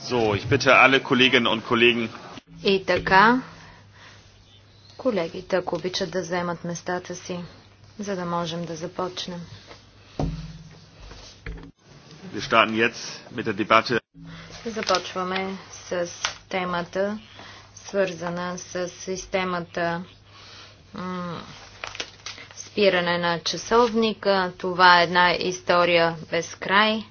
So, ich bitte alle Kolleginnen und Kollegen. И така, колегите, ако обичат да вземат местата си, за да можем да започнем. Wir starten jetzt mit der Debatte. Започваме с темата, свързана с системата спиране на часовника. Това е една история без край.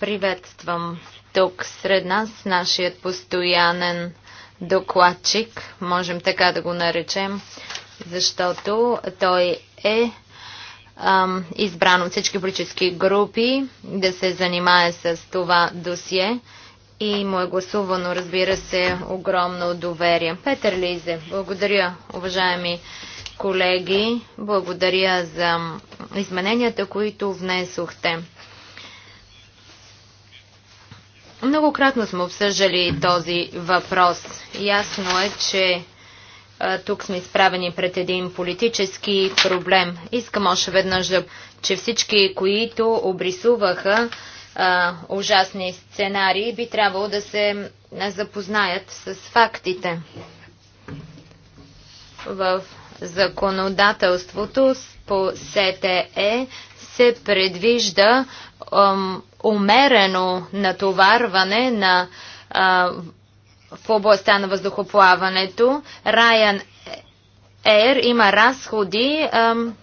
Приветствам тук сред нас нашият постоянен докладчик, можем така да го наречем, защото той е ам, избран от всички политически групи да се занимае с това досие и му е гласувано, разбира се, огромно доверие. Петър Лизе, благодаря, уважаеми колеги, благодаря за измененията, които внесохте. Многократно сме обсъждали този въпрос. Ясно е, че тук сме изправени пред един политически проблем. Искам още веднъж да че всички, които обрисуваха а, ужасни сценарии, би трябвало да се запознаят с фактите. В законодателството по СТЕ се предвижда умерено натоварване на в областта на въздухоплаването. Ryan Air има разходи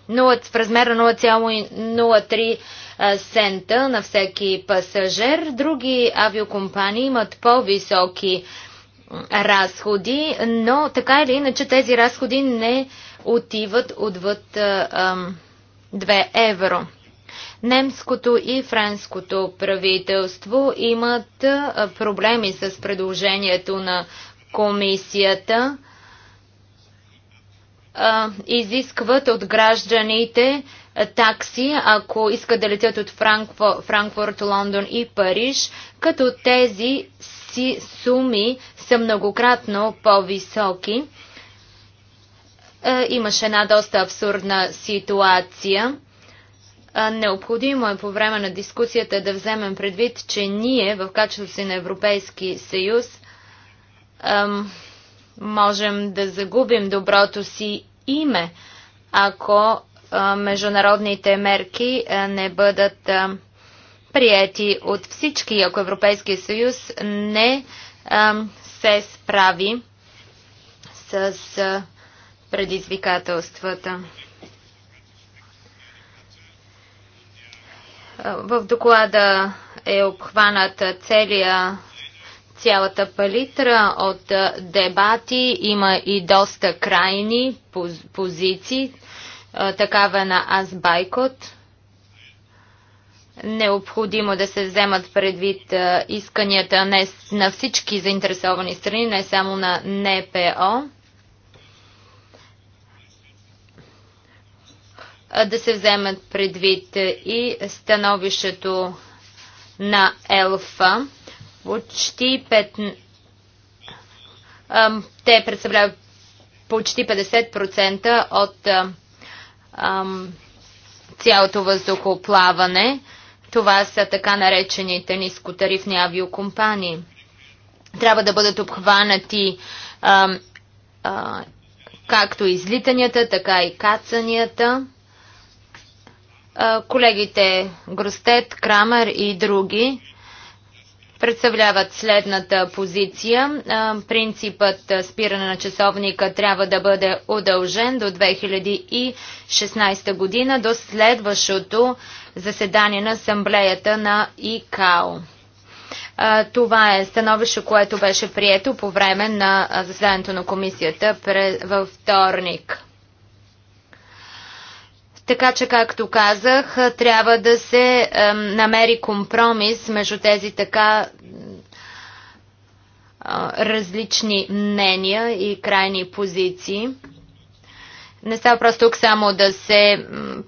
в размер на 0,03 цента на всеки пасажер. Други авиокомпании имат по-високи разходи, но така или иначе тези разходи не отиват отвъд 2 евро. Немското и френското правителство имат проблеми с предложението на комисията. Изискват от гражданите такси, ако искат да летят от Франкфурт, Лондон и Париж, като тези си суми са многократно по-високи. Имаше една доста абсурдна ситуация – Необходимо е по време на дискусията да вземем предвид, че ние в качеството си на Европейски съюз можем да загубим доброто си име, ако международните мерки не бъдат прияти от всички, ако Европейския съюз не се справи с предизвикателствата. В доклада е обхванат целия цялата палитра от дебати. Има и доста крайни позиции. Такава на Аз Байкот. Необходимо да се вземат предвид исканията не на всички заинтересовани страни, не само на НПО. да се вземат предвид и становището на ЕЛФА. Почти 5... Те представляват почти 50% от ам, цялото въздухоплаване. Това са така наречените нискотарифни авиокомпании. Трябва да бъдат обхванати ам, а, както излитанията, така и кацанията. Колегите Гростет, Крамер и други представляват следната позиция. Принципът спиране на часовника трябва да бъде удължен до 2016 година, до следващото заседание на асамблеята на ИКАО. Това е становище, което беше прието по време на заседанието на комисията във вторник. Така че, както казах, трябва да се е, намери компромис между тези така е, различни мнения и крайни позиции. Не става просто тук само да се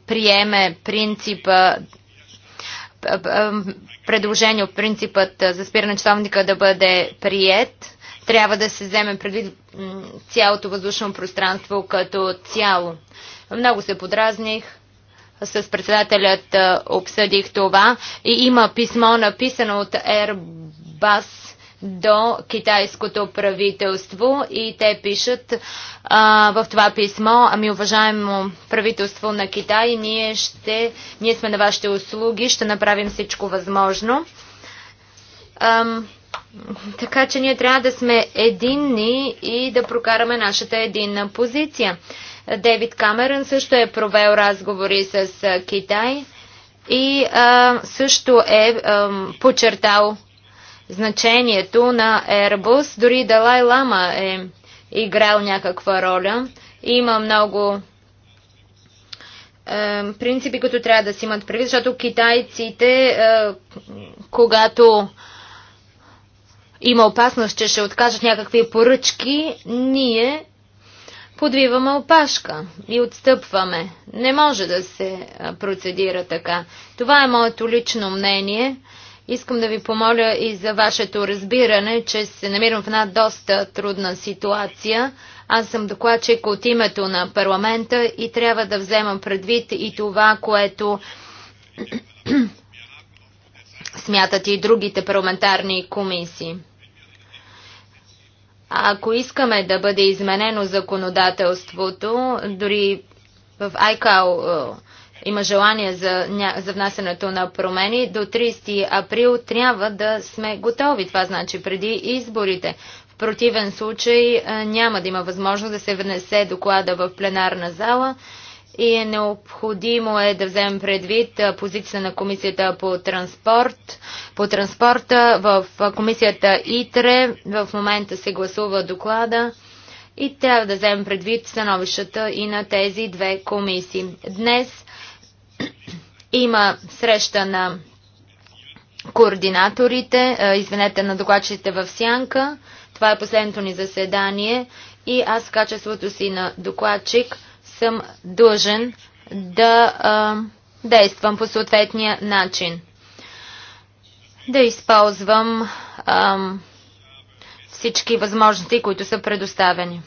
приеме принципа предложение от принципът за спиране часовника да бъде прият. Трябва да се вземе предвид цялото въздушно пространство като цяло. Много се подразних с председателят обсъдих това и има писмо написано от Airbus до китайското правителство и те пишат а, в това писмо, ами уважаемо правителство на Китай, ние, ще, ние сме на вашите услуги, ще направим всичко възможно. Ам, така че ние трябва да сме единни и да прокараме нашата единна позиция. Дейвид Камерън също е провел разговори с Китай и а, също е а, подчертал значението на Airbus. Дори Далай Лама е играл някаква роля. Има много а, принципи, които трябва да си имат предвид, защото китайците, а, когато има опасност, че ще откажат някакви поръчки, ние подвиваме опашка и отстъпваме. Не може да се процедира така. Това е моето лично мнение. Искам да ви помоля и за вашето разбиране, че се намирам в една доста трудна ситуация. Аз съм докладчик от името на парламента и трябва да вземам предвид и това, което смятат и другите парламентарни комисии. Ако искаме да бъде изменено законодателството, дори в ICAO е, има желание за, за внасянето на промени, до 30 април трябва да сме готови. Това значи преди изборите. В противен случай е, няма да има възможност да се внесе доклада в пленарна зала и е необходимо е да вземем предвид позиция на комисията по транспорт. По транспорта в комисията ИТРЕ в момента се гласува доклада и трябва да вземем предвид становищата и на тези две комисии. Днес има среща на координаторите, извинете, на докладчите в Сянка. Това е последното ни заседание и аз в качеството си на докладчик – съм дължен да а, действам по съответния начин. Да използвам а, всички възможности, които са предоставени.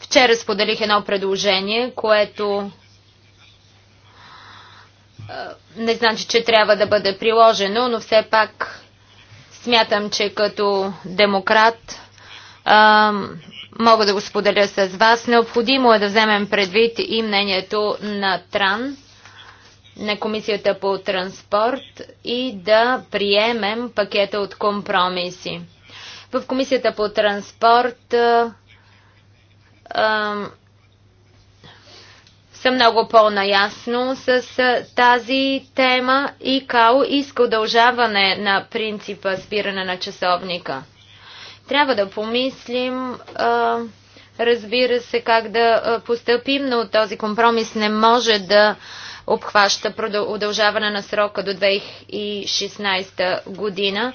вчера споделих едно предложение, което е, не значи, че трябва да бъде приложено, но все пак смятам, че като демократ а, мога да го споделя с вас. Необходимо е да вземем предвид и мнението на Тран, на Комисията по транспорт и да приемем пакета от компромиси. В Комисията по транспорт а, а, са много по-наясно с тази тема и КАО иска удължаване на принципа спиране на часовника. Трябва да помислим, разбира се, как да постъпим, но този компромис не може да обхваща удължаване на срока до 2016 година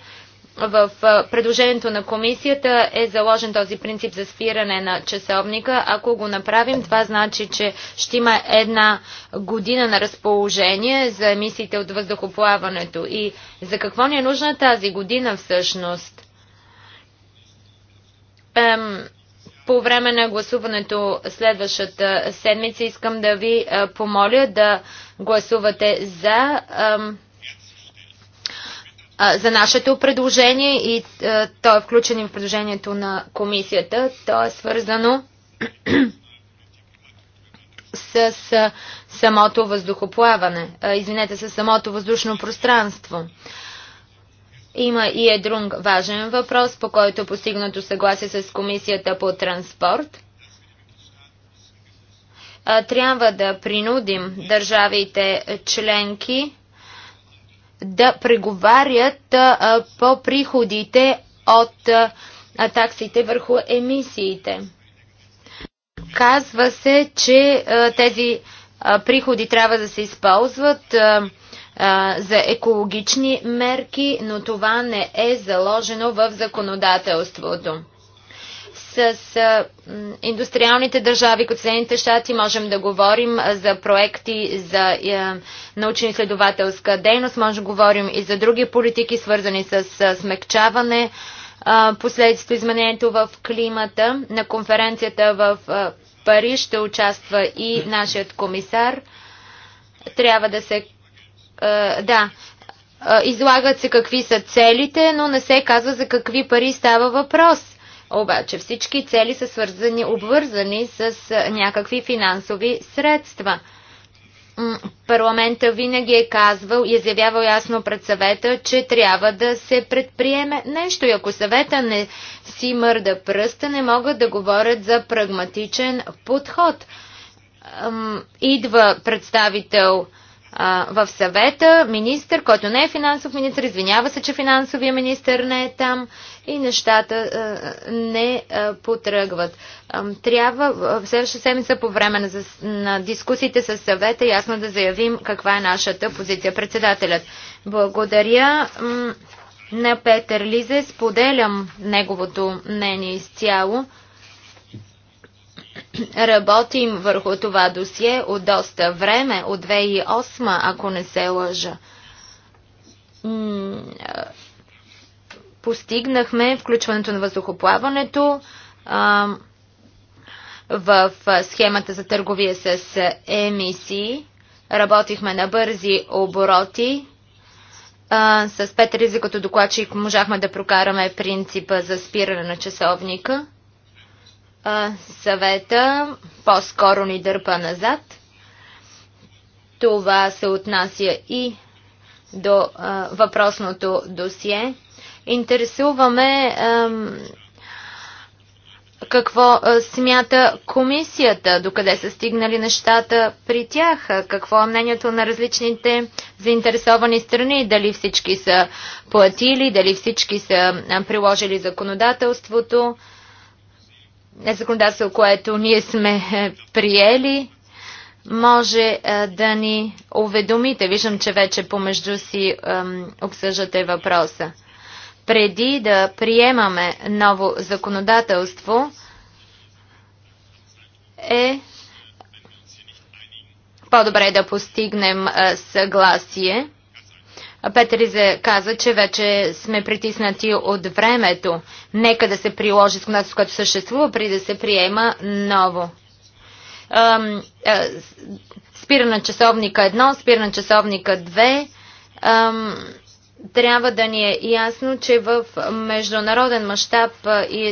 в предложението на комисията е заложен този принцип за спиране на часовника. Ако го направим, това значи, че ще има една година на разположение за емисиите от въздухоплаването. И за какво ни е нужна тази година всъщност? Ем, по време на гласуването следващата седмица искам да ви помоля да гласувате за. Ем, за нашето предложение и то е включено в предложението на комисията. То е свързано с самото въздухоплаване, извинете, с самото въздушно пространство. Има и е друг важен въпрос, по който е постигнато съгласие с Комисията по транспорт. Трябва да принудим държавите членки да преговарят по приходите от таксите върху емисиите. Казва се, че тези приходи трябва да се използват за екологични мерки, но това не е заложено в законодателството с индустриалните държави, като Съединените щати, можем да говорим за проекти за научно-изследователска дейност, може да говорим и за други политики, свързани с смекчаване, последствието изменението в климата. На конференцията в Париж ще участва и нашият комисар. Трябва да се... Да, излагат се какви са целите, но не се казва за какви пари става въпрос обаче всички цели са свързани, обвързани с някакви финансови средства. Парламента винаги е казвал и е заявявал ясно пред съвета, че трябва да се предприеме нещо. И ако съвета не си мърда пръста, не могат да говорят за прагматичен подход. Идва представител в съвета министър, който не е финансов министр, извинява се, че финансовия министър не е там и нещата а, не а, потръгват. А, трябва в следващата седмица по време на, на дискусиите с съвета ясно да заявим каква е нашата позиция. Председателят, благодаря на Петър Лизе, споделям неговото мнение изцяло. Работим върху това досие от доста време, от 2008, ако не се лъжа. Постигнахме включването на въздухоплаването в схемата за търговия с емисии. Работихме на бързи обороти. с Петър Ризикото докладчик можахме да прокараме принципа за спиране на часовника а, съвета по-скоро ни дърпа назад. Това се отнася и до а, въпросното досие. Интересуваме а, какво смята комисията, докъде са стигнали нещата при тях, какво е мнението на различните заинтересовани страни, дали всички са платили, дали всички са приложили законодателството. Е законодателство, което ние сме е, приели, може е, да ни уведомите. Виждам, че вече помежду си обсъждате въпроса. Преди да приемаме ново законодателство, е по-добре да постигнем съгласие. Петеризе каза, че вече сме притиснати от времето. Нека да се приложи законодателство, което съществува, преди да се приема ново. Спира на часовника 1, спира на часовника 2. Трябва да ни е ясно, че в международен мащаб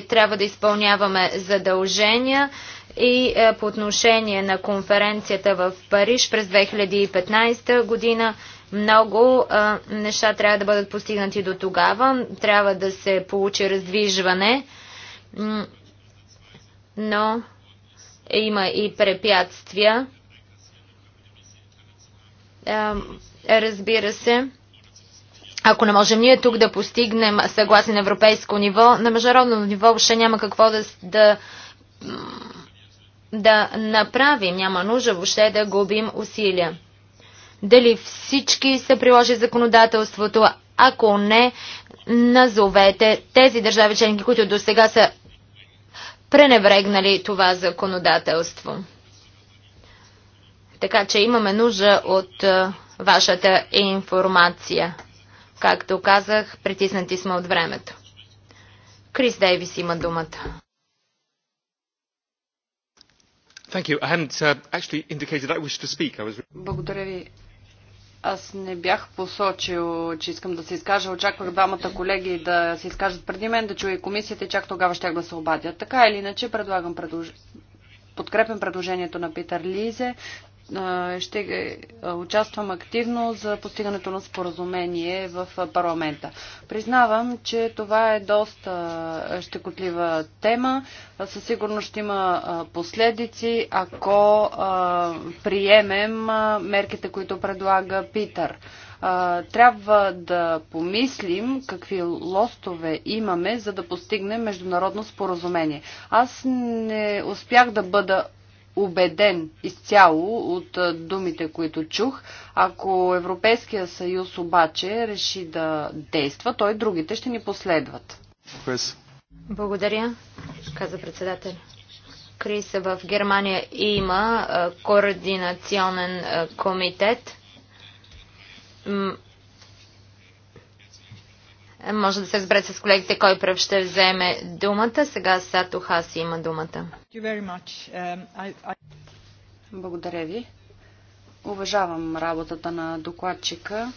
трябва да изпълняваме задължения и по отношение на конференцията в Париж през 2015 година много а, неща трябва да бъдат постигнати до тогава. Трябва да се получи раздвижване, но има и препятствия. А, разбира се, ако не можем ние тук да постигнем съгласие на европейско ниво, на международно ниво въобще няма какво да, да, да направим. Няма нужда въобще да губим усилия дали всички са приложили законодателството. Ако не, назовете тези държави членки, които до сега са пренебрегнали това законодателство. Така че имаме нужда от вашата информация. Както казах, притиснати сме от времето. Крис Дейвис има думата. Uh, Благодаря ви. Аз не бях посочил, че искам да се изкажа. Очаквах двамата колеги да се изкажат преди мен, да чуя и комисията и чак тогава ще да се обадя. Така или иначе, предлагам предлож... подкрепям предложението на Питър Лизе ще участвам активно за постигането на споразумение в парламента. Признавам, че това е доста щекотлива тема. Със сигурност ще има последици, ако приемем мерките, които предлага Питър трябва да помислим какви лостове имаме, за да постигнем международно споразумение. Аз не успях да бъда убеден изцяло от думите, които чух. Ако Европейския съюз обаче реши да действа, той другите ще ни последват. Крис. Благодаря, каза председател. Крис, в Германия има координационен комитет може да се разберете с колегите кой пръв ще вземе думата. Сега Сато Хаси има думата. Um, Благодаря ви. Уважавам работата на докладчика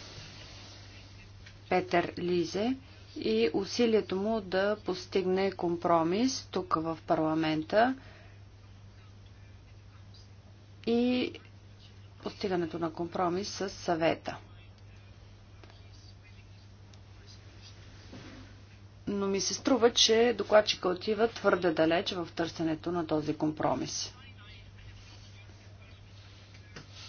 Петър Лизе и усилието му да постигне компромис тук в парламента и постигането на компромис с съвета. но ми се струва, че докладчика отива твърде далеч в търсенето на този компромис.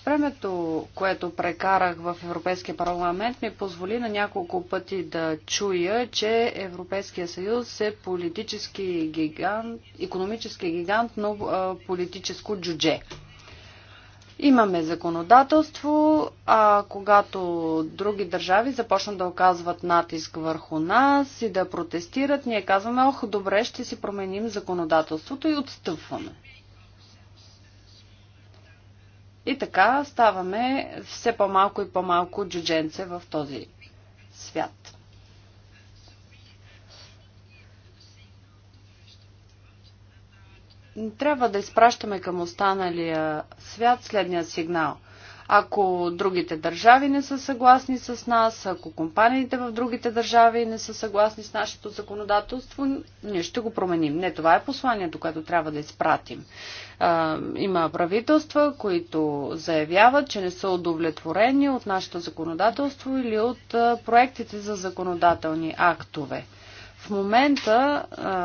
Времето, което прекарах в Европейския парламент, ми позволи на няколко пъти да чуя, че Европейския съюз е политически гигант, економически гигант, но политическо джудже. Имаме законодателство, а когато други държави започнат да оказват натиск върху нас и да протестират, ние казваме, ох, добре, ще си променим законодателството и отстъпваме. И така ставаме все по-малко и по-малко джудженце в този свят. трябва да изпращаме към останалия свят следния сигнал. Ако другите държави не са съгласни с нас, ако компаниите в другите държави не са съгласни с нашето законодателство, ние ще го променим. Не, това е посланието, което трябва да изпратим. А, има правителства, които заявяват, че не са удовлетворени от нашето законодателство или от а, проектите за законодателни актове. В момента а,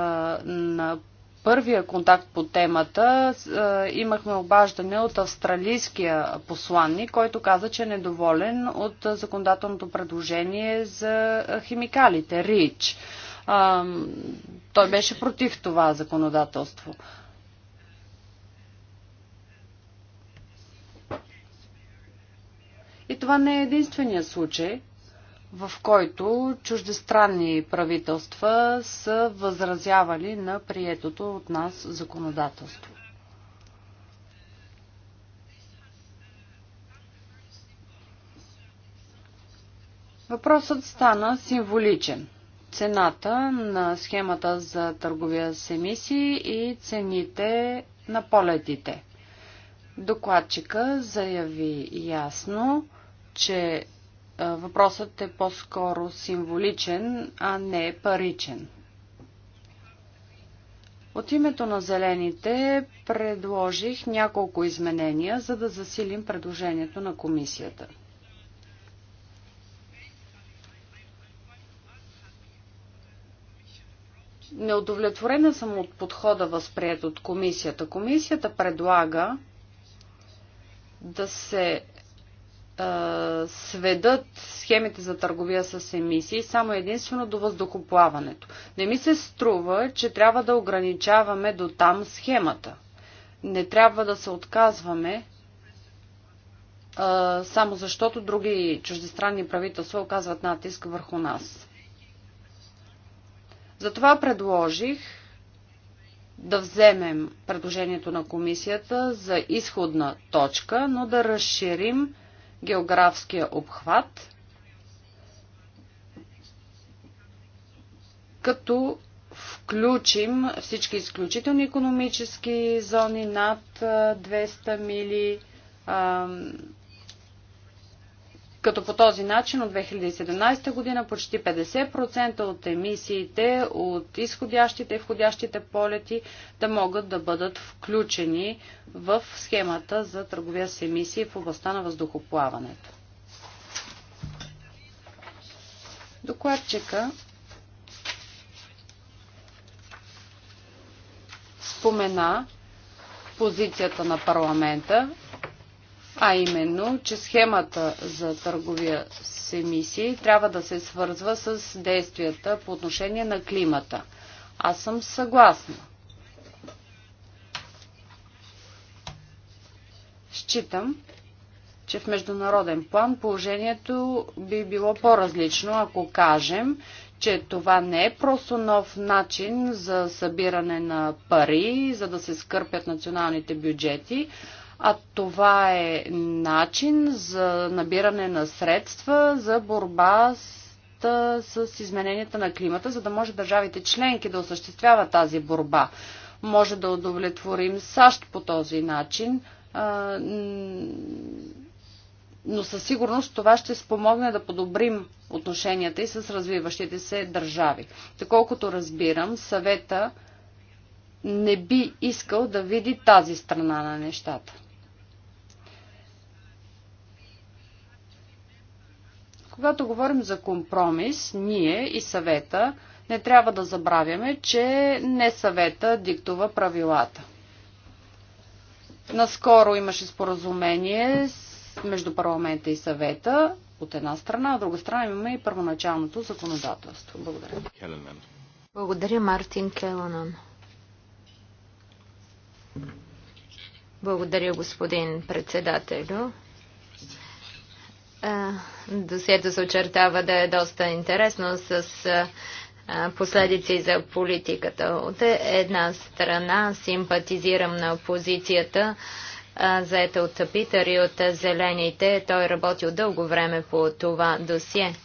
на първия контакт по темата е, имахме обаждане от австралийския посланник, който каза, че е недоволен от законодателното предложение за химикалите, РИЧ. Той беше против това законодателство. И това не е единствения случай – в който чуждестранни правителства са възразявали на приетото от нас законодателство. Въпросът стана символичен. Цената на схемата за търговия с емисии и цените на полетите. Докладчика заяви ясно, че въпросът е по-скоро символичен, а не паричен. От името на зелените предложих няколко изменения, за да засилим предложението на комисията. Неудовлетворена съм от подхода, възприят от комисията. Комисията предлага да се сведат схемите за търговия с емисии само единствено до въздухоплаването. Не ми се струва, че трябва да ограничаваме до там схемата. Не трябва да се отказваме а, само защото други чуждестранни правителства оказват натиск върху нас. Затова предложих да вземем предложението на комисията за изходна точка, но да разширим географския обхват, като включим всички изключителни економически зони над 200 мили, като по този начин от 2017 година почти 50% от емисиите от изходящите и входящите полети да могат да бъдат включени в схемата за търговия с емисии в областта на въздухоплаването. Докладчика спомена позицията на парламента а именно, че схемата за търговия с емисии трябва да се свързва с действията по отношение на климата. Аз съм съгласна. Считам, че в международен план положението би било по-различно, ако кажем, че това не е просто нов начин за събиране на пари, за да се скърпят националните бюджети, а това е начин за набиране на средства за борба с с измененията на климата, за да може държавите членки да осъществяват тази борба. Може да удовлетворим САЩ по този начин, но със сигурност това ще спомогне да подобрим отношенията и с развиващите се държави. Доколкото разбирам, съвета не би искал да види тази страна на нещата. Когато говорим за компромис, ние и съвета не трябва да забравяме, че не съвета диктува правилата. Наскоро имаше споразумение между парламента и съвета от една страна, а от друга страна имаме и първоначалното законодателство. Благодаря. Келенен. Благодаря, Мартин Келанан. Благодаря, господин председателю. Досието се очертава да е доста интересно с последици за политиката. От една страна симпатизирам на опозицията, заета от Питър и от Зелените. Той работил дълго време по това досие.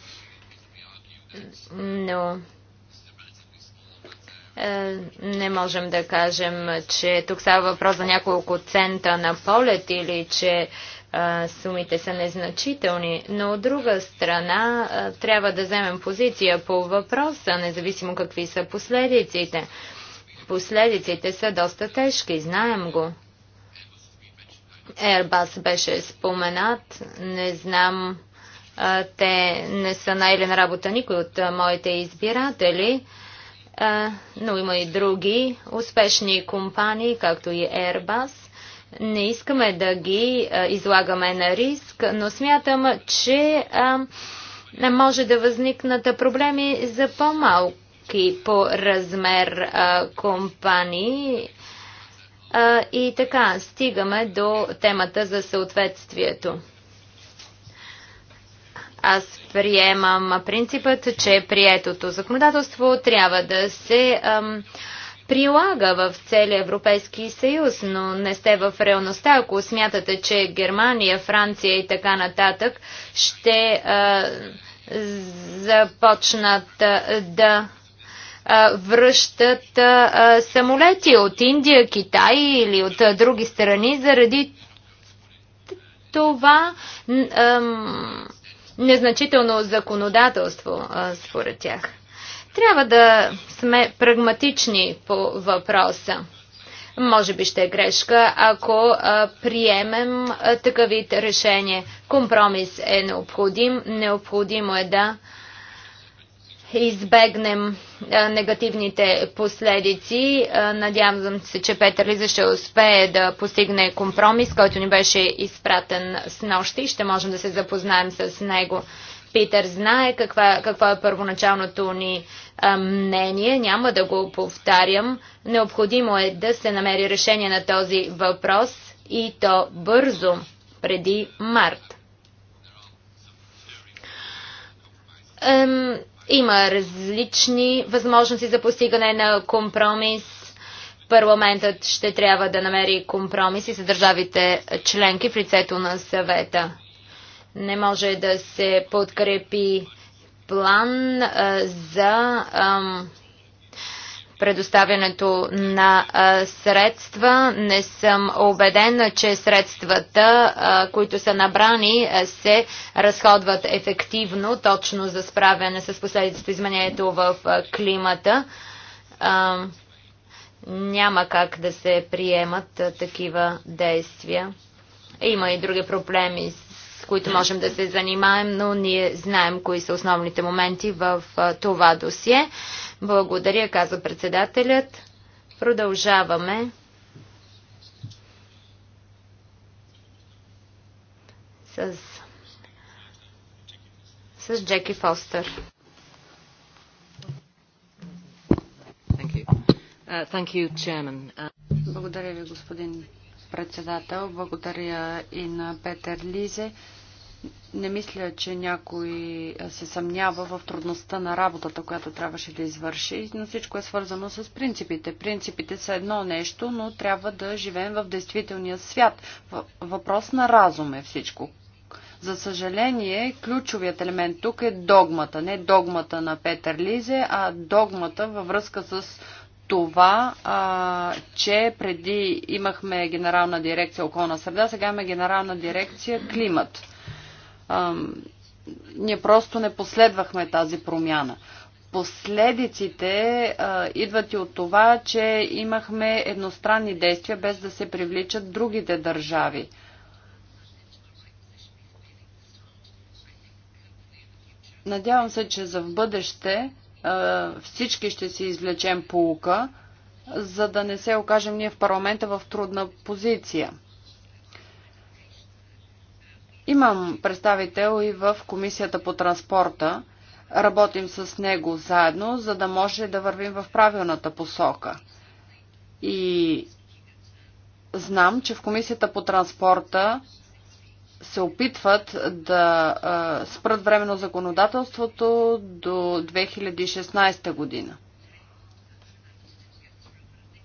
Но не можем да кажем, че тук става въпрос за няколко цента на полет или че сумите са незначителни, но от друга страна трябва да вземем позиция по въпроса, независимо какви са последиците. Последиците са доста тежки, знаем го. Airbus беше споменат, не знам, те не са най на работа никой от моите избиратели, но има и други успешни компании, както и Airbus – не искаме да ги излагаме на риск, но смятам, че може да възникнат проблеми за по-малки по размер компании. И така, стигаме до темата за съответствието. Аз приемам принципът, че приетото законодателство трябва да се ам, прилага в целия Европейски съюз, но не сте в реалността. Ако смятате, че Германия, Франция и така нататък ще а, започнат а, да връщат а, самолети от Индия, Китай или от а, други страни заради това а, незначително законодателство, а, според тях. Трябва да сме прагматични по въпроса. Може би ще е грешка, ако а, приемем а, такъв вид решение. Компромис е необходим. Необходимо е да избегнем а, негативните последици. А, надявам се, че Петър Лиза ще успее да постигне компромис, който ни беше изпратен с нощи ще можем да се запознаем с него. Питър знае каква, какво е първоначалното ни мнение, няма да го повтарям. Необходимо е да се намери решение на този въпрос и то бързо, преди март. има различни възможности за постигане на компромис. Парламентът ще трябва да намери компромиси с държавите членки в лицето на съвета. Не може да се подкрепи план за предоставянето на средства. Не съм убедена, че средствата, които са набрани, се разходват ефективно, точно за справяне с последиците изменението в климата. Няма как да се приемат такива действия. Има и други проблеми с които можем да се занимаем, но ние знаем кои са основните моменти в това досие. Благодаря, каза председателят. Продължаваме. С, с Джеки Фостер. Uh, uh, Благодаря ви, господин председател. Благодаря и на Петър Лизе. Не мисля, че някой се съмнява в трудността на работата, която трябваше да извърши, но всичко е свързано с принципите. Принципите са едно нещо, но трябва да живеем в действителния свят. Въпрос на разум е всичко. За съжаление, ключовият елемент тук е догмата. Не догмата на Петър Лизе, а догмата във връзка с това, а, че преди имахме генерална дирекция околна среда, сега имаме генерална дирекция климат ние просто не последвахме тази промяна. Последиците а, идват и от това, че имахме едностранни действия, без да се привличат другите държави. Надявам се, че за в бъдеще а, всички ще си извлечем полука, за да не се окажем ние в парламента в трудна позиция. Имам представител и в Комисията по транспорта. Работим с него заедно, за да може да вървим в правилната посока. И знам, че в Комисията по транспорта се опитват да спрат временно законодателството до 2016 година.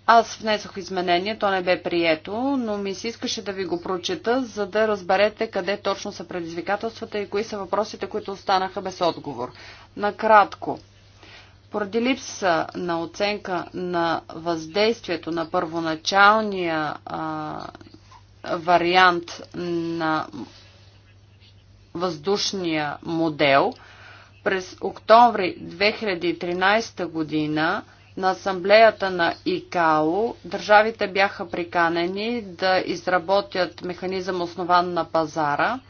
Аз внесох изменение, то не бе прието, но ми се искаше да ви го прочета, за да разберете къде точно са предизвикателствата и кои са въпросите, които останаха без отговор. Накратко, поради липса на оценка на въздействието на първоначалния а, вариант на въздушния модел, през октомври 2013 година на асамблеята на ИКАО държавите бяха приканени да изработят механизъм основан на пазара –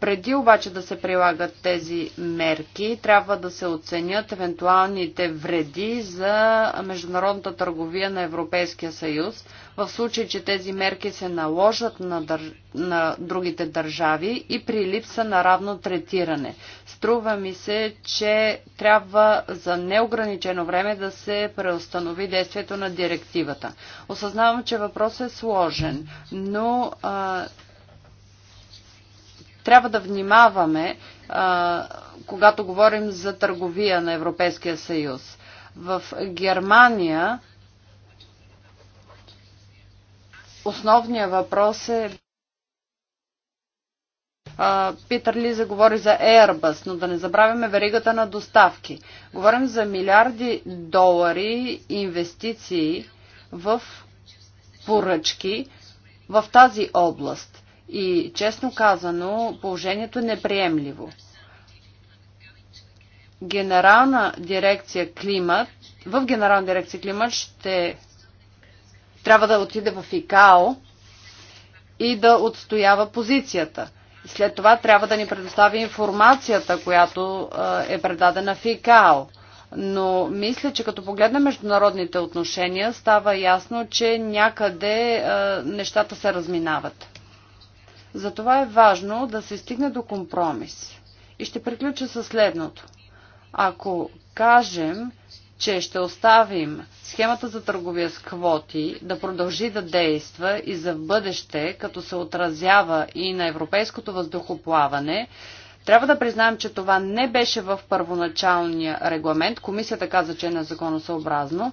преди обаче да се прилагат тези мерки, трябва да се оценят евентуалните вреди за международната търговия на Европейския съюз, в случай, че тези мерки се наложат на, дър... на другите държави и при липса на равно третиране. Струва ми се, че трябва за неограничено време да се преустанови действието на директивата. Осъзнавам, че въпросът е сложен, но. А трябва да внимаваме, когато говорим за търговия на Европейския съюз. В Германия основният въпрос е Питър Лиза говори за Airbus, но да не забравяме веригата на доставки. Говорим за милиарди долари инвестиции в поръчки в тази област. И честно казано, положението е неприемливо. Генерална дирекция климат, в Генерална дирекция климат ще трябва да отиде в ИКАО и да отстоява позицията. След това трябва да ни предостави информацията, която е предадена в ИКАО. Но мисля, че като погледна международните отношения, става ясно, че някъде нещата се разминават. Затова е важно да се стигне до компромис. И ще приключа със следното. Ако кажем, че ще оставим схемата за търговия с квоти да продължи да действа и за бъдеще, като се отразява и на европейското въздухоплаване, трябва да признаем, че това не беше в първоначалния регламент. Комисията каза, че е незаконосъобразно.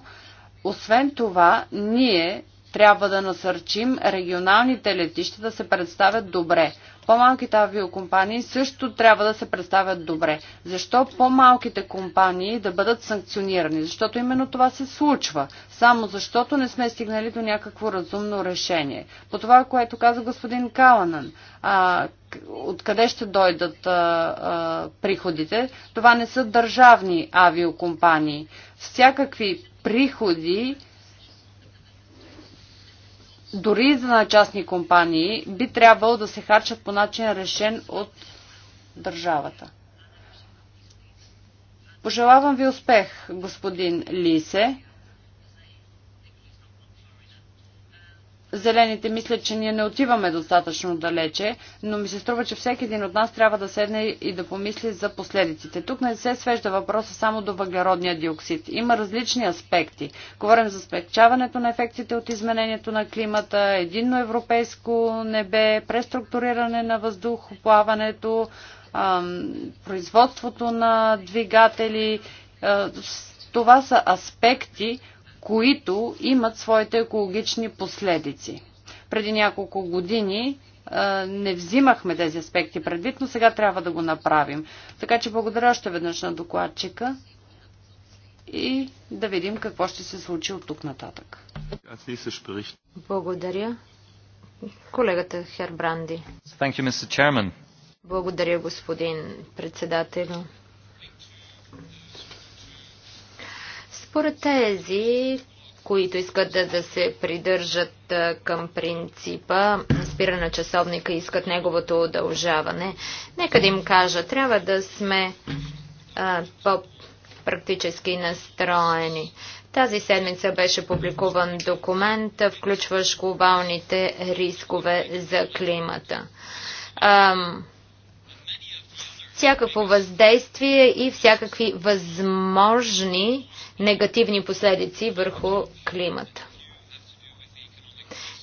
Освен това, ние трябва да насърчим регионалните летища да се представят добре. По-малките авиокомпании също трябва да се представят добре. Защо по-малките компании да бъдат санкционирани? Защото именно това се случва. Само защото не сме стигнали до някакво разумно решение. По това, което каза господин Каланан, а, откъде ще дойдат а, а, приходите, това не са държавни авиокомпании. Всякакви приходи дори за частни компании, би трябвало да се харчат по начин решен от държавата. Пожелавам ви успех, господин Лисе. Зелените мислят, че ние не отиваме достатъчно далече, но ми се струва, че всеки един от нас трябва да седне и да помисли за последиците. Тук не се свежда въпроса само до въглеродния диоксид. Има различни аспекти. Говорим за спекчаването на ефектите от изменението на климата, единно европейско небе, преструктуриране на въздух, плаването, производството на двигатели. Това са аспекти, които имат своите екологични последици. Преди няколко години не взимахме тези аспекти предвид, но сега трябва да го направим. Така че благодаря още веднъж на докладчика и да видим какво ще се случи от тук нататък. Благодаря. Колегата Хербранди. Благодаря, господин председател. Според тези, които искат да, да се придържат към принципа спира на часовника и искат неговото удължаване, нека да им кажа, трябва да сме по-практически настроени. Тази седмица беше публикуван документ, включващ глобалните рискове за климата. Ам, всякакво въздействие и всякакви възможни негативни последици върху климата.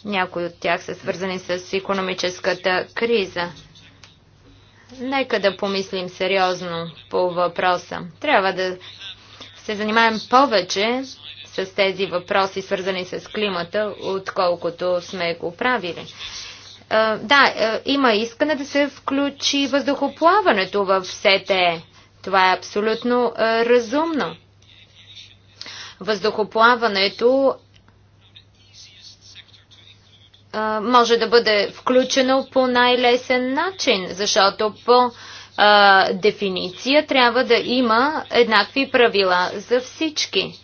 Някои от тях са свързани с економическата криза. Нека да помислим сериозно по въпроса. Трябва да се занимаем повече с тези въпроси, свързани с климата, отколкото сме го правили. Да, има искане да се включи въздухоплаването в СТЕ. Това е абсолютно разумно. Въздухоплаването може да бъде включено по най-лесен начин, защото по а, дефиниция трябва да има еднакви правила за всички.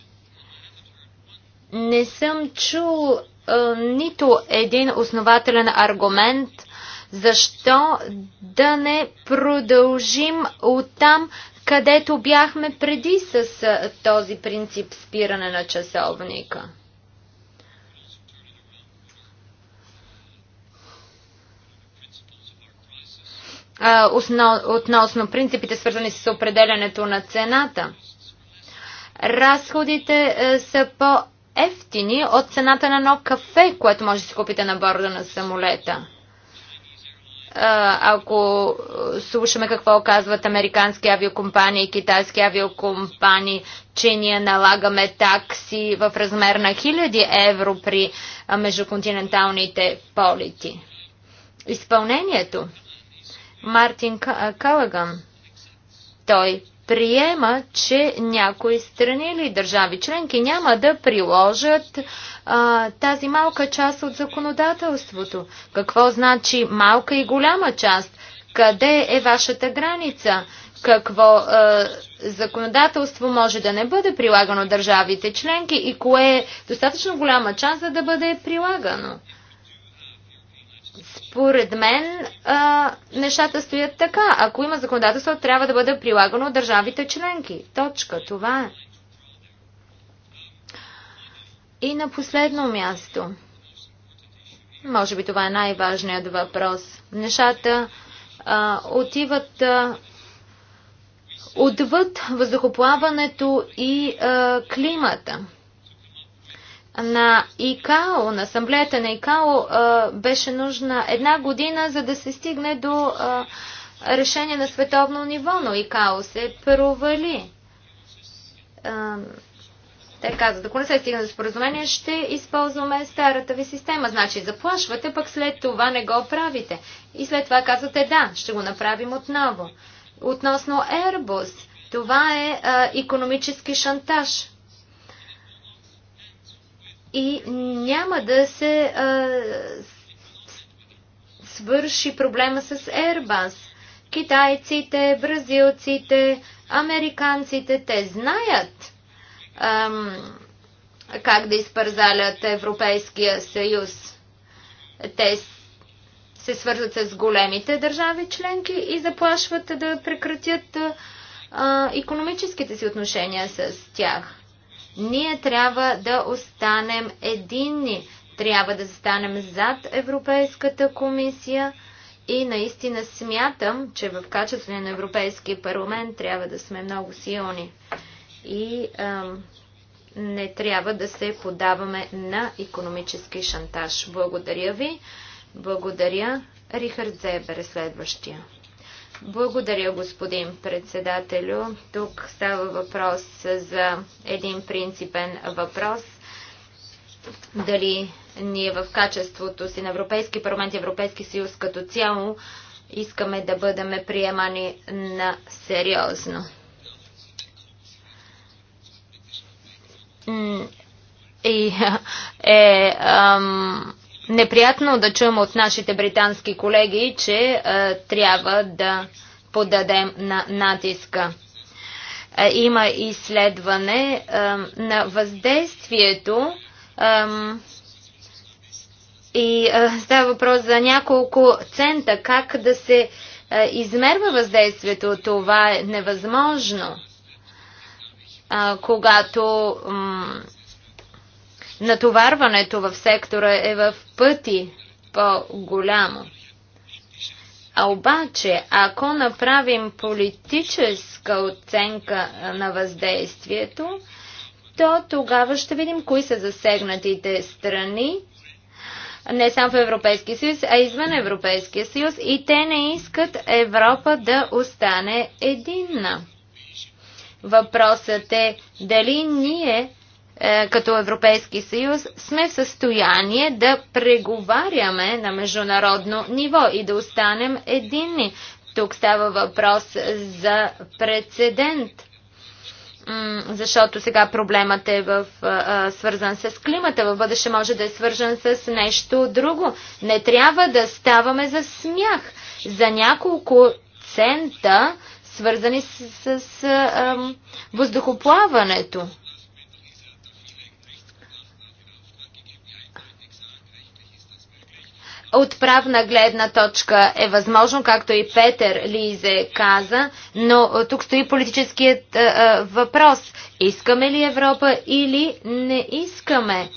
Не съм чул а, нито един основателен аргумент, защо да не продължим оттам където бяхме преди с този принцип спиране на часовника. относно принципите, свързани с определенето на цената. Разходите са по-ефтини от цената на едно кафе, което може да си купите на борда на самолета ако слушаме какво казват американски авиокомпании и китайски авиокомпании, че ние налагаме такси в размер на 1000 евро при междуконтиненталните полети. Изпълнението. Мартин Калаган. Той приема, че някои страни или държави членки няма да приложат а, тази малка част от законодателството. Какво значи малка и голяма част? Къде е вашата граница? Какво а, законодателство може да не бъде прилагано държавите членки и кое е достатъчно голяма част, за да бъде прилагано? Според мен а, нещата стоят така. Ако има законодателство, трябва да бъде прилагано от държавите членки. Точка. Това е. И на последно място. Може би това е най-важният въпрос. Нещата а, отиват а, отвъд въздухоплаването и а, климата на ИКАО, на асамблеята на ИКАО беше нужна една година, за да се стигне до решение на световно ниво, но ИКАО се провали. Те казват, ако не се стигне до споразумение, ще използваме старата ви система. Значи заплашвате, пък след това не го правите. И след това казвате, да, ще го направим отново. Относно Airbus, това е а, економически шантаж и няма да се а, свърши проблема с Airbus. Китайците, бразилците, американците, те знаят а, как да изпързалят Европейския съюз. Те се свързват с големите държави членки и заплашват да прекратят а, економическите си отношения с тях. Ние трябва да останем единни, трябва да застанем зад Европейската комисия и наистина смятам, че в качеството на Европейски парламент трябва да сме много силни и ам, не трябва да се подаваме на економически шантаж. Благодаря ви. Благодаря. Рихард Зебер е следващия. Благодаря, господин председателю. Тук става въпрос за един принципен въпрос. Дали ние в качеството си на Европейски парламент и Европейски съюз като цяло искаме да бъдем приемани на сериозно. И е, е неприятно да чуем от нашите британски колеги, че е, трябва да подадем на натиска. Е, има изследване е, на въздействието е, и е, става въпрос за няколко цента как да се е, измерва въздействието. Това е невъзможно, Е, когато. е, Натоварването в сектора е в пъти по-голямо. А обаче, ако направим политическа оценка на въздействието, то тогава ще видим кои са засегнатите страни, не само в Европейския съюз, а извън Европейския съюз и те не искат Европа да остане единна. Въпросът е дали ние е, като Европейски съюз сме в състояние да преговаряме на международно ниво и да останем единни. Тук става въпрос за прецедент, защото сега проблемът е в, свързан с климата, в бъдеще може да е свързан с нещо друго. Не трябва да ставаме за смях. За няколко цента свързани с, с, с въздухоплаването. От правна гледна точка е възможно, както и Петър Лизе каза, но тук стои политическият а, а, въпрос. Искаме ли Европа или не искаме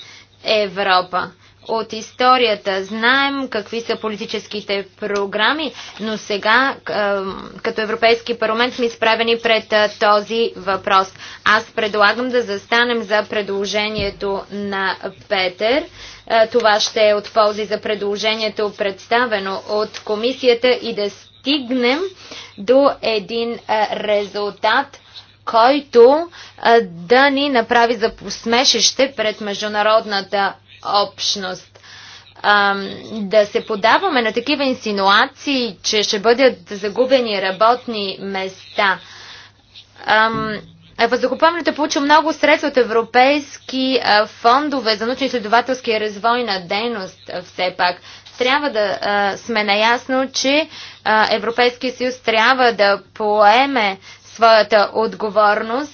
Европа? От историята знаем какви са политическите програми, но сега а, като Европейски парламент сме изправени пред този въпрос. Аз предлагам да застанем за предложението на Петър е, това ще е от ползи за предложението, представено от комисията и да стигнем до един е, резултат, който е, да ни направи за посмешище пред международната общност да се подаваме на такива инсинуации, че ще бъдат загубени работни места. Е, въздухоплаването е получи много средства от европейски фондове за научно-изследователски и развойна дейност все пак. Трябва да сме наясно, че Европейския съюз трябва да поеме своята отговорност.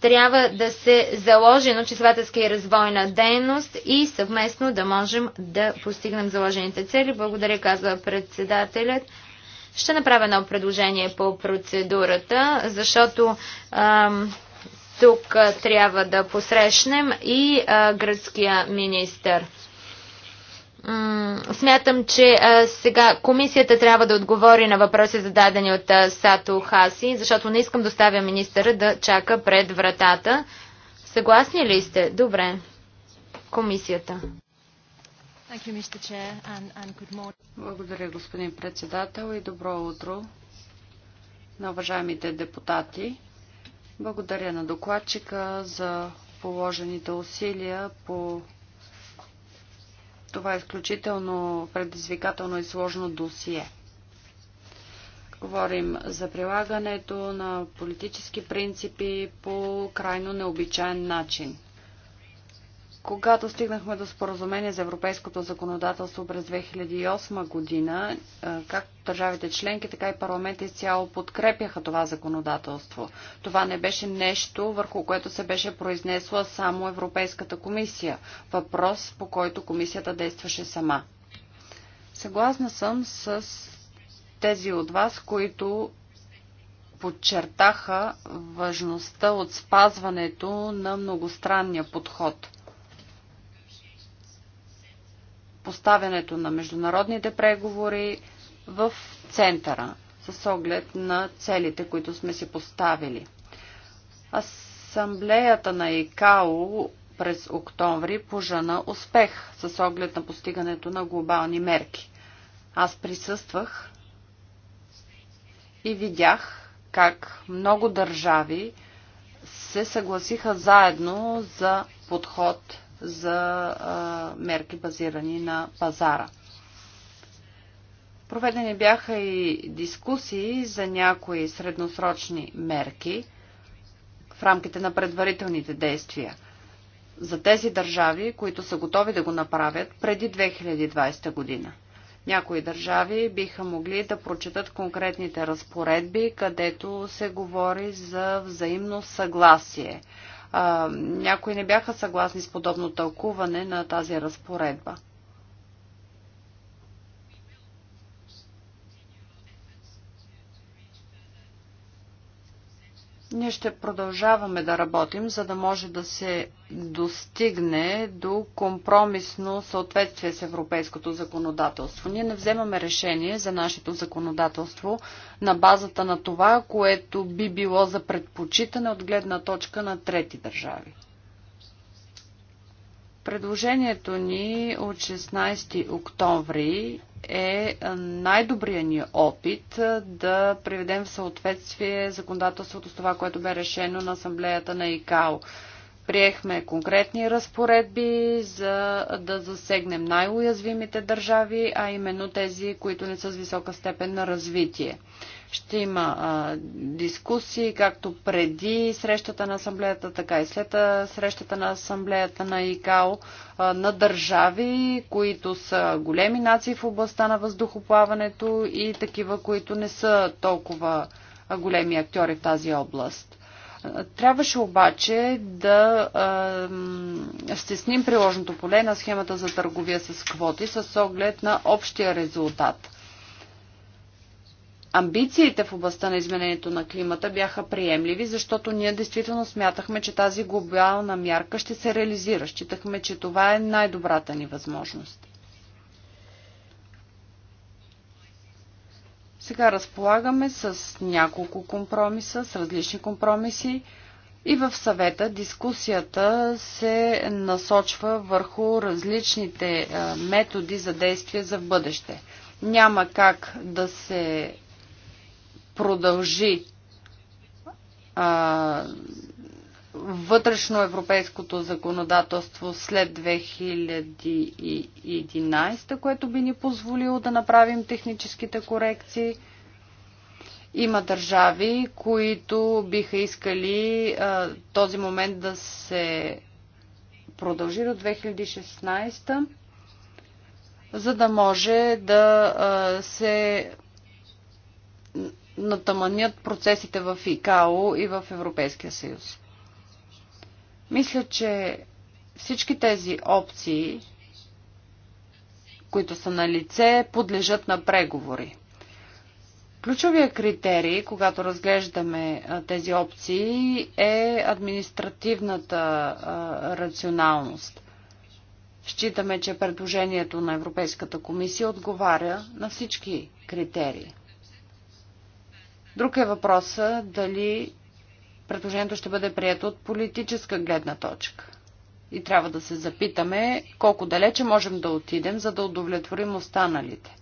Трябва да се заложи научно-изследователска и развойна дейност и съвместно да можем да постигнем заложените цели. Благодаря, казва председателят. Ще направя едно предложение по процедурата, защото ам, тук а, трябва да посрещнем и а, гръцкия министър. смятам, че а, сега комисията трябва да отговори на въпроси зададени от а, Сато Хаси, защото не искам да оставя министъра да чака пред вратата. Съгласни ли сте? Добре. Комисията. Благодаря, господин председател и добро утро на уважаемите депутати. Благодаря на докладчика за положените усилия по това изключително предизвикателно и сложно досие. Говорим за прилагането на политически принципи по крайно необичайен начин – когато стигнахме до споразумение за европейското законодателство през 2008 година, както държавите членки, така и парламента изцяло подкрепяха това законодателство. Това не беше нещо, върху което се беше произнесла само Европейската комисия. Въпрос, по който комисията действаше сама. Съгласна съм с тези от вас, които подчертаха важността от спазването на многостранния подход – поставянето на международните преговори в центъра с оглед на целите, които сме си поставили. Асамблеята на ИКАО през октомври пожана успех с оглед на постигането на глобални мерки. Аз присъствах и видях как много държави се съгласиха заедно за подход за мерки базирани на пазара. Проведени бяха и дискусии за някои средносрочни мерки в рамките на предварителните действия за тези държави, които са готови да го направят преди 2020 година. Някои държави биха могли да прочитат конкретните разпоредби, където се говори за взаимно съгласие – някои не бяха съгласни с подобно тълкуване на тази разпоредба. Ние ще продължаваме да работим, за да може да се достигне до компромисно съответствие с европейското законодателство. Ние не вземаме решение за нашето законодателство на базата на това, което би било за предпочитане от гледна точка на трети държави. Предложението ни от 16 октомври е най-добрият ни опит да приведем в съответствие законодателството с това, което бе решено на асамблеята на ИКАО. Приехме конкретни разпоредби за да засегнем най-уязвимите държави, а именно тези, които не са с висока степен на развитие. Ще има а, дискусии както преди срещата на асамблеята, така и след срещата на асамблеята на ИКАО а, на държави, които са големи нации в областта на въздухоплаването и такива, които не са толкова големи актьори в тази област. Трябваше обаче да а, стесним приложното поле на схемата за търговия с квоти с оглед на общия резултат – амбициите в областта на изменението на климата бяха приемливи, защото ние действително смятахме, че тази глобална мярка ще се реализира. Считахме, че това е най-добрата ни възможност. Сега разполагаме с няколко компромиса, с различни компромиси и в съвета дискусията се насочва върху различните методи за действие за бъдеще. Няма как да се продължи а, вътрешно европейското законодателство след 2011, което би ни позволило да направим техническите корекции. Има държави, които биха искали а, този момент да се продължи до 2016, за да може да а, се натаманят процесите в ИКАО и в Европейския съюз. Мисля, че всички тези опции, които са на лице, подлежат на преговори. Ключовия критерий, когато разглеждаме тези опции, е административната рационалност. Считаме, че предложението на Европейската комисия отговаря на всички критерии. Друг е въпроса дали предложението ще бъде прието от политическа гледна точка. И трябва да се запитаме колко далече можем да отидем, за да удовлетворим останалите.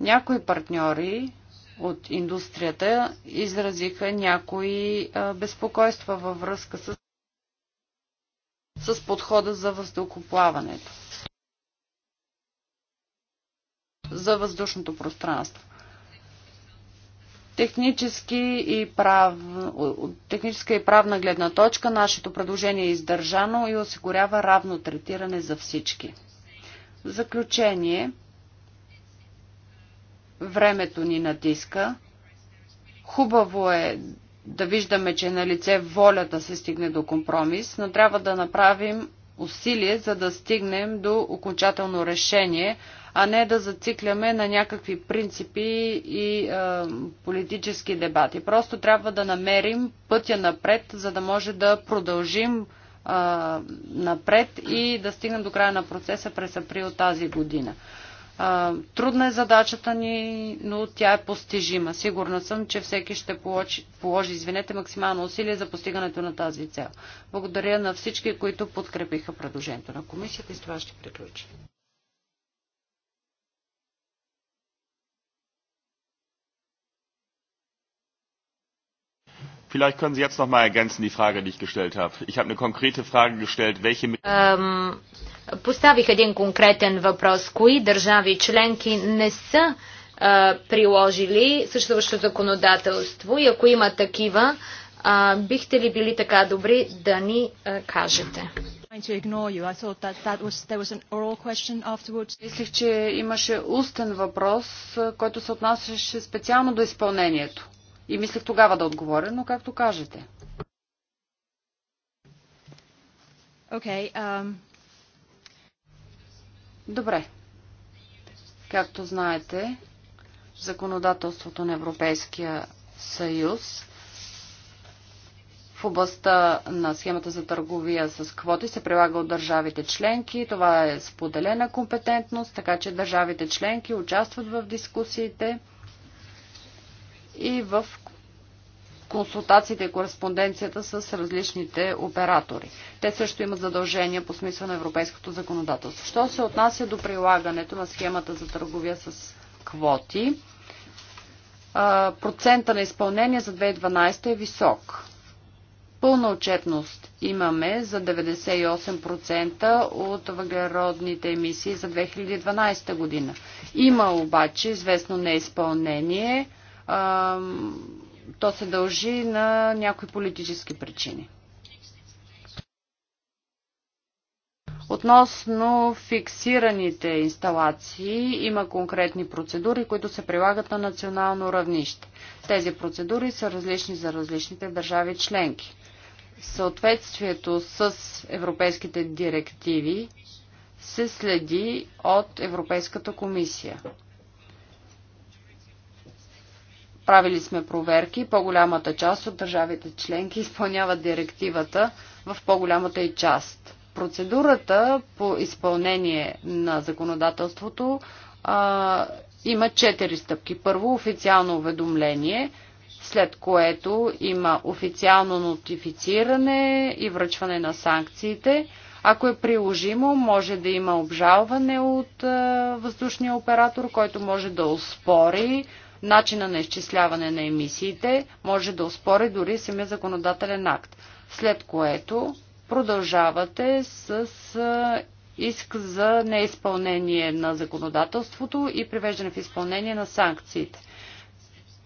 Някои партньори от индустрията изразиха някои безпокойства във връзка с, с подхода за въздухоплаването, за въздушното пространство технически и прав... техническа и правна гледна точка нашето предложение е издържано и осигурява равно третиране за всички. В заключение, времето ни натиска. Хубаво е да виждаме, че е на лице воля да се стигне до компромис, но трябва да направим усилие, за да стигнем до окончателно решение, а не да зацикляме на някакви принципи и е, политически дебати. Просто трябва да намерим пътя напред, за да може да продължим е, напред и да стигнем до края на процеса през април тази година. Е, трудна е задачата ни, но тя е постижима. Сигурна съм, че всеки ще положи, положи извинете, максимално усилие за постигането на тази цел. Благодаря на всички, които подкрепиха предложението на комисията и с това ще приключим. Vielleicht können Sie jetzt noch mal ergänzen die Frage, die ich gestellt habe. Ich habe eine konkrete Frage gestellt, welche ähm, Поставих един конкретен въпрос. Кои държави членки не са приложили същото законодателство и ако има такива, бихте ли били така добри да ни кажете? Мислих, че имаше устен въпрос, който се отнасяше специално до изпълнението. И мислех тогава да отговоря, но както кажете. Okay, um... Добре. Както знаете, законодателството на Европейския съюз в областта на схемата за търговия с квоти се прилага от държавите членки. Това е споделена компетентност, така че държавите членки участват в дискусиите и в консултациите и кореспонденцията с различните оператори. Те също имат задължения по смисъл на европейското законодателство. Що се отнася до прилагането на схемата за търговия с квоти, процента на изпълнение за 2012 е висок. Пълна отчетност имаме за 98% от въглеродните емисии за 2012 година. Има обаче известно неизпълнение то се дължи на някои политически причини. Относно фиксираните инсталации, има конкретни процедури, които се прилагат на национално равнище. Тези процедури са различни за различните държави членки. Съответствието с европейските директиви се следи от Европейската комисия. Правили сме проверки. По-голямата част от държавите членки изпълняват директивата в по-голямата и част. Процедурата по изпълнение на законодателството а, има четири стъпки. Първо официално уведомление, след което има официално нотифициране и връчване на санкциите. Ако е приложимо, може да има обжалване от а, въздушния оператор, който може да оспори Начина на изчисляване на емисиите може да успори дори самия законодателен акт, след което продължавате с иск за неизпълнение на законодателството и привеждане в изпълнение на санкциите.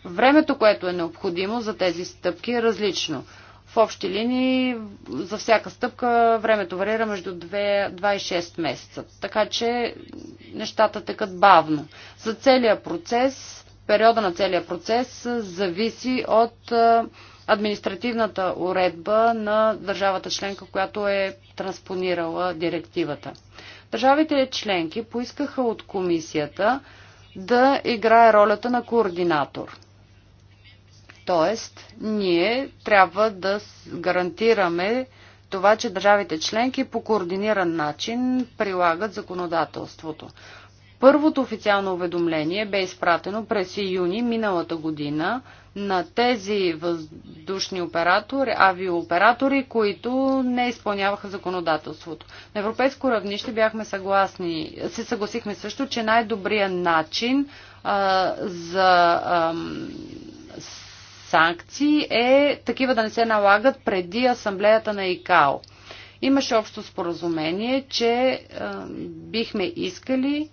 Времето, което е необходимо за тези стъпки е различно. В общи линии за всяка стъпка времето варира между 2, 2 и 6 месеца. Така че нещата текат бавно. За целият процес периода на целия процес зависи от административната уредба на държавата членка, която е транспонирала директивата. Държавите членки поискаха от комисията да играе ролята на координатор. Тоест, ние трябва да гарантираме това, че държавите членки по координиран начин прилагат законодателството. Първото официално уведомление бе изпратено през юни миналата година на тези въздушни оператори, авиооператори, които не изпълняваха законодателството. На европейско равнище бяхме съгласни, се съгласихме също, че най-добрият начин а, за а, санкции е такива да не се налагат преди асамблеята на ИКАО. Имаше общо споразумение, че а, бихме искали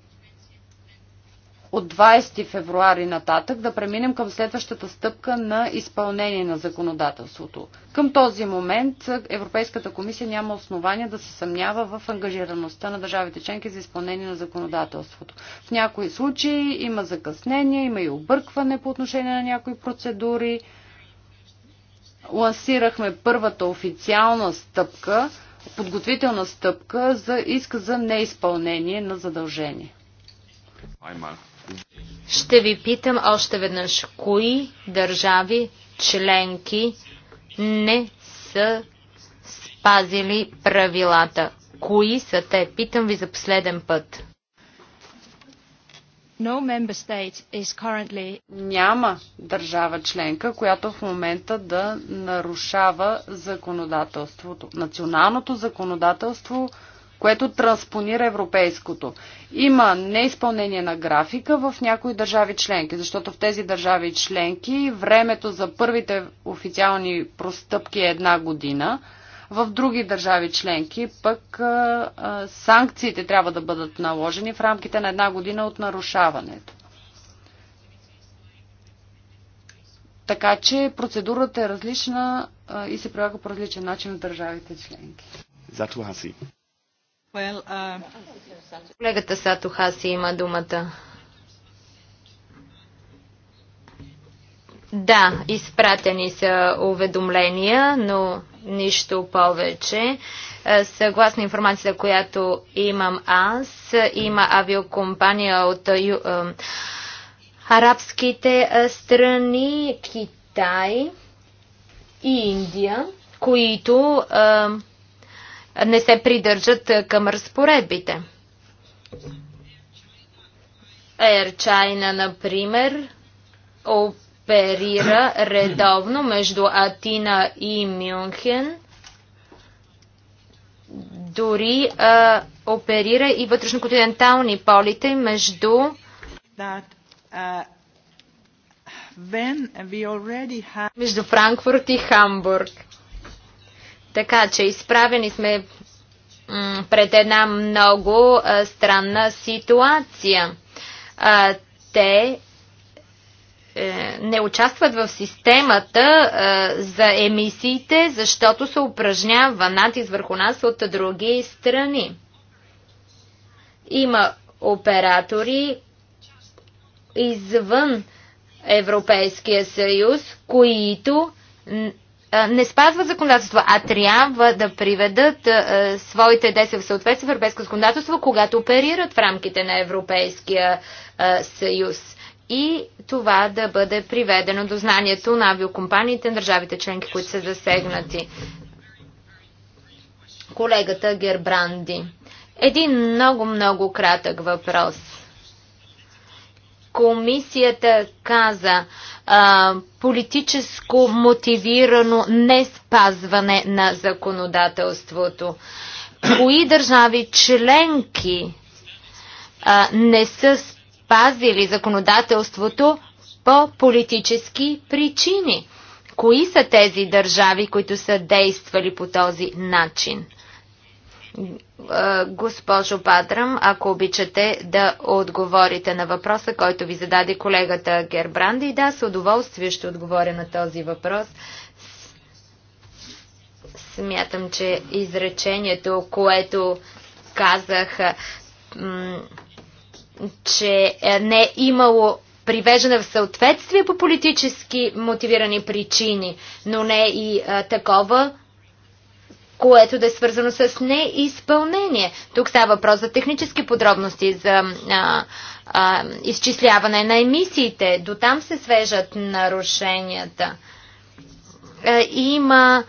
от 20 февруари нататък да преминем към следващата стъпка на изпълнение на законодателството. Към този момент Европейската комисия няма основания да се съмнява в ангажираността на държавите членки за изпълнение на законодателството. В някои случаи има закъснение, има и объркване по отношение на някои процедури. Лансирахме първата официална стъпка, подготвителна стъпка за иск за неизпълнение на задължение. Einmal. Ще ви питам още веднъж, кои държави членки не са спазили правилата? Кои са те? Питам ви за последен път. No member state is currently... Няма държава членка, която в момента да нарушава законодателството. Националното законодателство което транспонира европейското. Има неизпълнение на графика в някои държави членки, защото в тези държави членки времето за първите официални простъпки е една година. В други държави членки пък а, а, санкциите трябва да бъдат наложени в рамките на една година от нарушаването. Така че процедурата е различна а, и се прилага по различен начин в държавите членки. Затова си. Uh, Колегата Сато Хаси има думата. Да, изпратени са уведомления, но нищо повече. Е, съгласно информацията, която имам аз, има авиокомпания от е, е, арабските страни, Китай и Индия, които не се придържат е, към разпоредбите. Air China, например, оперира редовно между Атина и Мюнхен. Дори а, е, оперира и вътрешноконтинентални полите между е, между Франкфурт и Хамбург. Така че изправени сме пред една много странна ситуация. Те е, не участват в системата за емисиите, защото се упражнява натиск върху нас от други страни. Има оператори извън Европейския съюз, които не спазва законодателство, а трябва да приведат а, своите деца в съответствие с европейско законодателство, когато оперират в рамките на Европейския а, съюз. И това да бъде приведено до знанието на авиокомпаниите на държавите членки, които са засегнати. Колегата Гербранди. Един много-много кратък въпрос. Комисията каза, а, политическо мотивирано не спазване на законодателството. Кои държави членки а, не са спазили законодателството по политически причини? Кои са тези държави, които са действали по този начин? Госпожо Бадрам, ако обичате да отговорите на въпроса, който ви зададе колегата Гербранди, да, с удоволствие ще отговоря на този въпрос. Смятам, че изречението, което казах, че не е имало привеждане в съответствие по политически мотивирани причини, но не и а, такова което да е свързано с неизпълнение. Тук става въпрос за технически подробности, за а, а, изчисляване на емисиите. До там се свежат нарушенията. А, има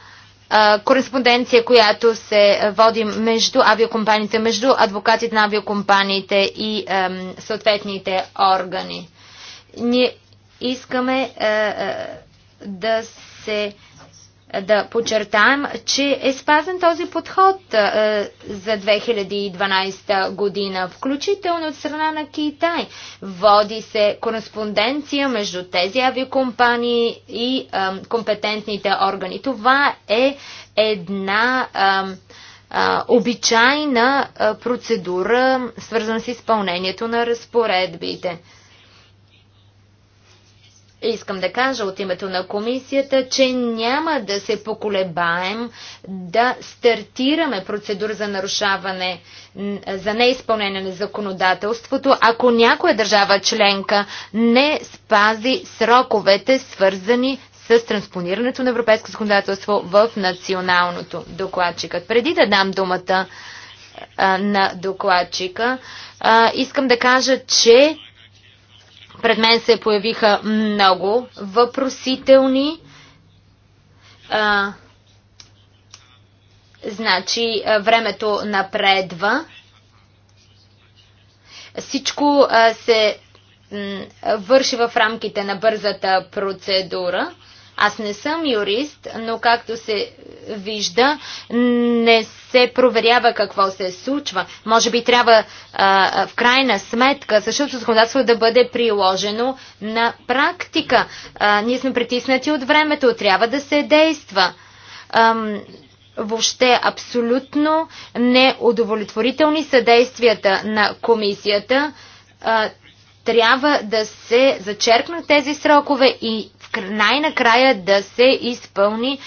а, кореспонденция, която се води между авиокомпаниите, между адвокатите на авиокомпаниите и а, съответните органи. Ние искаме а, е, а, е, да се а, да подчертаем, че е спазен този подход за 2012 година, включително от страна на Китай. Води се кореспонденция между тези авиокомпании и компетентните органи. Това е една обичайна процедура, свързана с изпълнението на разпоредбите. Искам да кажа от името на комисията, че няма да се поколебаем да стартираме процедура за нарушаване, за неизпълнение на законодателството, ако някоя държава членка не спази сроковете, свързани с транспонирането на европейско законодателство в националното докладчикът. Преди да дам думата а, на докладчика, а, искам да кажа, че пред мен се появиха много въпросителни. А, значи, времето напредва. Всичко а, се върши в рамките на бързата процедура. Аз не съм юрист, но както се вижда, не се проверява какво се случва. Може би трябва а, в крайна сметка същото законодателство да бъде приложено на практика. А, ние сме притиснати от времето, трябва да се действа. Ам, въобще абсолютно неудовлетворителни са действията на комисията. А, трябва да се зачеркнат тези срокове и най-накрая да се изпълни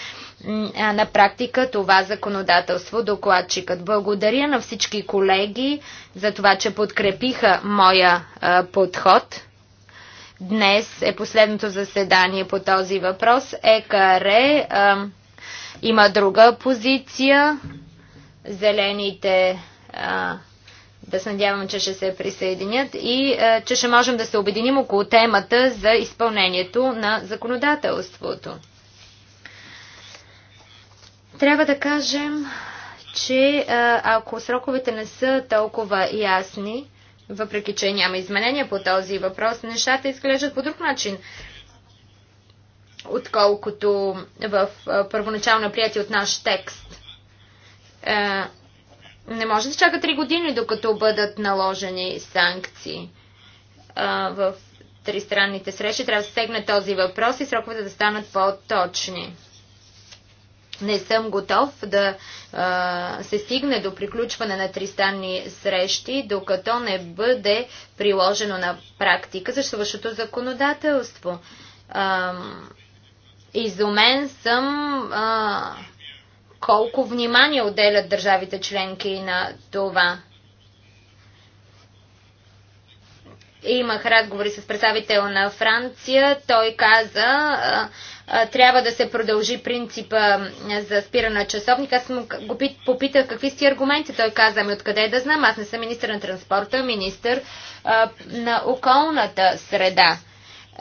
на практика това законодателство докладчикът. Благодаря на всички колеги за това, че подкрепиха моя подход. Днес е последното заседание по този въпрос. ЕКР има друга позиция. Зелените а, да се надявам, че ще се присъединят и е, че ще можем да се обединим около темата за изпълнението на законодателството. Трябва да кажем, че е, ако сроковете не са толкова ясни, въпреки че няма изменения по този въпрос, нещата изглеждат по друг начин, отколкото в е, първоначално прияти от наш текст не може да чака 3 години, докато бъдат наложени санкции. А, в тристранните срещи трябва да се сегне този въпрос и сроковете да станат по-точни. Не съм готов да а, се стигне до приключване на тристанни срещи, докато не бъде приложено на практика съществуващото законодателство. А, изумен съм. А, колко внимание отделят държавите членки на това. Имах разговори с представител на Франция. Той каза, трябва да се продължи принципа за спиране на часовник. Аз му го попитах какви си аргументи. Той каза ми откъде да знам. Аз не съм министър на транспорта, министър на околната среда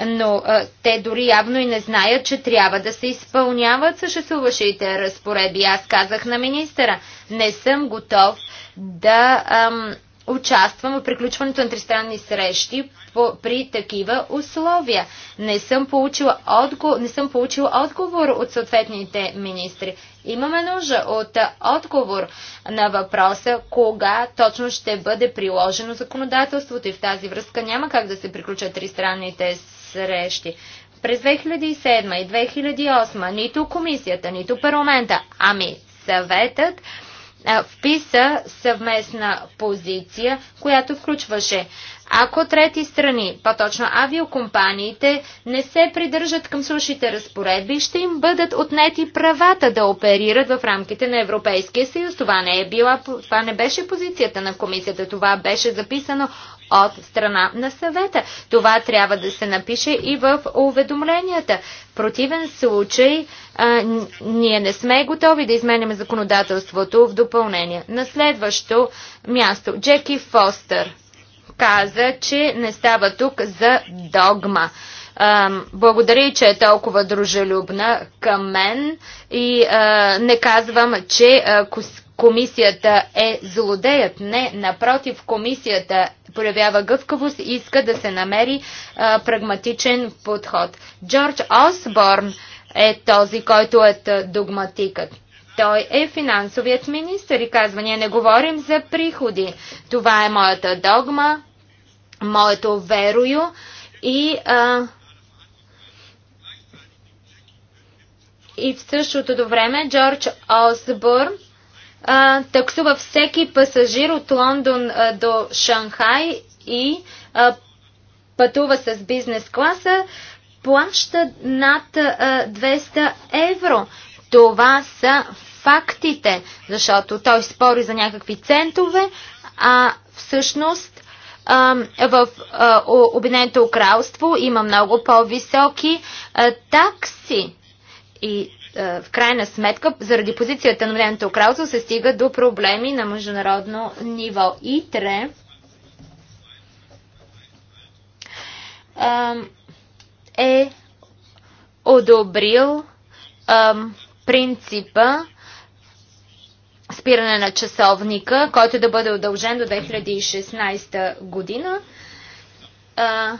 но а, те дори явно и не знаят, че трябва да се изпълняват съществуващите разпореди. Аз казах на министъра, не съм готов да ам, участвам в приключването на тристранни срещи по, при такива условия. Не съм, получила отго, не съм получила отговор от съответните министри. Имаме нужда от отговор на въпроса кога точно ще бъде приложено законодателството и в тази връзка няма как да се приключат тристранните срещи срещи. През 2007 и 2008 нито комисията, нито парламента, ами съветът вписа съвместна позиция, която включваше ако трети страни, по-точно авиокомпаниите, не се придържат към сушите разпоредби, ще им бъдат отнети правата да оперират в рамките на Европейския съюз. Това не, е била, това не беше позицията на комисията, това беше записано от страна на съвета. Това трябва да се напише и в уведомленията. В противен случай а, ние не сме готови да изменяме законодателството в допълнение. На следващо място Джеки Фостер каза, че не става тук за догма. Благодаря, че е толкова дружелюбна към мен и не казвам, че комисията е злодеят. Не, напротив, комисията проявява гъвкавост и иска да се намери прагматичен подход. Джордж Осборн е този, който е догматикът. Той е финансовият министр и казва, ние не говорим за приходи. Това е моята догма, моето верою и а, и в същото време Джордж Осборн а, таксува всеки пасажир от Лондон а, до Шанхай и а, пътува с бизнес класа, плаща над а, 200 евро. Това са фактите, защото той спори за някакви центове, а всъщност в Обединеното кралство има много по-високи такси. И в крайна сметка, заради позицията на Обединеното кралство се стига до проблеми на международно ниво. ИТРЕ е одобрил принципа спиране на часовника, който да бъде удължен до 2016 година. А,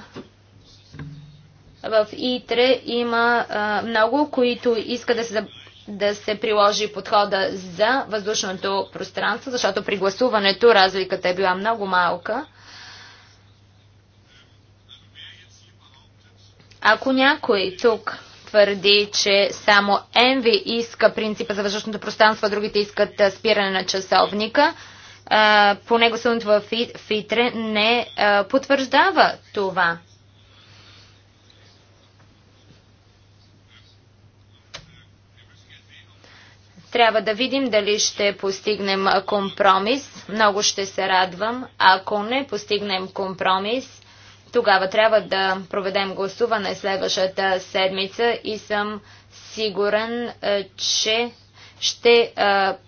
в ИТРЕ има а, много, които искат да се, да се приложи подхода за въздушното пространство, защото при гласуването разликата е била много малка. Ако някой тук твърди, че само Енви иска принципа за въздушното пространство, а другите искат спиране на часовника. Поне съдното в ФИТРЕ не потвърждава това. Трябва да видим дали ще постигнем компромис. Много ще се радвам. Ако не постигнем компромис, тогава трябва да проведем гласуване следващата седмица и съм сигурен, е, че ще е,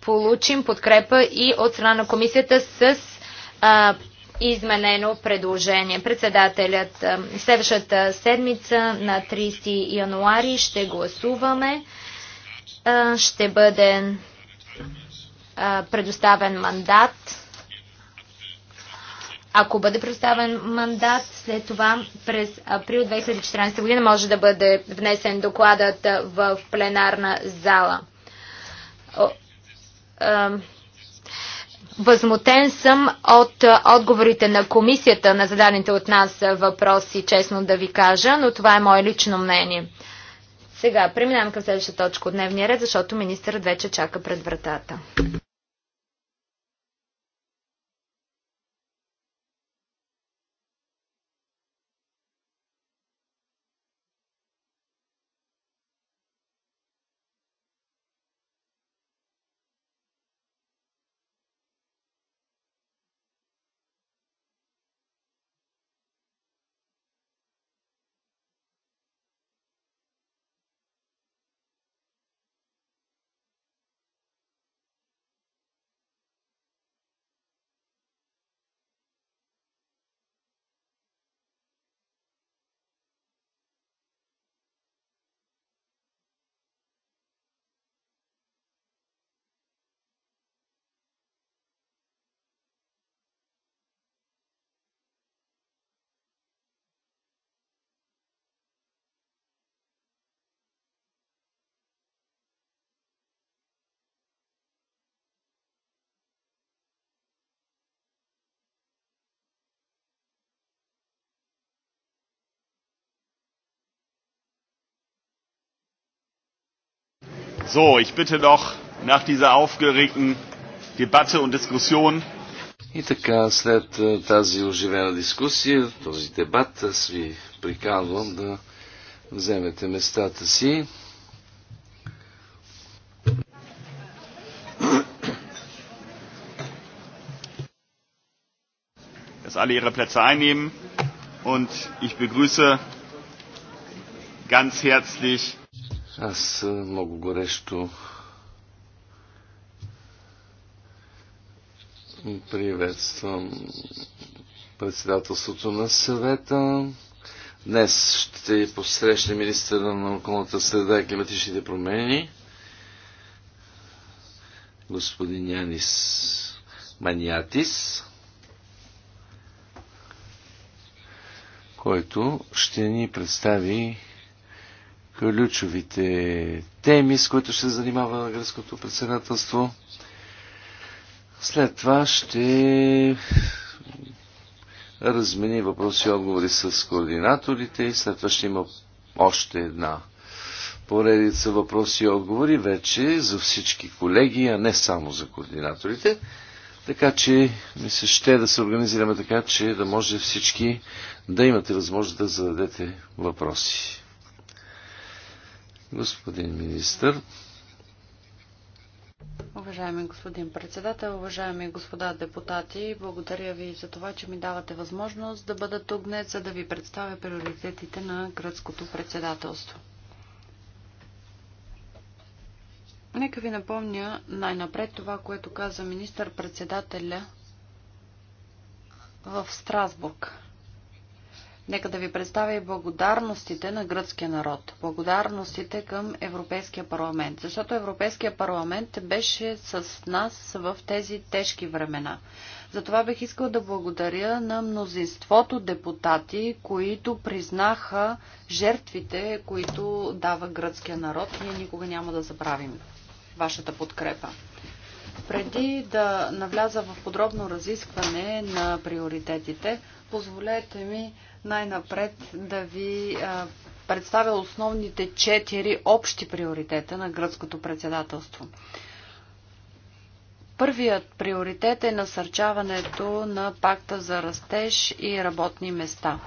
получим подкрепа и от страна на комисията с е, изменено предложение. Председателят следващата седмица на 30 януари ще гласуваме. Ще бъде предоставен мандат ако бъде представен мандат, след това през април 2014 година може да бъде внесен докладът в пленарна зала. Възмутен съм от отговорите на комисията на зададените от нас въпроси, честно да ви кажа, но това е мое лично мнение. Сега преминавам към следващата точка от дневния ред, защото министърът вече чака пред вратата. So, ich bitte doch nach dieser aufgeregten Debatte und Diskussion. И така, след тази оживена дискусия, този дебат, аз ви приканвам да вземете местата си. Dass alle ihre Plätze einnehmen und ich begrüße ganz herzlich аз много горещо приветствам председателството на съвета. Днес ще посрещне министъра на околната среда и климатичните промени, господин Янис Маниатис, който ще ни представи ключовите теми, с които ще занимава на гръцкото председателство. След това ще размени въпроси и отговори с координаторите и след това ще има още една поредица въпроси и отговори вече за всички колеги, а не само за координаторите. Така че ми се ще да се организираме така, че да може всички да имате възможност да зададете въпроси. Господин министър. Уважаеми господин председател, уважаеми господа депутати, благодаря ви за това, че ми давате възможност да бъда тук днес, за да ви представя приоритетите на гръцкото председателство. Нека ви напомня най-напред това, което каза министър-председателя в Страсбург Нека да ви представя и благодарностите на гръцкия народ, благодарностите към Европейския парламент, защото Европейския парламент беше с нас в тези тежки времена. Затова бих искал да благодаря на мнозинството депутати, които признаха жертвите, които дава гръцкия народ. Ние никога няма да забравим вашата подкрепа. Преди да навляза в подробно разискване на приоритетите, Позволете ми най-напред да ви представя основните четири общи приоритета на гръцкото председателство. Първият приоритет е насърчаването на пакта за растеж и работни места.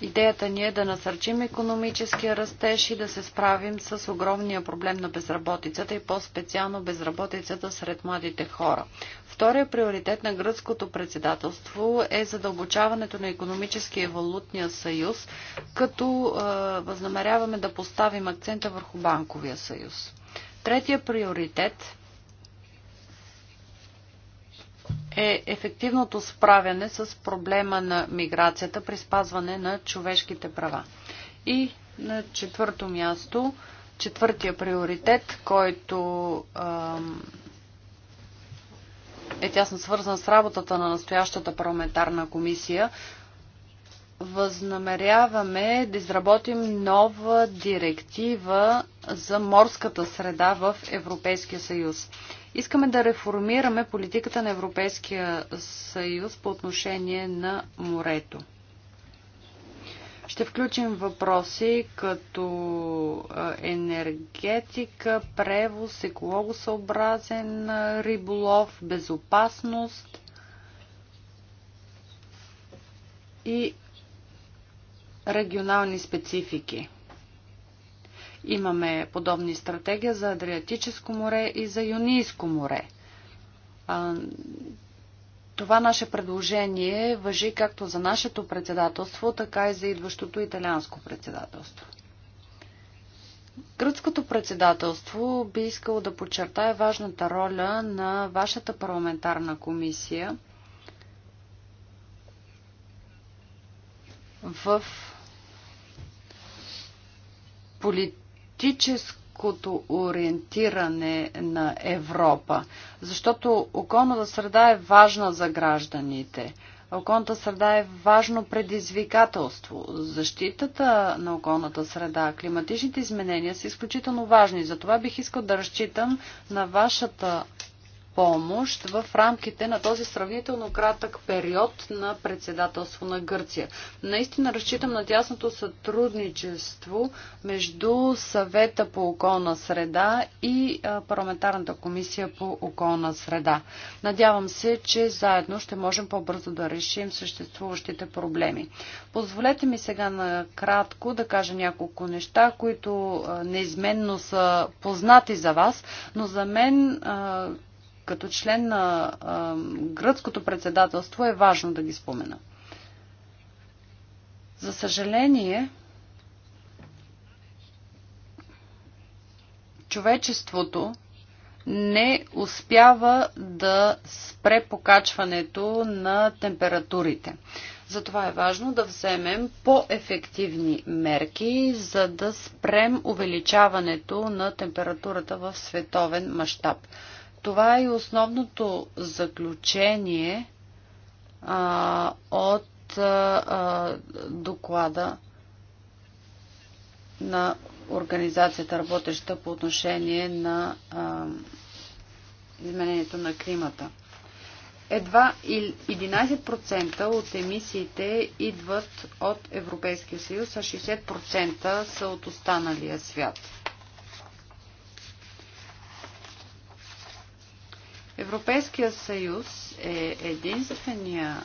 Идеята ни е да насърчим економическия растеж и да се справим с огромния проблем на безработицата и по-специално безработицата сред младите хора. Втория приоритет на гръцкото председателство е задълбочаването на економическия и валутния съюз, като е, възнамеряваме да поставим акцента върху банковия съюз. Третия приоритет е ефективното справяне с проблема на миграцията при спазване на човешките права. И на четвърто място, четвъртия приоритет, който е тясно свързан с работата на настоящата парламентарна комисия, възнамеряваме да изработим нова директива за морската среда в Европейския съюз. Искаме да реформираме политиката на Европейския съюз по отношение на морето. Ще включим въпроси като енергетика, превоз, екологосъобразен риболов, безопасност и регионални специфики. Имаме подобни стратегии за Адриатическо море и за Юнийско море. Това наше предложение въжи както за нашето председателство, така и за идващото италианско председателство. Гръцкото председателство би искало да подчертае важната роля на вашата парламентарна комисия в политическото ориентиране на Европа, защото околната среда е важна за гражданите. Околната среда е важно предизвикателство. Защитата на околната среда, климатичните изменения са изключително важни. Затова бих искал да разчитам на вашата помощ в рамките на този сравнително кратък период на председателство на Гърция. Наистина разчитам на тясното сътрудничество между съвета по околна среда и парламентарната комисия по околна среда. Надявам се, че заедно ще можем по-бързо да решим съществуващите проблеми. Позволете ми сега накратко да кажа няколко неща, които неизменно са познати за вас, но за мен като член на а, гръцкото председателство е важно да ги спомена. За съжаление, човечеството не успява да спре покачването на температурите. Затова е важно да вземем по-ефективни мерки, за да спрем увеличаването на температурата в световен мащаб. Това е и основното заключение а, от а, доклада на организацията, работеща по отношение на а, изменението на климата. Едва 11% от емисиите идват от Европейския съюз, а 60% са от останалия свят. Европейския съюз е единствения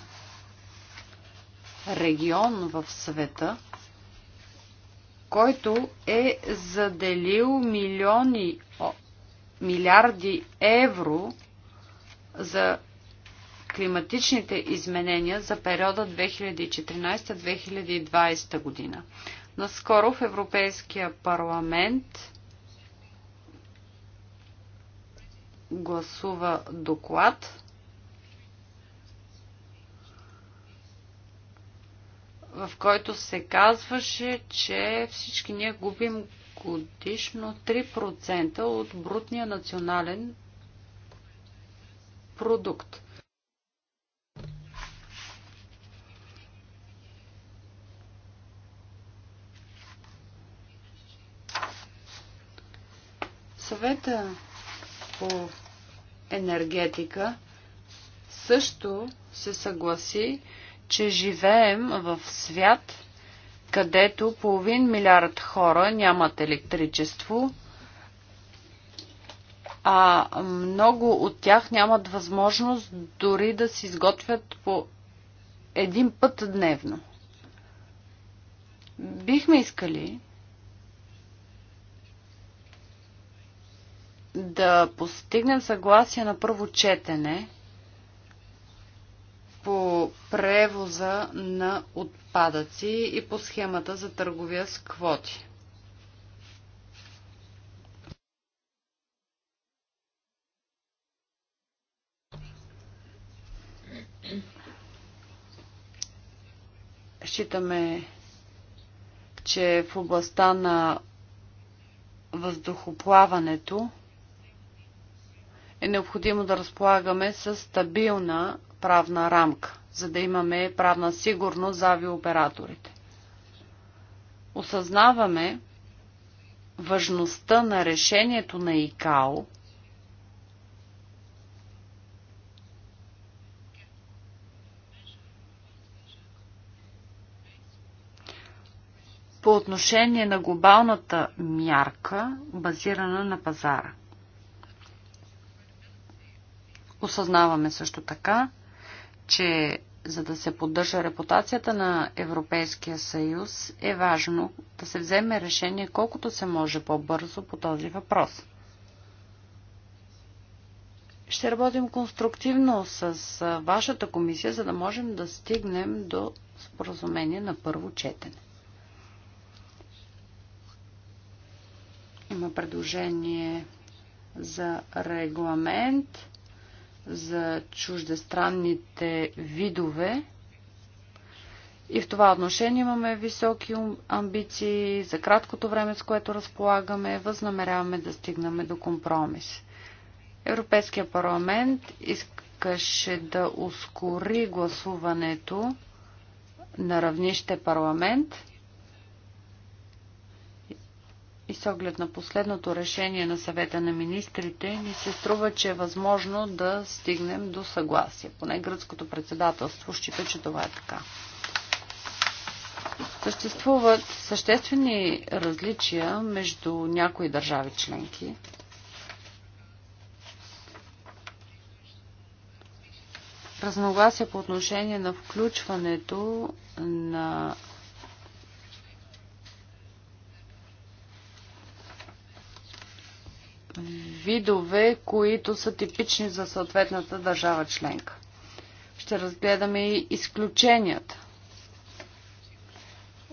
регион в света, който е заделил милиони, о, милиарди евро за климатичните изменения за периода 2014-2020 година. Наскоро в Европейския парламент гласува доклад. в който се казваше, че всички ние губим годишно 3% от брутния национален продукт. Съвета по енергетика също се съгласи, че живеем в свят, където половин милиард хора нямат електричество, а много от тях нямат възможност дори да си изготвят по един път дневно. Бихме искали да постигнем съгласие на първо четене по превоза на отпадъци и по схемата за търговия с квоти. Считаме, че в областта на въздухоплаването е необходимо да разполагаме с стабилна правна рамка, за да имаме правна сигурност за авиоператорите. Осъзнаваме важността на решението на ИКАО по отношение на глобалната мярка, базирана на пазара. Осъзнаваме също така, че за да се поддържа репутацията на Европейския съюз, е важно да се вземе решение колкото се може по-бързо по този въпрос. Ще работим конструктивно с вашата комисия, за да можем да стигнем до споразумение на първо четене. Има предложение за регламент за чуждестранните видове. И в това отношение имаме високи амбиции за краткото време, с което разполагаме, възнамеряваме да стигнем до компромис. Европейския парламент искаше да ускори гласуването на равнище парламент – и с оглед на последното решение на съвета на министрите, ни се струва, че е възможно да стигнем до съгласие. Поне гръцкото председателство счита, че това е така. Съществуват съществени различия между някои държави членки. Разногласия по отношение на включването на видове, които са типични за съответната държава членка. Ще разгледаме и изключенията.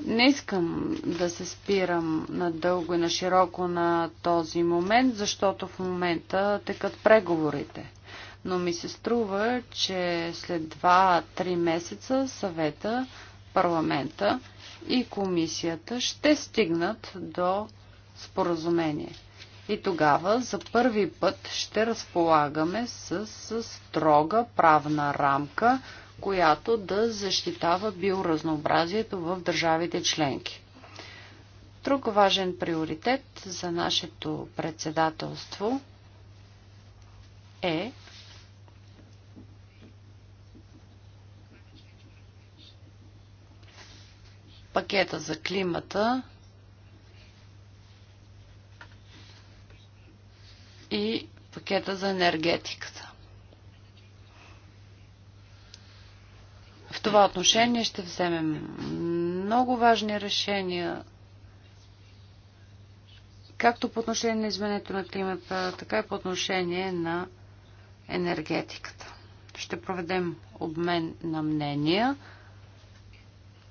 Не искам да се спирам надълго и на широко на този момент, защото в момента текат преговорите. Но ми се струва, че след 2-3 месеца съвета, парламента и комисията ще стигнат до споразумение. И тогава за първи път ще разполагаме с, с строга правна рамка, която да защитава биоразнообразието в държавите членки. Друг важен приоритет за нашето председателство е пакета за климата пакета за енергетиката. В това отношение ще вземем много важни решения, както по отношение на изменението на климата, така и по отношение на енергетиката. Ще проведем обмен на мнения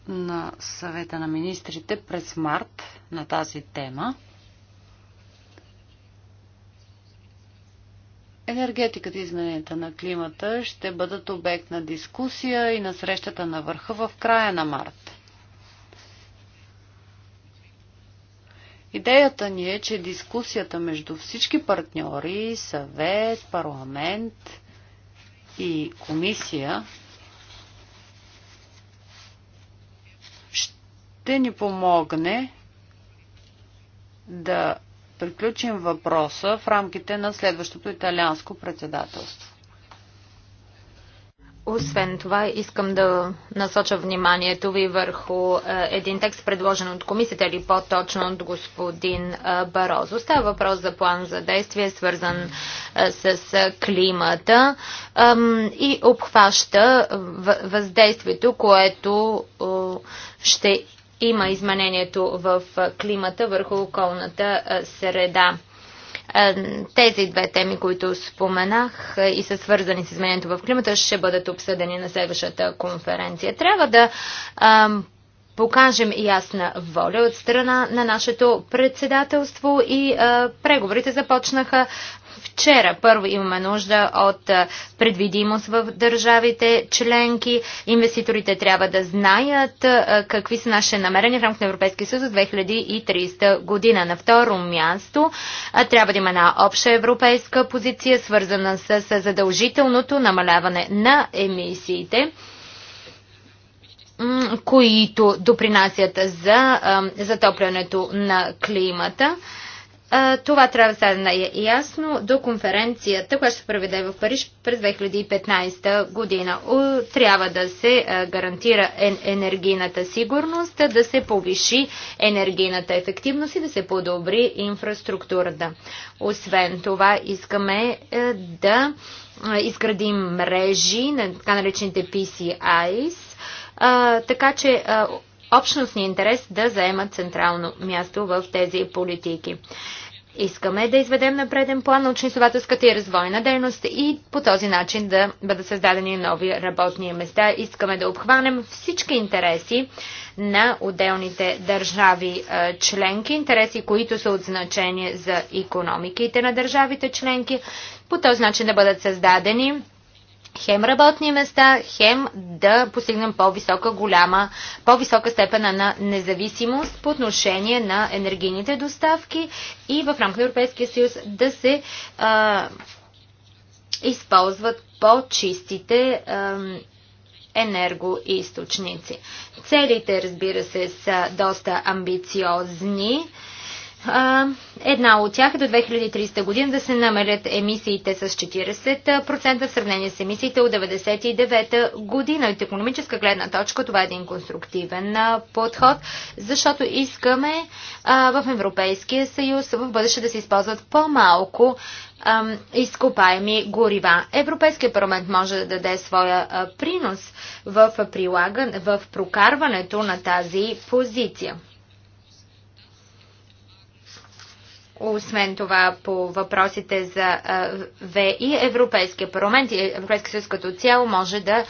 на съвета на министрите през март на тази тема. Енергетиката и измененията на климата ще бъдат обект на дискусия и на срещата на върха в края на март. Идеята ни е, че дискусията между всички партньори, съвет, парламент и комисия ще ни помогне да приключим въпроса в рамките на следващото италианско председателство. Освен това, искам да насоча вниманието ви върху е, един текст, предложен от комисията или по-точно от господин е, Барозо. Става въпрос за план за действие, свързан е, с климата и обхваща въздействието, което ще има изменението в климата върху околната среда. Тези две теми, които споменах и са свързани с изменението в климата, ще бъдат обсъдени на следващата конференция. Трябва да покажем ясна воля от страна на нашето председателство и а, преговорите започнаха вчера. Първо имаме нужда от предвидимост в държавите членки. Инвеститорите трябва да знаят какви са наши намерения в рамките на Европейския съюз за 2030 година. На второ място трябва да има една обща европейска позиция, свързана с задължителното намаляване на емисиите които допринасят за затоплянето на климата. Това трябва да стане ясно до конференцията, която ще проведе в Париж през 2015 година. Трябва да се гарантира енергийната сигурност, да се повиши енергийната ефективност и да се подобри инфраструктурата. Освен това, искаме е, да изградим мрежи на така наречените PCIs, а, така че а, общностния интерес да заемат централно място в тези политики. Искаме да изведем на преден план научно-изследователската и развойна дейност и по този начин да бъдат създадени нови работни места. Искаме да обхванем всички интереси на отделните държави членки, интереси, които са от значение за економиките на държавите членки. По този начин да бъдат създадени хем работни места, хем да постигнем по-висока голяма, по-висока степена на независимост по отношение на енергийните доставки и в рамките на Европейския съюз да се а, използват по-чистите енергоисточници. Целите, разбира се, са доста амбициозни. Една от тях е до 2030 година да се намалят емисиите с 40% в сравнение с емисиите от 1999 година. От економическа гледна точка това е един конструктивен подход, защото искаме в Европейския съюз в бъдеще да се използват по-малко изкопаеми горива. Европейския парламент може да даде своя принос в, прилаган, в прокарването на тази позиция. Освен това, по въпросите за ВИ, Европейския парламент и Европейския съюз като цяло може да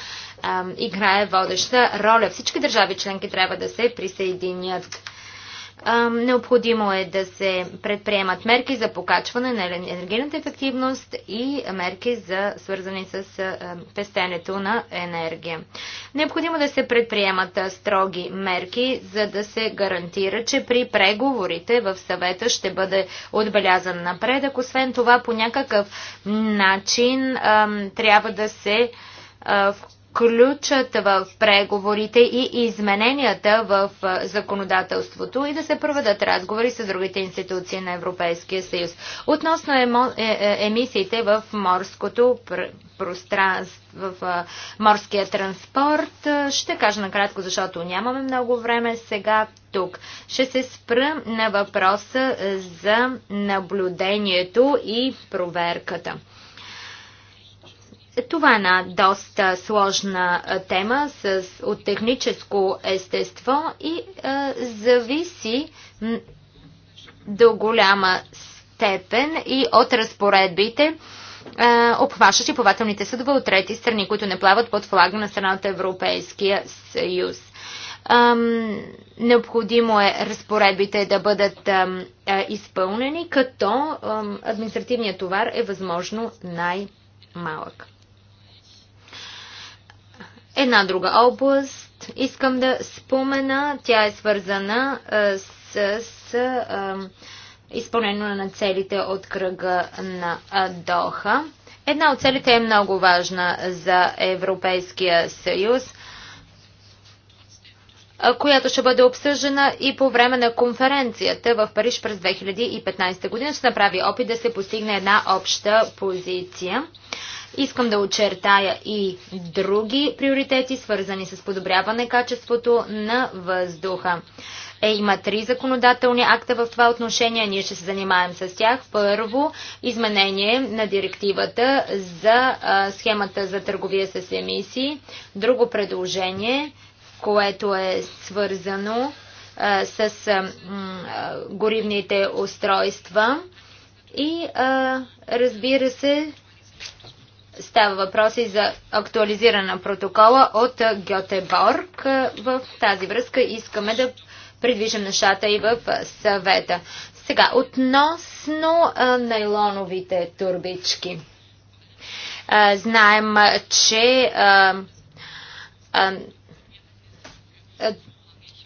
играе водеща роля. Всички държави членки трябва да се присъединят Необходимо е да се предприемат мерки за покачване на енергийната ефективност и мерки за свързани с пестенето на енергия. Необходимо да се предприемат строги мерки, за да се гарантира, че при преговорите в съвета ще бъде отбелязан напредък. Освен това, по някакъв начин трябва да се включи включат в преговорите и измененията в законодателството и да се проведат разговори с другите институции на Европейския съюз. Относно е, е, емисиите в морското пространство, в морския транспорт, ще кажа накратко, защото нямаме много време сега тук. Ще се спра на въпроса за наблюдението и проверката. Това е една доста сложна тема с, от техническо естество и е, зависи до голяма степен и от разпоредбите, е, обхващащи плавателните съдове от трети страни, които не плават под флага на страната Европейския съюз. Ам, необходимо е разпоредбите да бъдат ам, е, изпълнени, като ам, административният товар е възможно най-малък. Една друга област искам да спомена, тя е свързана с, с изпълнение на целите от кръга на Доха. Една от целите е много важна за Европейския съюз, която ще бъде обсъждана и по време на конференцията в Париж през 2015 година. Ще направи опит да се постигне една обща позиция. Искам да очертая и други приоритети, свързани с подобряване качеството на въздуха. Е, има три законодателни акта в това отношение. Ние ще се занимаем с тях. Първо, изменение на директивата за а, схемата за търговия с емисии. Друго предложение, което е свързано а, с а, горивните устройства. И, разбира се, Става въпроси за актуализиране на протокола от Гьотеборг. В тази връзка искаме да придвижим нещата и в съвета. Сега, относно нейлоновите турбички. знаем, че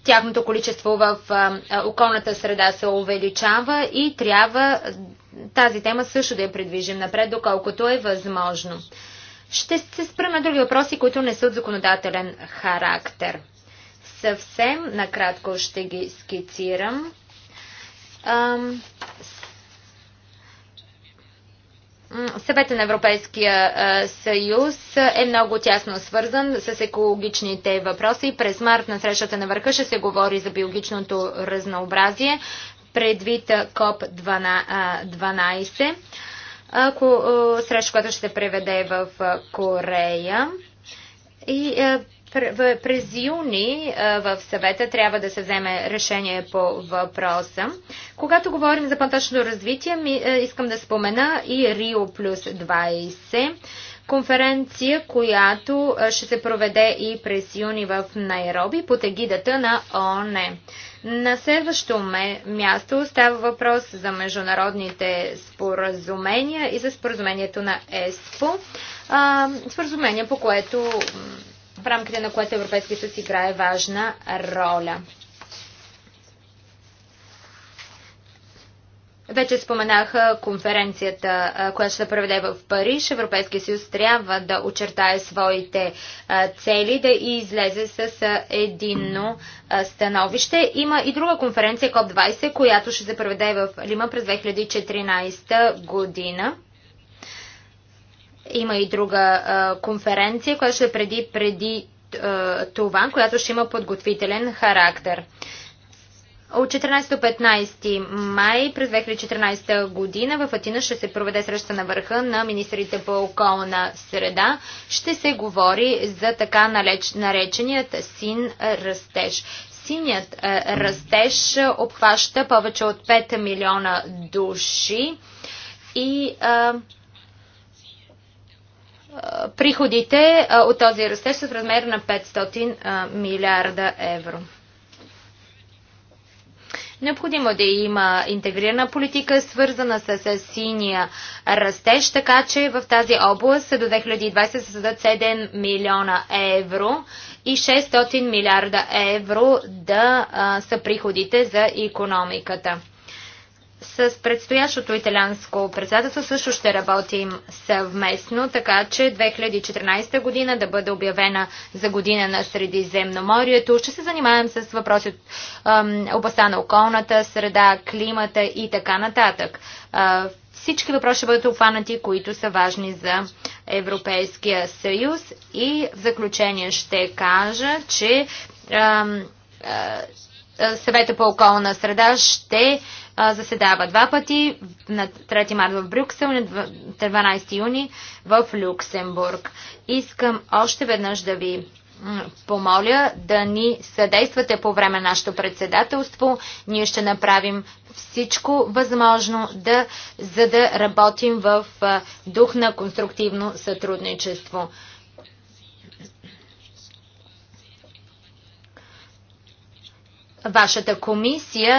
тяхното количество в околната среда се увеличава и трябва тази тема също да я придвижим напред, доколкото е възможно. Ще се спрем на други въпроси, които не са от законодателен характер. Съвсем накратко ще ги скицирам. Съвета на Европейския съюз е много тясно свързан с екологичните въпроси. През март на срещата на върха ще се говори за биологичното разнообразие предвид КОП-12, среща, която ще се преведе в Корея. И през юни в съвета трябва да се вземе решение по въпроса. Когато говорим за по развитие, искам да спомена и Рио плюс 20 конференция, която ще се проведе и през юни в Найроби под егидата на ООН. На следващо място става въпрос за международните споразумения и за споразумението на ЕСПО. Споразумение, по което в рамките на което Европейския съюз играе важна роля. Вече споменах конференцията, която ще проведе в Париж. Европейския съюз трябва да очертае своите цели, да излезе с единно становище. Има и друга конференция, КОП-20, която ще се проведе в Лима през 2014 година. Има и друга а, конференция, която ще е преди, преди а, това, която ще има подготвителен характер. От 14 15 май през 2014 година в Атина ще се проведе среща на върха на министрите по околна среда. Ще се говори за така нареченият син растеж. Синият растеж обхваща повече от 5 милиона души и а, приходите от този растеж са в размер на 500 милиарда евро. Необходимо е да има интегрирана политика, свързана с, синия растеж, така че в тази област до 2020 се създадат 7 милиона евро и 600 милиарда евро да а, са приходите за економиката. С предстоящото италианско председателство също ще работим съвместно, така че 2014 година да бъде обявена за година на Средиземноморието. Ще се занимаем с въпроси от областта на околната среда, климата и така нататък. всички въпроси ще бъдат обхванати, които са важни за Европейския съюз. И в заключение ще кажа, че съвета по околна среда ще заседава два пъти, на 3 марта в Брюксел, на 12 юни в Люксембург. Искам още веднъж да ви помоля да ни съдействате по време на нашето председателство. Ние ще направим всичко възможно, да, за да работим в дух на конструктивно сътрудничество. Вашата комисия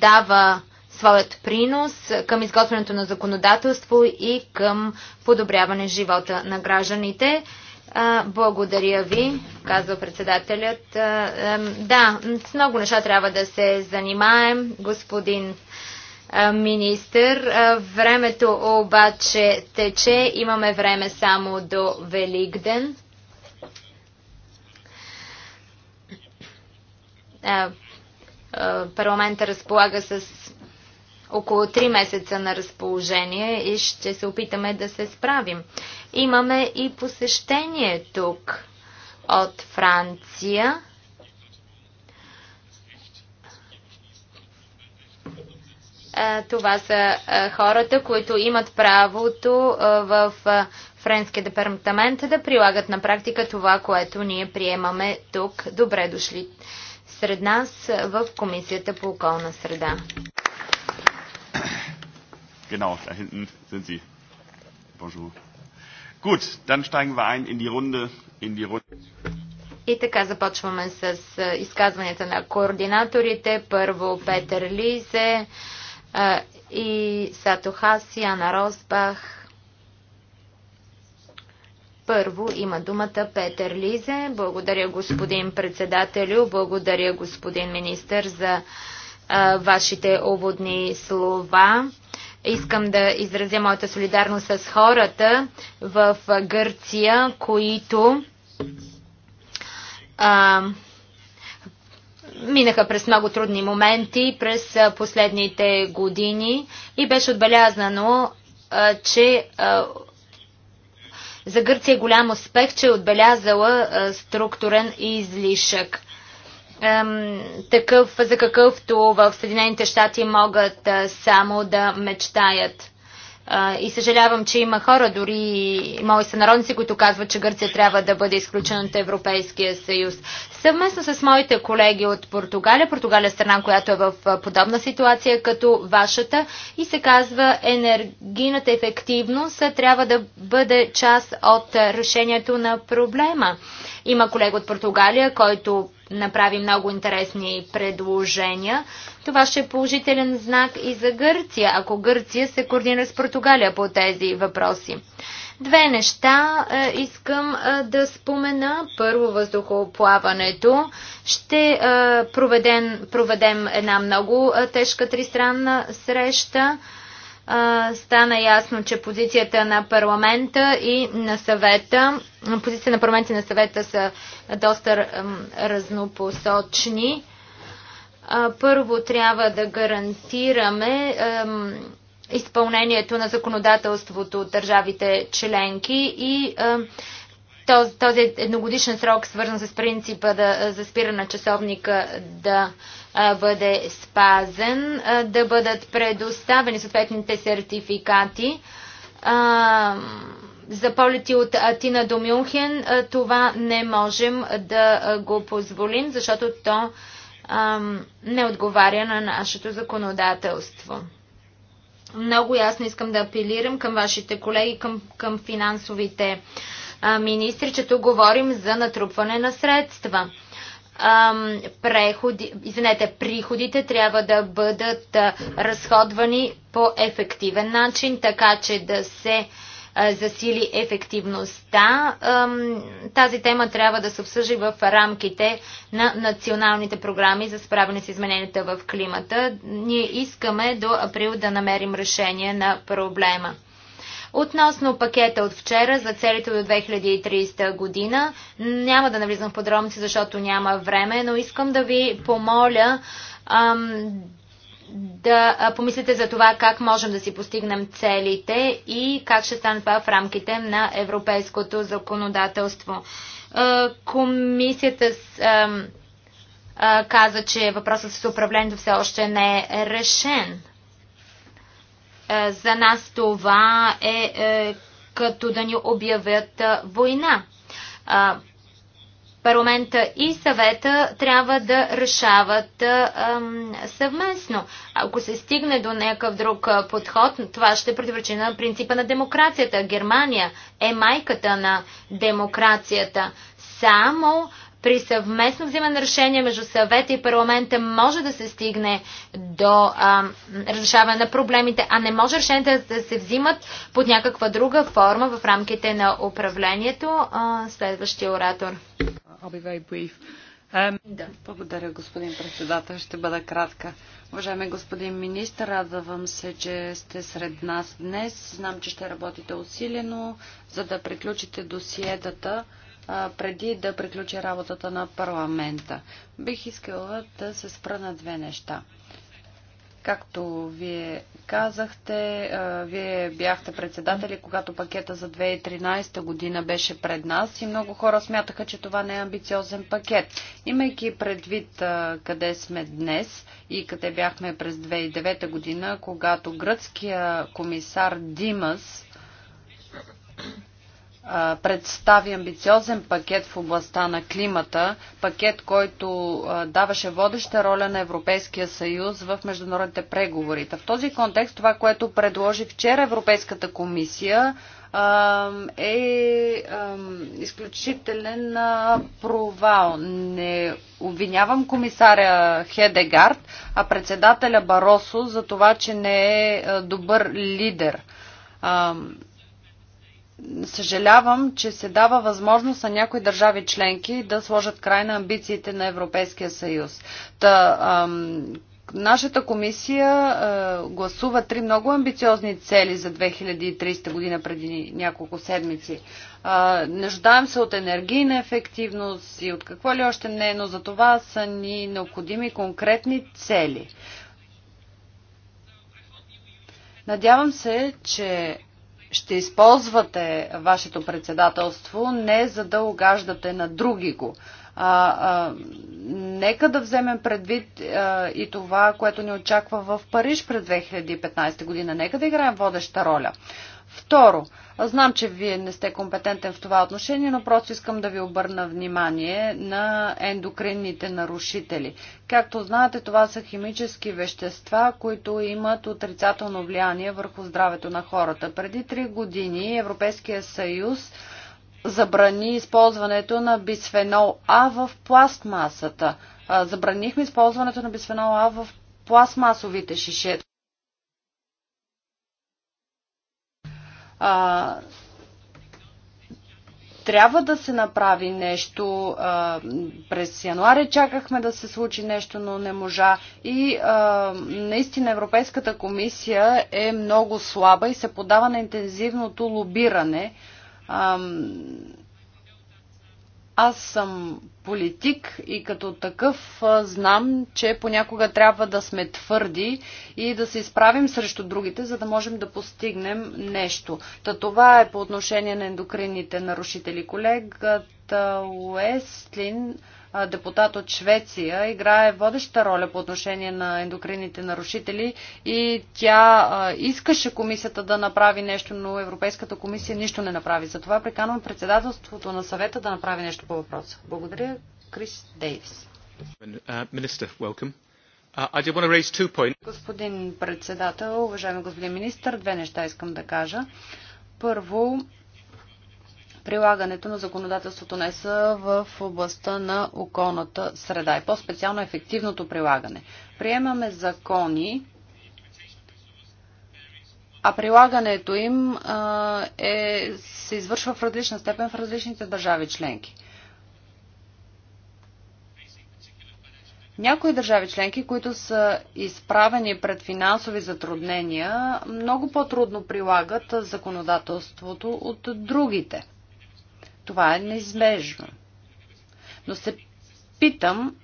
дава своят принос към изготвянето на законодателство и към подобряване живота на гражданите. благодаря ви, казва председателят. да, с много неща трябва да се занимаем, господин министър. Времето обаче тече. Имаме време само до Великден. Е, е, парламента разполага с около 3 месеца на разположение и ще се опитаме да се справим. Имаме и посещение тук от Франция. Е, това са хората, които имат правото в Френския департамент да прилагат на практика това, което ние приемаме тук. Добре дошли! сред нас в Комисията по околна среда. Genau, da hinten sind Sie. Bonjour. Gut, dann steigen wir ein in die Runde. In die Runde. И така започваме с изказванията на координаторите. Първо Петър Лизе и Сато Хаси, Ана Росбах, първо има думата Петър Лизе. Благодаря господин председателю, благодаря господин министър за а, вашите уводни слова. Искам да изразя моята солидарност с хората в Гърция, които а, минаха през много трудни моменти през последните години и беше отбелязано, а, че а, за Гърция е голям успех, че е отбелязала структурен излишък. Такъв, за какъвто в Съединените щати могат само да мечтаят. И съжалявам, че има хора, дори мои сънародници, които казват, че Гърция трябва да бъде изключена от Европейския съюз. Съвместно с моите колеги от Португалия, Португалия е страна, която е в подобна ситуация като вашата и се казва енергийната ефективност трябва да бъде част от решението на проблема. Има колега от Португалия, който направи много интересни предложения. Това ще е положителен знак и за Гърция, ако Гърция се координира с Португалия по тези въпроси. Две неща е, искам е, да спомена. Първо въздухоплаването. Ще е, проведем, проведем една много тежка тристранна среща. Стана ясно, че позицията на парламента и на съвета, позиция на парламента и на съвета са доста разнопосочни. Първо трябва да гарантираме изпълнението на законодателството от държавите членки и този, едногодишен срок, свързан с принципа да, за спира на часовника да бъде спазен, да бъдат предоставени съответните сертификати за полети от Атина до Мюнхен. Това не можем да го позволим, защото то не отговаря на нашето законодателство. Много ясно искам да апелирам към вашите колеги, към, към финансовите а, министри, че тук говорим за натрупване на средства. Ам, преходи, извинете, приходите трябва да бъдат а, разходвани по ефективен начин, така че да се а, засили ефективността. Тази тема трябва да се обсъжи в рамките на националните програми за справяне с измененията в климата. Ние искаме до април да намерим решение на проблема. Относно пакета от вчера за целите до 2030 година, няма да навлизам в подробности, защото няма време, но искам да ви помоля ам, да помислите за това как можем да си постигнем целите и как ще стане това в рамките на европейското законодателство. Комисията каза, че въпросът с управлението все още не е решен. За нас това е, е като да ни обявят война парламента и съвета трябва да решават ам, съвместно. Ако се стигне до някакъв друг подход, това ще противоречи на принципа на демокрацията. Германия е майката на демокрацията. Само при съвместно взимане на решение между съвета и парламента може да се стигне до а, разрешаване на проблемите, а не може решенията да се взимат под някаква друга форма в рамките на управлението. А, следващия оратор. I'll be very brief. Да. Благодаря, господин председател. Ще бъда кратка. Уважаеми господин министр, радвам се, че сте сред нас днес. Знам, че ще работите усилено, за да приключите досиедата а, преди да приключи работата на парламента. Бих искала да се спра на две неща. Както вие казахте, вие бяхте председатели, когато пакета за 2013 година беше пред нас и много хора смятаха, че това не е амбициозен пакет. Имайки предвид къде сме днес и къде бяхме през 2009 година, когато гръцкия комисар Димас представи амбициозен пакет в областта на климата, пакет, който даваше водеща роля на Европейския съюз в международните преговори. В този контекст това, което предложи вчера Европейската комисия, е изключителен провал. Не обвинявам комисаря Хедегард, а председателя Баросо за това, че не е добър лидер съжалявам, че се дава възможност на някои държави членки да сложат край на амбициите на Европейския съюз. Та, ам, нашата комисия а, е, гласува три много амбициозни цели за 2030 година преди няколко седмици. А, нуждаем се от енергийна ефективност и от какво ли още не, но за това са ни необходими конкретни цели. Надявам се, че ще използвате вашето председателство не за да огаждате на други го. А, а, нека да вземем предвид а, и това, което ни очаква в Париж през 2015 година. Нека да играем водеща роля. Второ, Знам, че вие не сте компетентен в това отношение, но просто искам да ви обърна внимание на ендокринните нарушители. Както знаете, това са химически вещества, които имат отрицателно влияние върху здравето на хората. Преди три години Европейския съюз забрани използването на бисфенол А в пластмасата. Забранихме използването на бисфенол А в пластмасовите шишета. а, трябва да се направи нещо. А, през януаря чакахме да се случи нещо, но не можа. И а, наистина Европейската комисия е много слаба и се подава на интензивното лобиране. А, аз съм политик и като такъв знам, че понякога трябва да сме твърди и да се изправим срещу другите, за да можем да постигнем нещо. Та това е по отношение на ендокринните нарушители. Колега. Уестлин, депутат от Швеция, играе водеща роля по отношение на ендокрините нарушители и тя искаше комисията да направи нещо, но Европейската комисия нищо не направи. Затова приканвам председателството на съвета да направи нещо по въпроса. Благодаря, Крис Дейвис. Министър, uh, welcome. Uh, господин председател, уважаеми господин министр, две неща искам да кажа. Първо, прилагането на законодателството на ЕС в областта на околната среда и по-специално ефективното прилагане. Приемаме закони, а прилагането им а, е, се извършва в различна степен в различните държави членки. Някои държави членки, които са изправени пред финансови затруднения, много по-трудно прилагат законодателството от другите. Това е неизбежно. Но се питам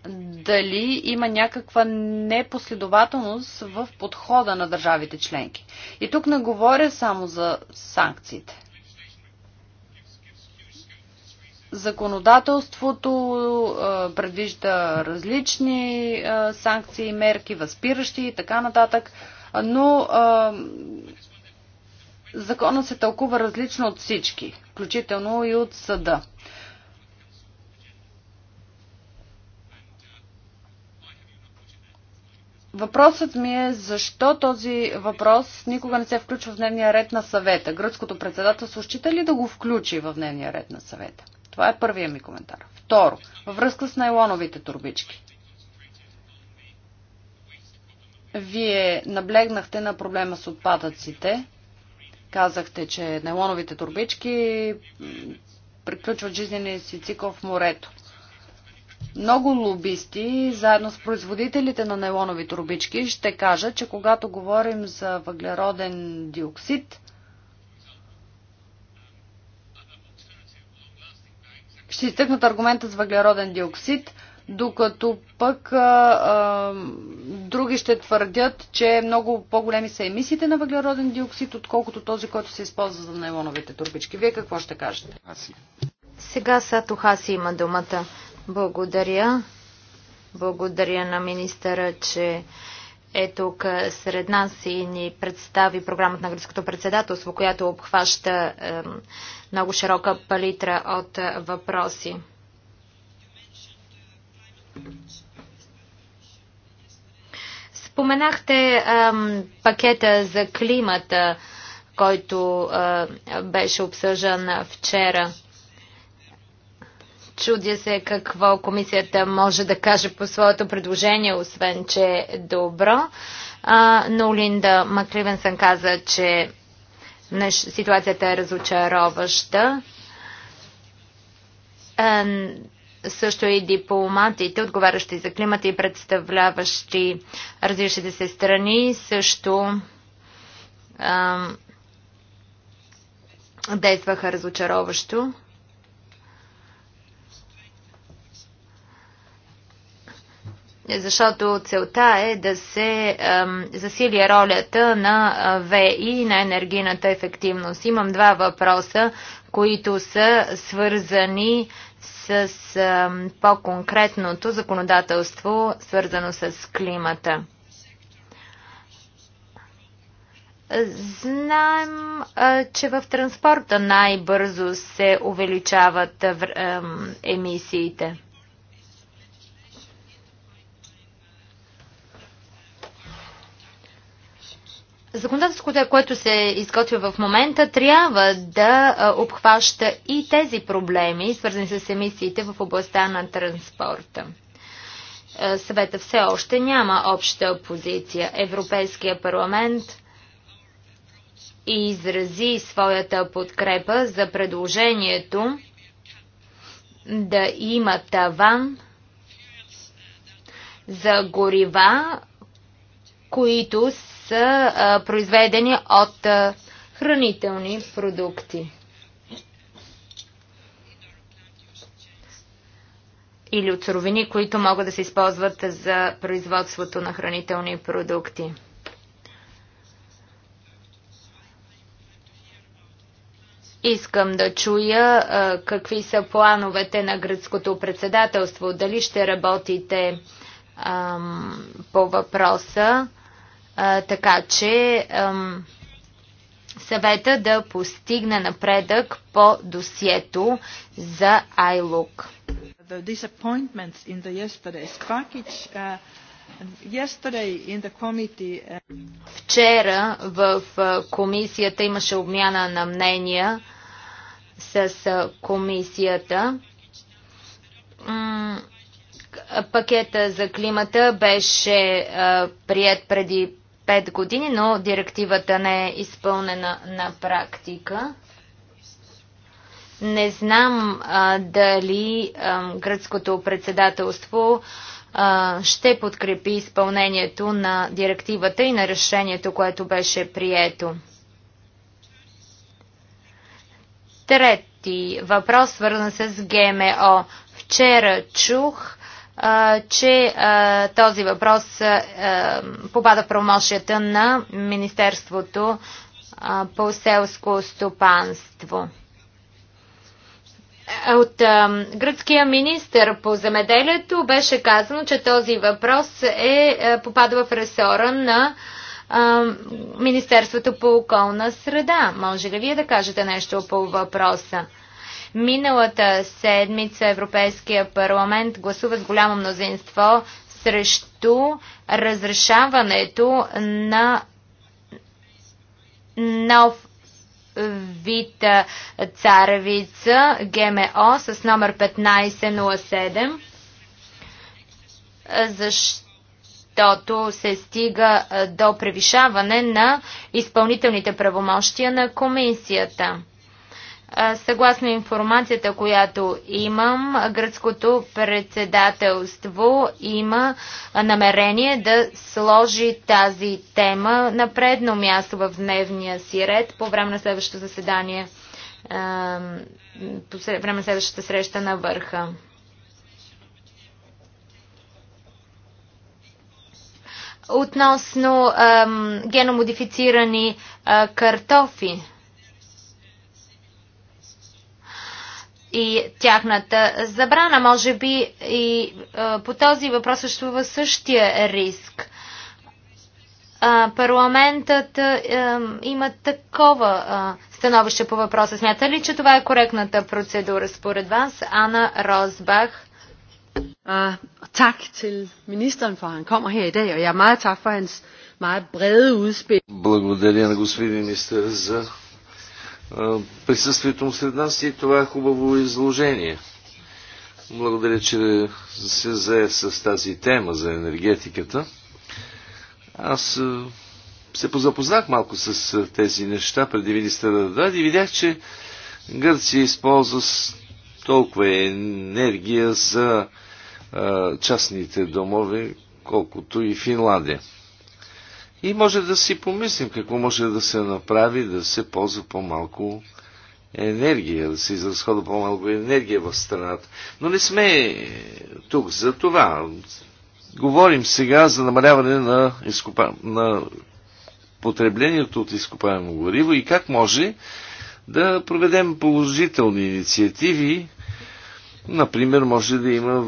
дали има някаква непоследователност в подхода на държавите членки. И тук не говоря само за санкциите. Законодателството предвижда различни санкции, мерки, възпиращи и така нататък, но Закона се тълкува различно от всички, включително и от съда. Въпросът ми е защо този въпрос никога не се включва в дневния ред на съвета. Гръцкото председателство счита ли да го включи в дневния ред на съвета? Това е първия ми коментар. Второ, във връзка с найлоновите турбички. Вие наблегнахте на проблема с отпадъците. Казахте, че нейлоновите турбички приключват жизнения си цикъл в морето. Много лобисти, заедно с производителите на нейлонови турбички, ще кажат, че когато говорим за въглероден диоксид, ще изтъкнат аргумента с въглероден диоксид – докато пък а, а, други ще твърдят, че много по-големи са емисиите на въглероден диоксид, отколкото този, който се използва за нейлоновите турбички. Вие какво ще кажете? Аси. Сега Сато Хаси има думата. Благодаря. Благодаря на министъра, че е тук сред нас и ни представи програмата на гръцкото председателство, която обхваща е, много широка палитра от въпроси. Споменахте ам, пакета за климата, който а, беше обсъждан вчера. Чудя се какво комисията може да каже по своето предложение, освен че е добро. А, но Линда Макливенсън каза, че ситуацията е разочароваща. А, също и дипломатите, отговарящи за климата и представляващи различните се страни, също а, действаха разочароващо. Защото целта е да се ам, засили ролята на ВИ и на енергийната ефективност. Имам два въпроса, които са свързани с по-конкретното законодателство, свързано с климата. Знаем, че в транспорта най-бързо се увеличават емисиите. Законодателството, което се изготвя в момента, трябва да обхваща и тези проблеми, свързани с емисиите в областта на транспорта. Съвета все още няма обща позиция. Европейския парламент изрази своята подкрепа за предложението да има таван за горива, които са а, произведени от а, хранителни продукти. Или от суровини, които могат да се използват за производството на хранителни продукти. Искам да чуя а, какви са плановете на гръцкото председателство. Дали ще работите по въпроса? а, така че ам, съвета да постигне напредък по досието за ILOC. The disappointments in the yesterday's package uh, uh Вчера в комисията имаше обмяна на мнения с комисията. Пакета за климата беше прият преди 5 години, но директивата не е изпълнена на практика. Не знам а, дали а, гръцкото председателство а, ще подкрепи изпълнението на директивата и на решението, което беше прието. Трети въпрос, свързан с ГМО. Вчера чух, че този въпрос попада в промощията на Министерството по селско стопанство. От гръцкия министр по земеделието беше казано, че този въпрос е, попада в ресора на Министерството по околна среда. Може ли вие да кажете нещо по въпроса? Миналата седмица Европейския парламент гласува с голямо мнозинство срещу разрешаването на нов вид царевица ГМО с номер 1507, защото се стига до превишаване на изпълнителните правомощия на комисията. Съгласно информацията, която имам, гръцкото председателство има намерение да сложи тази тема на предно място в дневния си ред по време на следващото заседание, по време на следващата среща на върха. Относно геномодифицирани картофи. и тяхната забрана. Може би и е, по този въпрос съществува същия риск. парламентът е, има такова е, становище по въпроса. Смята ли, че това е коректната процедура според вас? Анна Розбах. Uh, til ministeren for, han kommer her i dag, og jeg er meget tak for hans meget brede udspil. Благодаря на господин министър за присъствието му сред нас и това е хубаво изложение. Благодаря, че се зае с тази тема за енергетиката. Аз се позапознах малко с тези неща преди министъра да даде и видях, че Гърция използва толкова енергия за частните домове, колкото и Финландия. И може да си помислим какво може да се направи, да се ползва по-малко енергия, да се изразходва по-малко енергия в страната. Но не сме тук за това. Говорим сега за намаляване на, изкупа... на потреблението от изкопаемо гориво и как може да проведем положителни инициативи, Например, може да има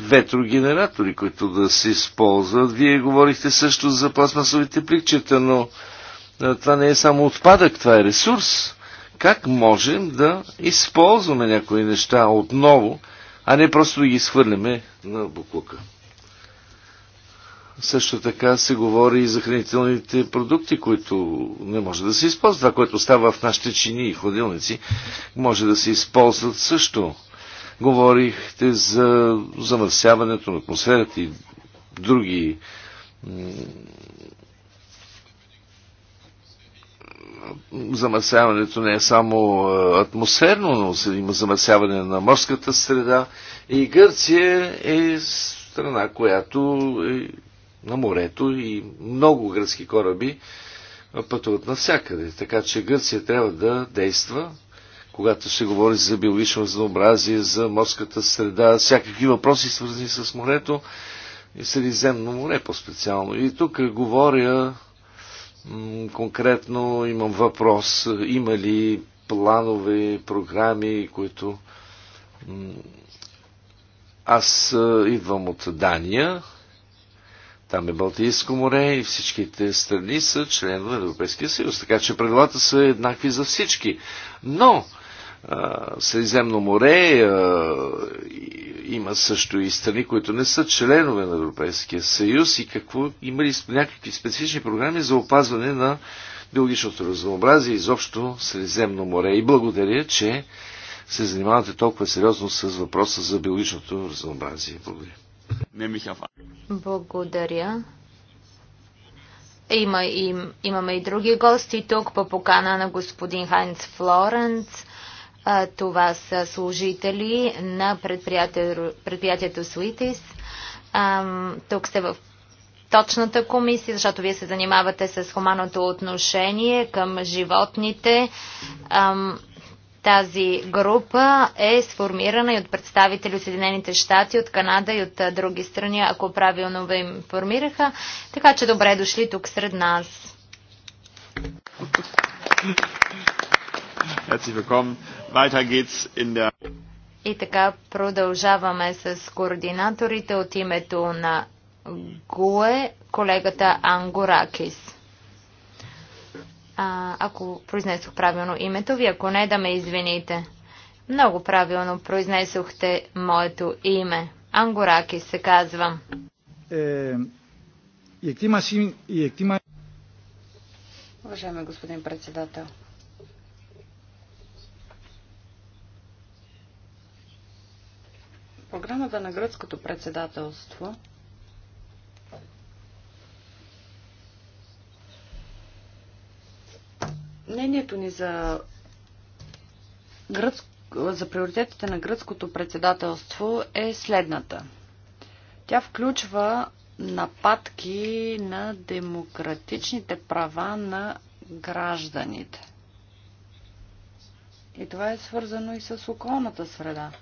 ветрогенератори, които да се използват. Вие говорихте също за пластмасовите пликчета, но това не е само отпадък, това е ресурс. Как можем да използваме някои неща отново, а не просто да ги схвърляме на буклука? Също така се говори и за хранителните продукти, които не може да се използват. Това, което става в нашите чини и ходилници, може да се използват също Говорихте за замърсяването на атмосферата и други замърсяването не е само е, атмосферно, но има замърсяване на морската среда. И Гърция е страна, която е на морето и много гръцки кораби пътуват навсякъде. Така че Гърция трябва да действа когато се говори за биологично разнообразие, за морската среда, всякакви въпроси свързани с морето и Средиземно море по-специално. И тук говоря конкретно, имам въпрос, има ли планове, програми, които аз идвам от Дания, там е Балтийско море и всичките страни са членове на Европейския съюз, така че правилата са еднакви за всички. Но Средиземно море. Има също и страни, които не са членове на Европейския съюз и какво има ли някакви специфични програми за опазване на биологичното разнообразие изобщо Средиземно море. И благодаря, че се занимавате толкова сериозно с въпроса за биологичното разнообразие. Благодаря. Благодаря. Има и, имаме и други гости тук по покана на господин Хайнц Флоренц. Това са служители на предприятието, Суитис. Тук сте в точната комисия, защото вие се занимавате с хуманото отношение към животните. Тази група е сформирана и от представители от Съединените щати, от Канада и от други страни, ако правилно ви информираха. Така че добре дошли тук сред нас. И така продължаваме с координаторите от името на ГУЕ, колегата Анго А, ако произнесох правилно името ви, ако не, да ме извините. Много правилно произнесохте моето име. Ракис, се казвам. Е, Уважаеми господин председател, програмата на гръцкото председателство мнението ни за, гръцк... за приоритетите на гръцкото председателство е следната. Тя включва нападки на демократичните права на гражданите. И това е свързано и с околната среда.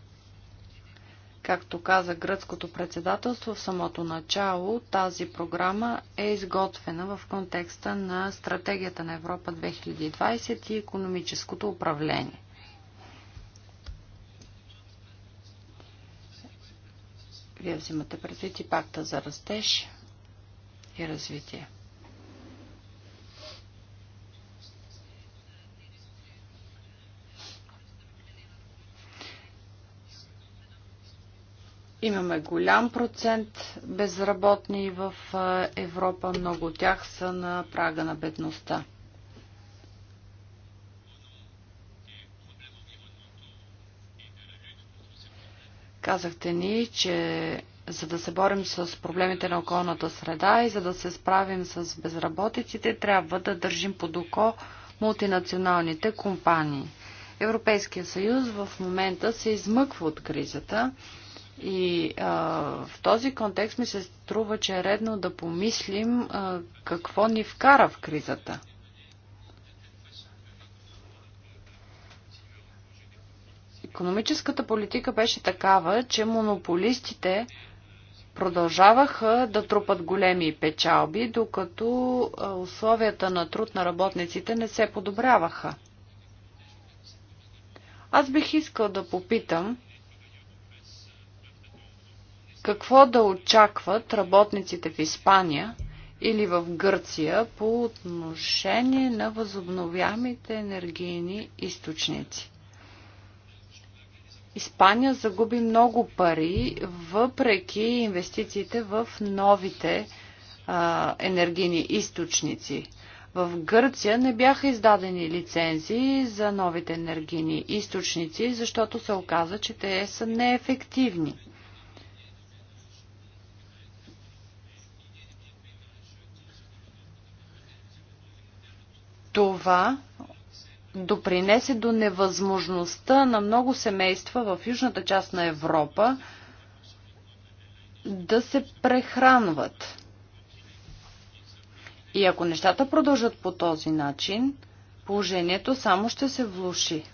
Както каза гръцкото председателство в самото начало, тази програма е изготвена в контекста на стратегията на Европа 2020 и економическото управление. Вие взимате предвид и пакта за растеж и развитие. Имаме голям процент безработни в Европа. Много от тях са на прага на бедността. Казахте ни, че за да се борим с проблемите на околната среда и за да се справим с безработиците, трябва да държим под око мултинационалните компании. Европейския съюз в момента се измъква от кризата и а, в този контекст ми се струва, че е редно да помислим а, какво ни вкара в кризата. Економическата политика беше такава, че монополистите продължаваха да трупат големи печалби, докато условията на труд на работниците не се подобряваха. Аз бих искал да попитам, какво да очакват работниците в Испания или в Гърция по отношение на възобновяемите енергийни източници? Испания загуби много пари, въпреки инвестициите в новите а, енергийни източници. В Гърция не бяха издадени лицензии за новите енергийни източници, защото се оказа, че те са неефективни. Това допринесе до невъзможността на много семейства в южната част на Европа да се прехранват. И ако нещата продължат по този начин, положението само ще се влуши.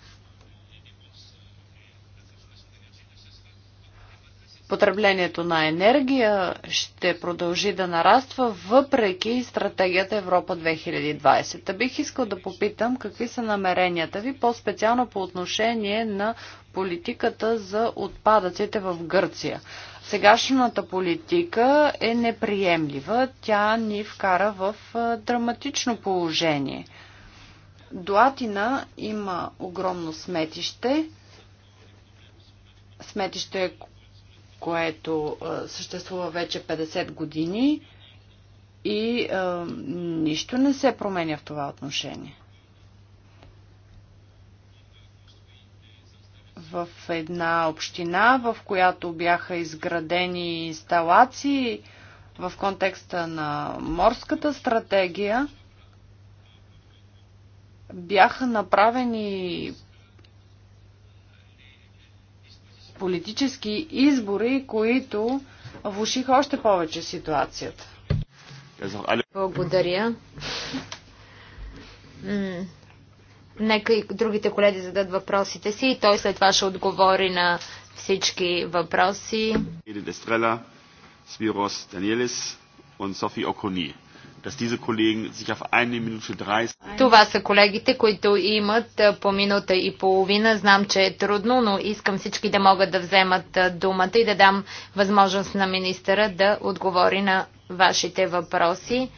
Потреблението на енергия ще продължи да нараства въпреки стратегията Европа 2020. Та бих искал да попитам какви са намеренията ви по-специално по отношение на политиката за отпадъците в Гърция. Сегашната политика е неприемлива. Тя ни вкара в драматично положение. Дуатина има огромно сметище, сметище, което съществува вече 50 години и а, нищо не се променя в това отношение. В една община, в която бяха изградени инсталации в контекста на морската стратегия, бяха направени политически избори, които влушиха още повече ситуацията. Благодаря. Нека и другите колеги зададат въпросите си и той след това ще отговори на всички въпроси. Edith и Софи това са колегите, които имат по минута и половина. Знам, че е трудно, но искам всички да могат да вземат думата и да дам възможност на министъра да отговори на вашите въпроси.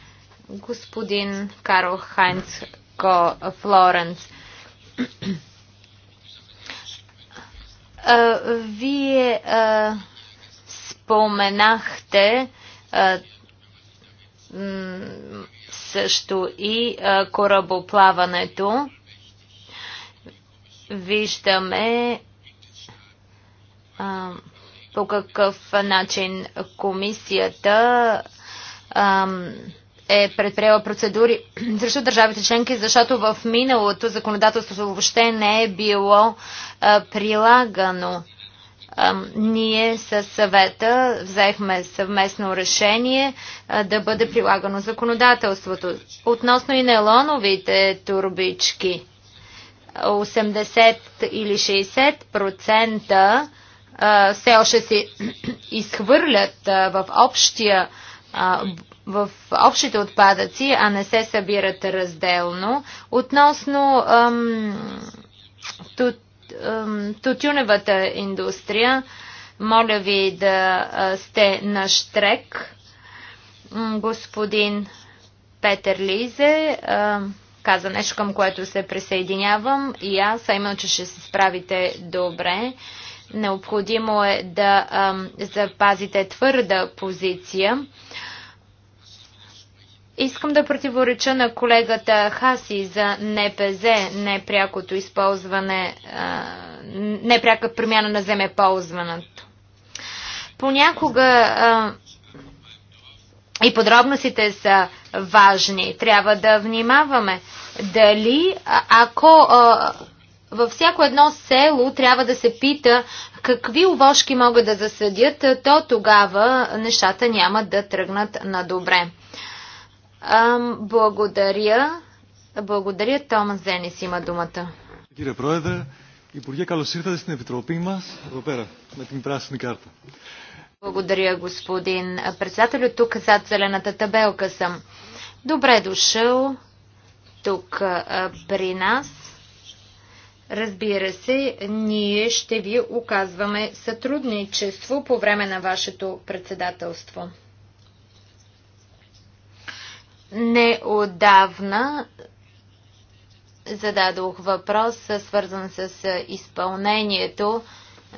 Господин Карл Хайнц Ко Флоренц. Вие споменахте също и корабоплаването. Виждаме по какъв начин комисията е предприела процедури срещу държавите членки, защото в миналото законодателството въобще не е било прилагано ние със съвета взехме съвместно решение да бъде прилагано законодателството. Относно и нейлоновите турбички, 80 или 60% все още се изхвърлят в общия в общите отпадъци, а не се събират разделно. Относно ам, тютюневата индустрия. Моля ви да сте на штрек. Господин Петър Лизе каза нещо, към което се присъединявам и аз, а именно, че ще се справите добре. Необходимо е да запазите твърда позиция. Искам да противореча на колегата Хаси за НПЗ, непрякото използване, непряка промяна на земеползването. Понякога и подробностите са важни. Трябва да внимаваме дали, ако във всяко едно село трябва да се пита какви овошки могат да засъдят, то тогава нещата няма да тръгнат на добре благодаря. Благодаря. Тома Зенис има думата. Кире Πρόεδρε, Υπουργέ, καλώς ήρθατε στην Επιτροπή μας, εδώ πέρα, με την πράσινη κάρτα. Благодаря, господин председател. Тук зад зелената табелка съм. Добре дошъл тук при нас. Разбира се, ние ще ви оказваме сътрудничество по време на вашето председателство. Неодавна зададох въпрос, свързан с изпълнението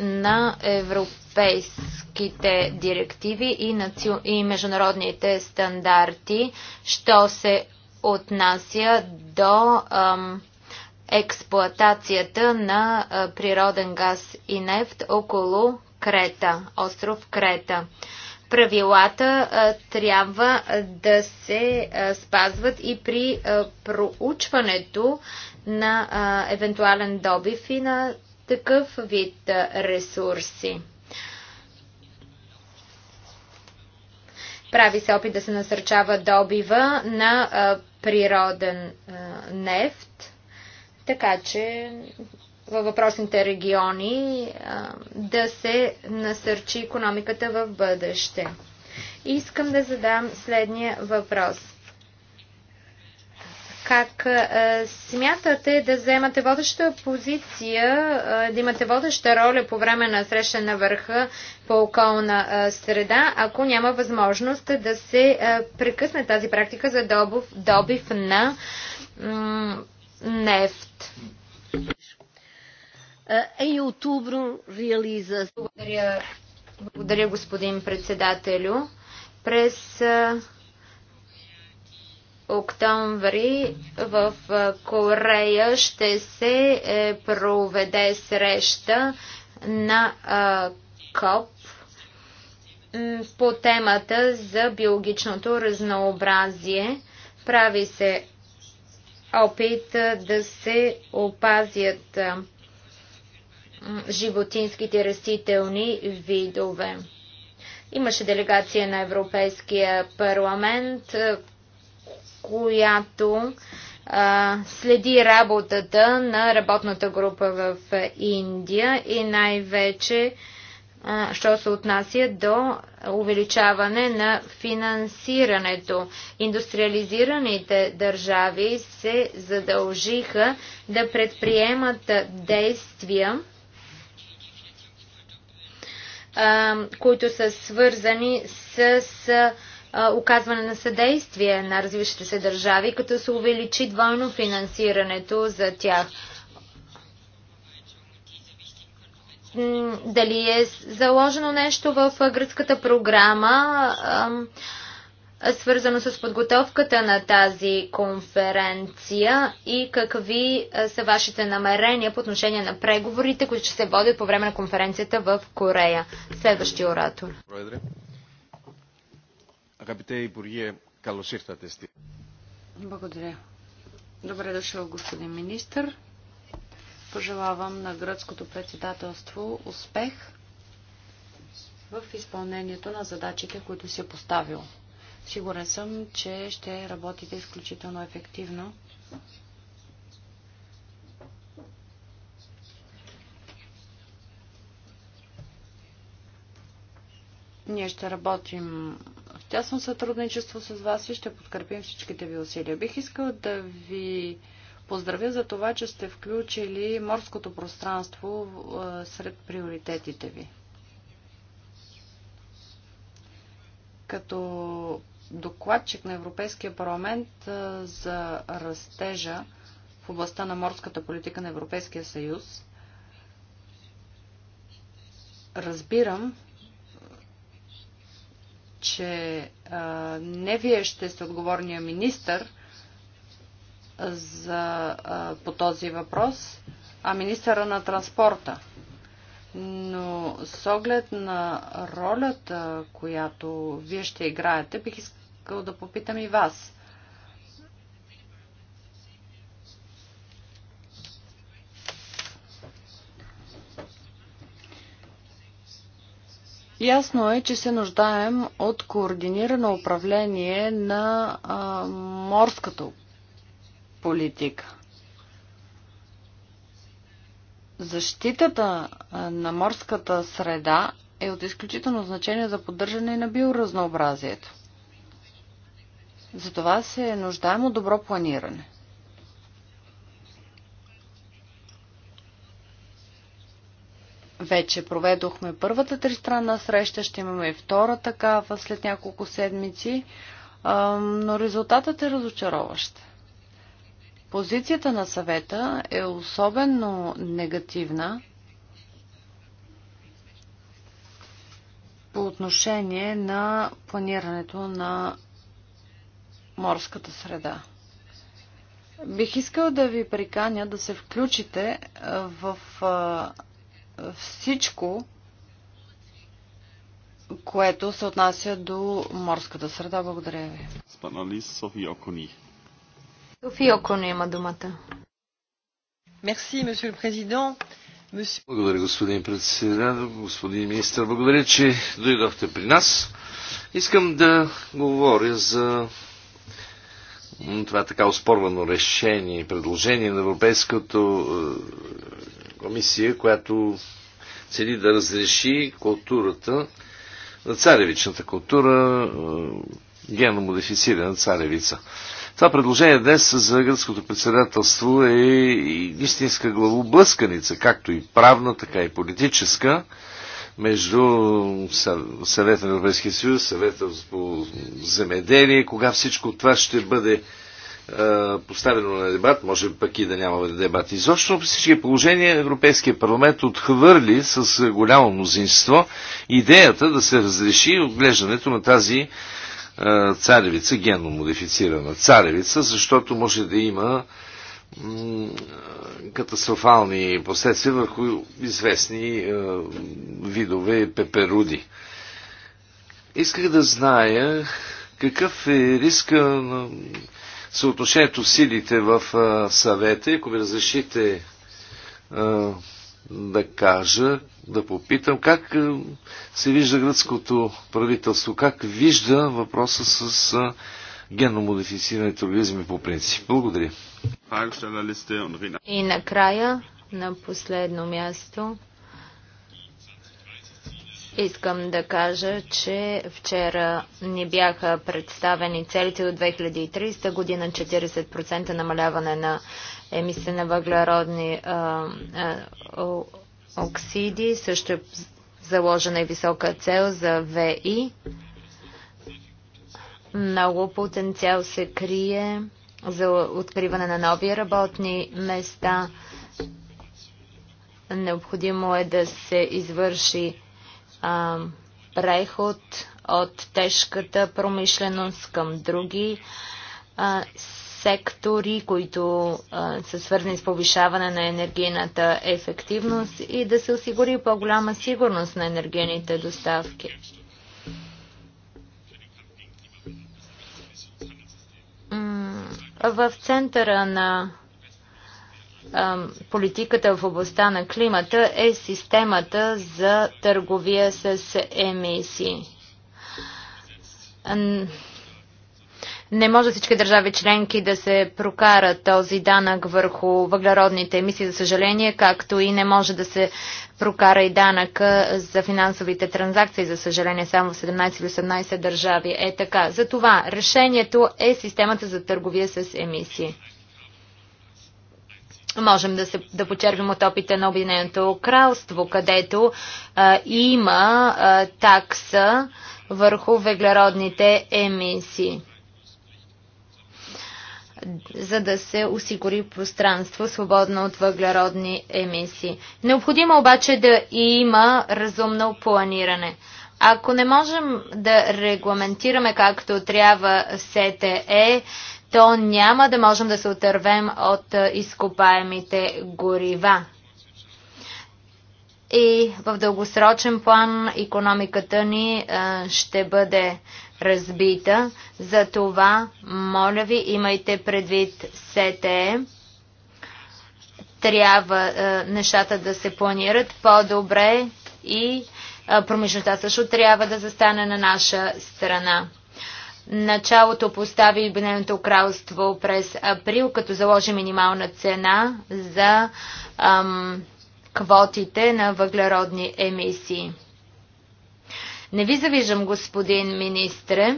на европейските директиви и, наци... и международните стандарти, що се отнася до ам, експлоатацията на природен газ и нефт около Крета, остров Крета правилата а, трябва да се а, спазват и при а, проучването на а, евентуален добив и на такъв вид а, ресурси. Прави се опит да се насърчава добива на а, природен а, нефт, така че във въпросните региони да се насърчи економиката в бъдеще. Искам да задам следния въпрос. Как смятате да вземате водеща позиция, да имате водеща роля по време на среща на върха по околна среда, ако няма възможност да се прекъсне тази практика за добив на нефт? Em outubro realiza. Благодаря, благодаря господин председателю. През октомври в Корея ще се е, проведе среща на КОП по темата за биологичното разнообразие. Прави се опит да се опазят животинските растителни видове. Имаше делегация на Европейския парламент, е, която следи работата на работната група в Индия и най-вече що се отнася до увеличаване на финансирането. Индустриализираните държави се задължиха да предприемат действия които са свързани с оказване на съдействие на развиващите се държави, като се увеличи двойно финансирането за тях. Дали е заложено нещо в гръцката програма? свързано с подготовката на тази конференция и какви са вашите намерения по отношение на преговорите, които ще се водят по време на конференцията в Корея. Следващия оратор. Благодаря. Добре дошъл, господин министр. Пожелавам на гръцкото председателство успех в изпълнението на задачите, които си е поставил. Сигурен съм, че ще работите изключително ефективно. Ние ще работим в тясно сътрудничество с вас и ще подкрепим всичките ви усилия. Бих искал да ви поздравя за това, че сте включили морското пространство е, сред приоритетите ви. Като докладчик на Европейския парламент за растежа в областта на морската политика на Европейския съюз. Разбирам, че не вие ще сте отговорния министр за, по този въпрос, а министъра на транспорта – но с оглед на ролята, която вие ще играете, бих искал да попитам и вас. Ясно е, че се нуждаем от координирано управление на а, морската политика. Защитата на морската среда е от изключително значение за поддържане на биоразнообразието. Затова се нуждаем от добро планиране. Вече проведохме първата тристранна среща, ще имаме и втора такава след няколко седмици, но резултатът е разочароващ. Позицията на съвета е особено негативна по отношение на планирането на морската среда. Бих искал да ви приканя да се включите в всичко, което се отнася до морската среда. Благодаря ви. София Окона има думата. Мерси, месье президент. Благодаря, господин председател, господин министр. Благодаря, че дойдохте при нас. Искам да говоря за това така оспорвано решение и предложение на Европейската е, комисия, която цели да разреши културата, на царевичната култура, е, генно модифицирана царевица. Това предложение днес за гръцкото председателство е истинска главоблъсканица, както и правна, така и политическа, между Съвета на Европейския съюз, Съвета по земеделие, кога всичко това ще бъде поставено на дебат, може пък и да няма дебат. Изобщо при всички положения Европейския парламент отхвърли с голямо мнозинство идеята да се разреши отглеждането на тази е, царевица, генно модифицирана царевица, защото може да има катастрофални последствия върху известни е, видове пеперуди. Исках да зная какъв е риска на съотношението силите в е, съвета, ако ми разрешите да кажа да попитам как е, се вижда гръцкото правителство, как вижда въпроса с е, генномодифицираните организми по принцип. Благодаря. И накрая, на последно място, искам да кажа, че вчера ни бяха представени целите от 2300 година 40% намаляване на емисия на въглеродни а, а, оксиди. Също е заложена и висока цел за ВИ. Много потенциал се крие за откриване на нови работни места. Необходимо е да се извърши а, преход от тежката промишленост към други а, сектори, които а, са свързани с повишаване на енергийната ефективност и да се осигури по-голяма сигурност на енергийните доставки. В центъра на политиката в областта на климата е системата за търговия с емисии не може всички държави членки да се прокара този данък върху въглеродните емисии, за съжаление, както и не може да се прокара и данък за финансовите транзакции, за съжаление, само в 17 или 18 държави. Е така. Затова решението е системата за търговия с емисии. Можем да, се, да почервим от опита на Обединеното кралство, където а, има а, такса върху въглеродните емисии за да се осигури пространство, свободно от въглеродни емисии. Необходимо обаче да има разумно планиране. Ако не можем да регламентираме както трябва СТЕ, то няма да можем да се отървем от е, изкопаемите горива и в дългосрочен план економиката ни ще бъде разбита. За това, моля ви, имайте предвид СТЕ. Трябва нещата да се планират по-добре и промишлеността също трябва да застане на наша страна. Началото постави Обединеното кралство през април, като заложи минимална цена за ам, квотите на въглеродни емисии. Не ви завиждам, господин министре,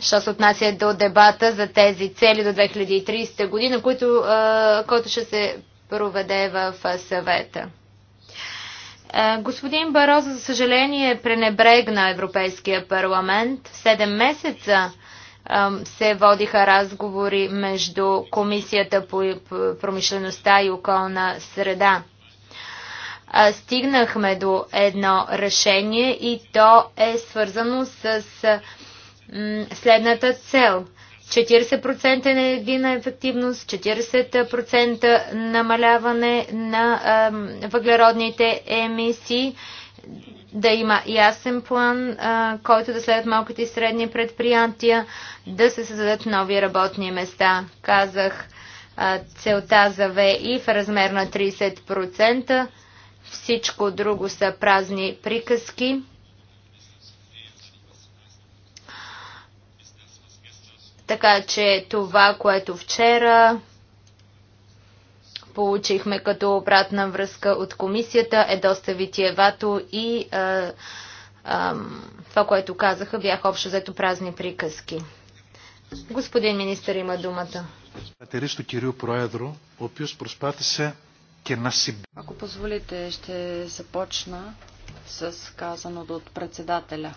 що се отнася до дебата за тези цели до 2030 година, които, който ще се проведе в съвета. Господин Бароза, за съжаление, пренебрегна Европейския парламент. Седем месеца се водиха разговори между Комисията по промишлеността и околна среда. Стигнахме до едно решение и то е свързано с следната цел. 40% енергийна ефективност, 40% намаляване на въглеродните емисии, да има ясен план, а, който да следят малките и средни предприятия, да се създадат нови работни места. Казах а, целта за ВИ в размер на 30%. Всичко друго са празни приказки. Така че това, което вчера получихме като обратна връзка от комисията е доста витиевато и а, а, това, което казаха, бяха общо взето празни приказки. Господин министър има думата. Ако позволите, ще започна с казаното от председателя.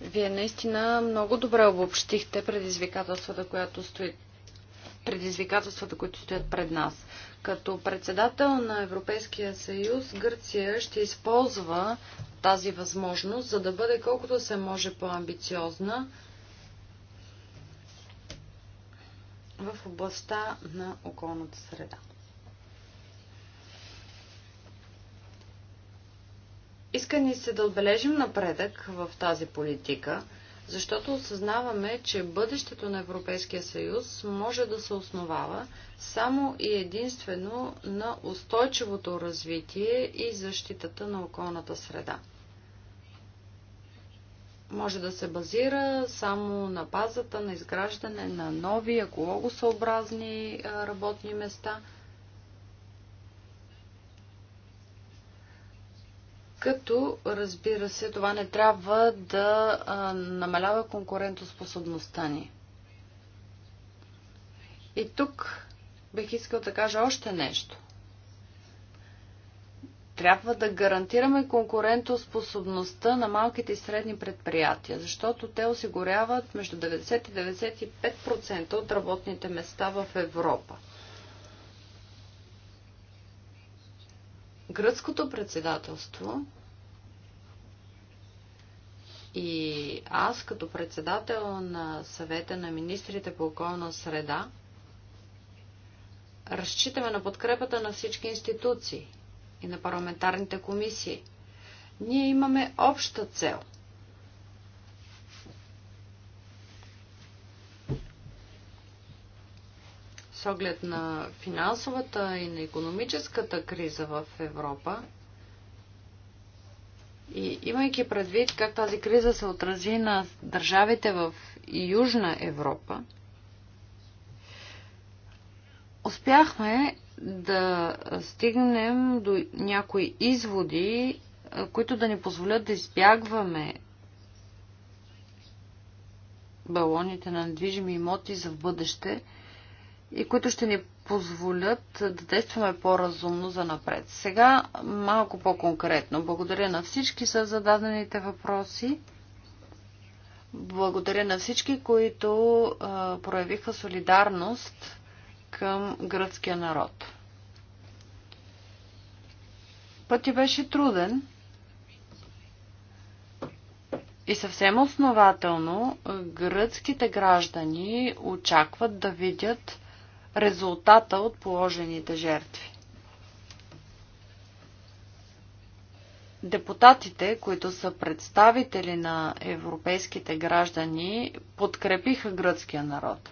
Вие наистина много добре обобщихте предизвикателствата, която стоят предизвикателствата, които стоят пред нас. Като председател на Европейския съюз, Гърция ще използва тази възможност, за да бъде колкото се може по-амбициозна в областта на околната среда. Иска ни се да отбележим напредък в тази политика – защото осъзнаваме, че бъдещето на Европейския съюз може да се основава само и единствено на устойчивото развитие и защитата на околната среда. Може да се базира само на базата на изграждане на нови екологосъобразни работни места – като разбира се, това не трябва да а, намалява конкурентоспособността ни. И тук бих искал да кажа още нещо. Трябва да гарантираме конкурентоспособността на малките и средни предприятия, защото те осигуряват между 90 и 95% от работните места в Европа. Гръцкото председателство и аз като председател на съвета на министрите по околна среда разчитаме на подкрепата на всички институции и на парламентарните комисии. Ние имаме обща цел – С оглед на финансовата и на економическата криза в Европа, и имайки предвид как тази криза се отрази на държавите в Южна Европа, успяхме да стигнем до някои изводи, които да ни позволят да избягваме балоните на недвижими имоти за в бъдеще – и които ще ни позволят да действаме по-разумно за напред. Сега малко по-конкретно. Благодаря на всички са зададените въпроси. Благодаря на всички, които а, проявиха солидарност към гръцкия народ. Пъти беше труден и съвсем основателно гръцките граждани очакват да видят резултата от положените жертви. Депутатите, които са представители на европейските граждани, подкрепиха гръцкия народ.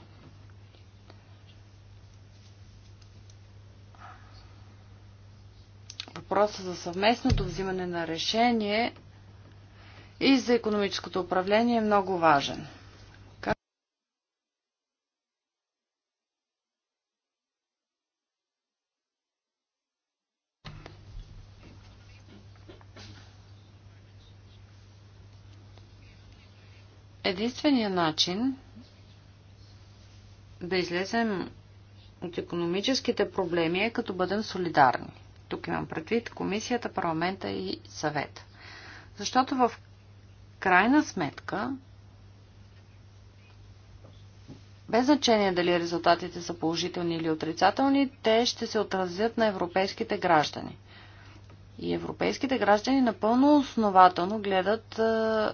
Въпросът за съвместното взимане на решение и за економическото управление е много важен. Единственият начин да излезем от економическите проблеми е като бъдем солидарни. Тук имам предвид комисията, парламента и съвет. Защото в крайна сметка, без значение дали резултатите са положителни или отрицателни, те ще се отразят на европейските граждани – и европейските граждани напълно основателно гледат а,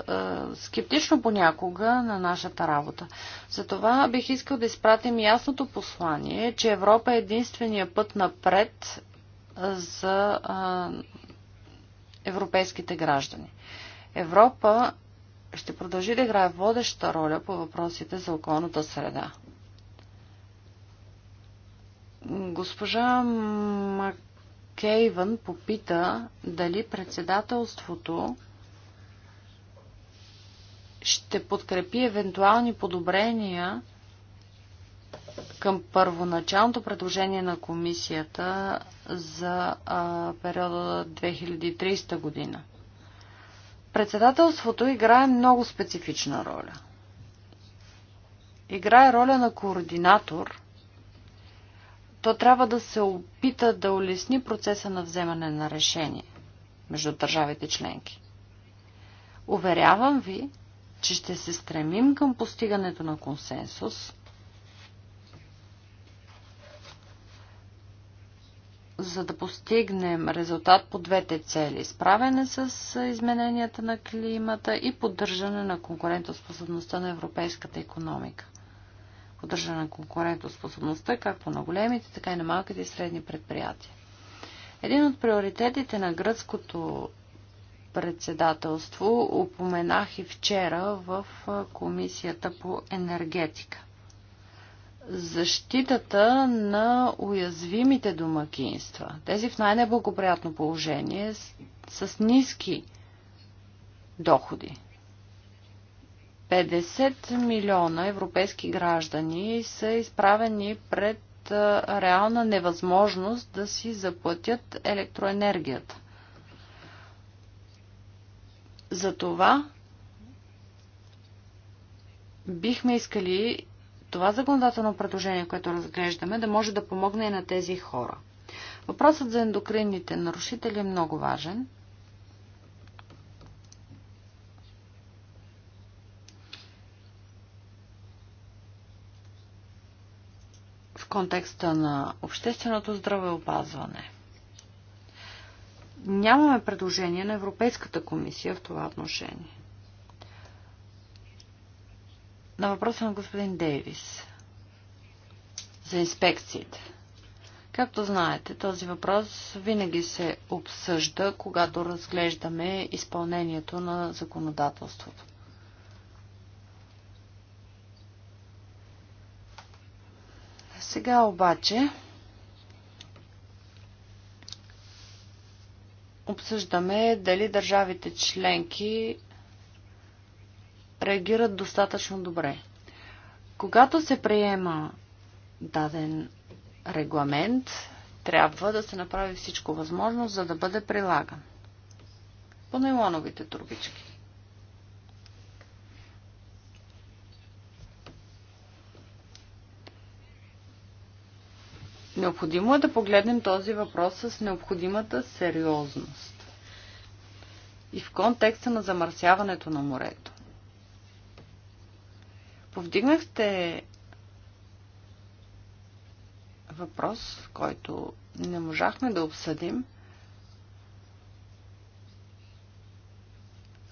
а, скептично понякога на нашата работа. Затова бих искал да изпратим ясното послание, че Европа е единствения път напред за а, европейските граждани. Европа ще продължи да играе водеща роля по въпросите за околната среда. Госпожа Мак Кейвън попита дали председателството ще подкрепи евентуални подобрения към първоначалното предложение на комисията за а, периода 2030 година. Председателството играе много специфична роля. Играе роля на координатор – то трябва да се опита да улесни процеса на вземане на решение между държавите членки. Уверявам ви, че ще се стремим към постигането на консенсус, за да постигнем резултат по двете цели – справяне с измененията на климата и поддържане на конкурентоспособността на европейската економика поддържане на конкурентоспособността, както на големите, така и на малките и средни предприятия. Един от приоритетите на гръцкото председателство упоменах и вчера в Комисията по енергетика. Защитата на уязвимите домакинства, тези в най-неблагоприятно положение, с, с ниски доходи. 50 милиона европейски граждани са изправени пред реална невъзможност да си заплатят електроенергията. Затова бихме искали това законодателно предложение, което разглеждаме, да може да помогне и на тези хора. Въпросът за ендокринните нарушители е много важен. контекста на общественото здравеопазване. Нямаме предложение на Европейската комисия в това отношение. На въпроса на господин Дейвис за инспекциите. Както знаете, този въпрос винаги се обсъжда, когато разглеждаме изпълнението на законодателството. Сега обаче обсъждаме дали държавите членки реагират достатъчно добре. Когато се приема даден регламент, трябва да се направи всичко възможно, за да бъде прилаган. По нейлоновите турбички. Необходимо е да погледнем този въпрос с необходимата сериозност и в контекста на замърсяването на морето. Повдигнахте въпрос, който не можахме да обсъдим,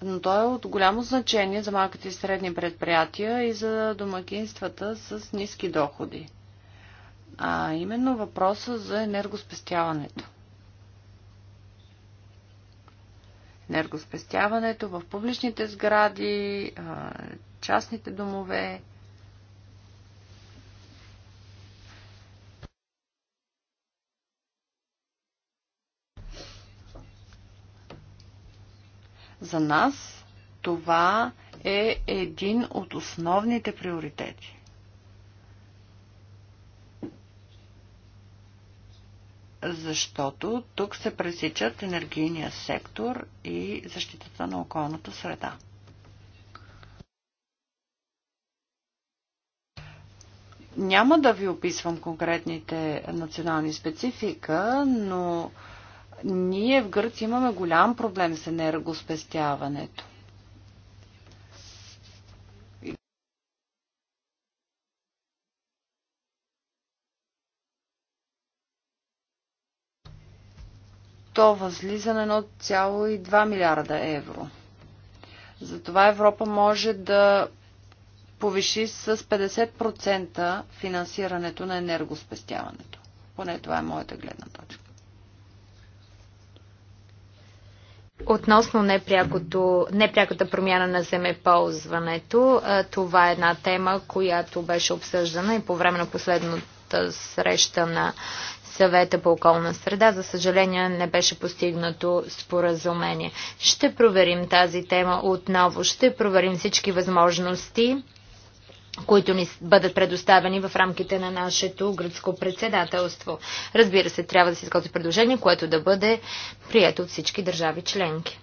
но той е от голямо значение за малките и средни предприятия и за домакинствата с ниски доходи а именно въпроса за енергоспестяването. Енергоспестяването в публичните сгради, частните домове. За нас това е един от основните приоритети. защото тук се пресичат енергийния сектор и защитата на околната среда. Няма да ви описвам конкретните национални специфика, но ние в Гърция имаме голям проблем с енергоспестяването. то възлиза на 1,2 милиарда евро. Затова Европа може да повиши с 50% финансирането на енергоспестяването. Поне това е моята гледна точка. Относно непрякото, непряката промяна на земеползването, това е една тема, която беше обсъждана и по време на последното среща на съвета по околна среда. За съжаление не беше постигнато споразумение. Ще проверим тази тема отново. Ще проверим всички възможности които ни бъдат предоставени в рамките на нашето гръцко председателство. Разбира се, трябва да се изготви предложение, което да бъде прието от всички държави членки.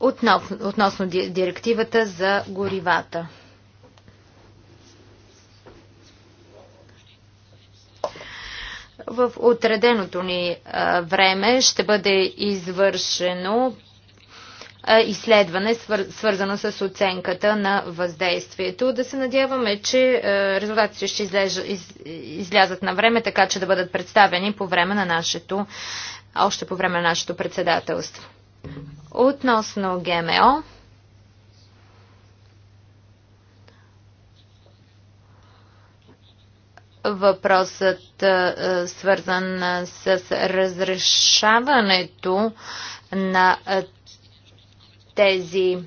Относно, относно директивата за горивата. В отреденото ни време ще бъде извършено изследване, свързано с оценката на въздействието. Да се надяваме, че резултатите ще излязат на време, така че да бъдат представени по време на нашето, още по време на нашето председателство. Относно ГМО, въпросът свързан с разрешаването на тези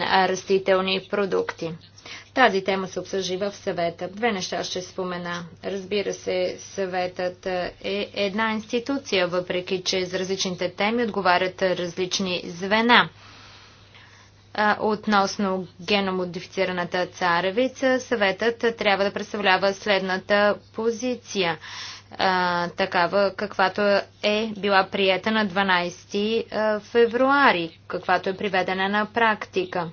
растителни продукти. Тази тема се обсъжи в съвета. Две неща ще спомена. Разбира се, съветът е една институция, въпреки че за различните теми отговарят различни звена относно геномодифицираната царевица, съветът трябва да представлява следната позиция, такава каквато е била приета на 12 февруари, каквато е приведена на практика.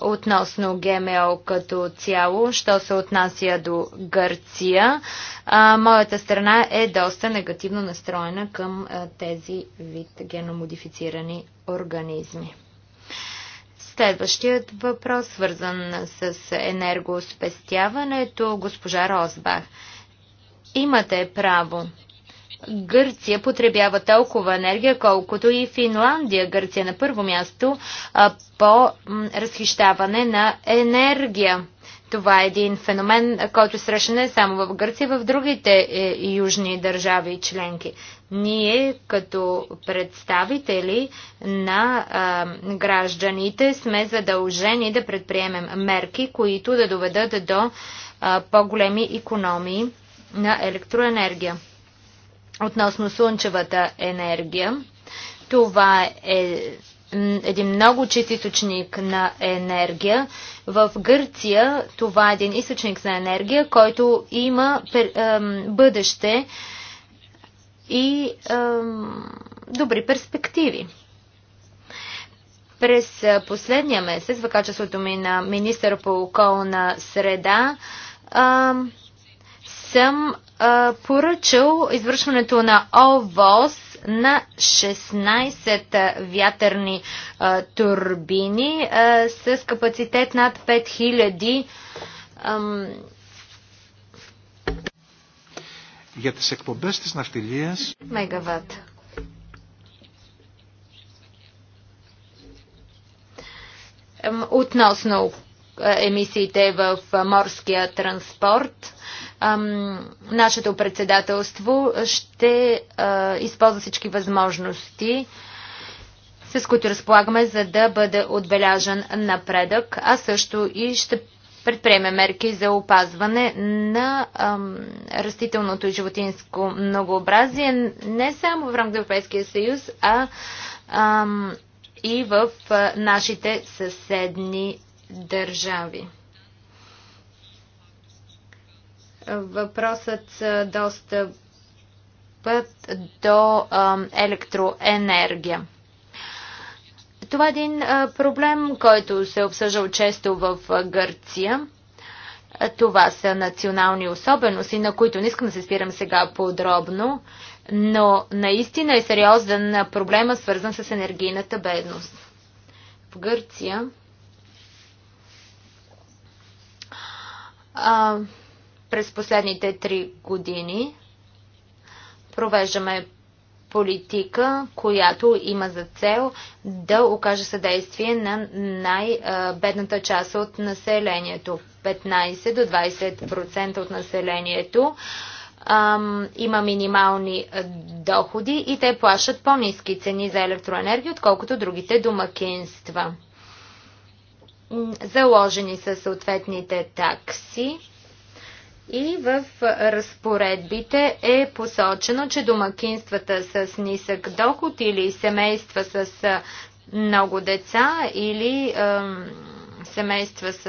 Относно ГМО като цяло, що се отнася до Гърция, а, моята страна е доста негативно настроена към а, тези вид геномодифицирани организми. Следващият въпрос, свързан с енергоспестяването, госпожа Розбах. Имате право. Гърция потребява толкова енергия, колкото и Финландия. Гърция на първо място по разхищаване на енергия. Това е един феномен, който е среща не само в Гърция, в другите е, южни държави и членки. Ние, като представители на а, гражданите, сме задължени да предприемем мерки, които да доведат до по-големи економии на електроенергия. Относно слънчевата енергия, това е един много чист източник на енергия. В Гърция това е един източник на енергия, който има бъдеще и добри перспективи. През последния месец, в качеството ми на министър по околна среда, съм поръчал извършването на ОВОС на 16 вятърни а, турбини а, с капацитет над 5000 ам... για τις εκπομπές της ναυτιλίας Μεγαβάτ. Относно емисиите в морския транспорт, нашето председателство ще използва всички възможности, с които разполагаме, за да бъде отбелязан напредък, а също и ще предприеме мерки за опазване на растителното и животинско многообразие не само в рамките на Европейския съюз, а ам, и в нашите съседни държави. Въпросът с достъпът до електроенергия. Това е един проблем, който се обсъжда обсъждал често в Гърция. Това са национални особености, на които не искам да се спирам сега подробно, но наистина е сериозен проблема, свързан с енергийната бедност. В Гърция през последните три години провеждаме политика, която има за цел да окаже съдействие на най-бедната част от населението. 15 до 20% от населението има минимални доходи и те плащат по-низки цени за електроенергия, отколкото другите домакинства. Заложени са съответните такси и в разпоредбите е посочено, че домакинствата с нисък доход или семейства с много деца или е, семейства с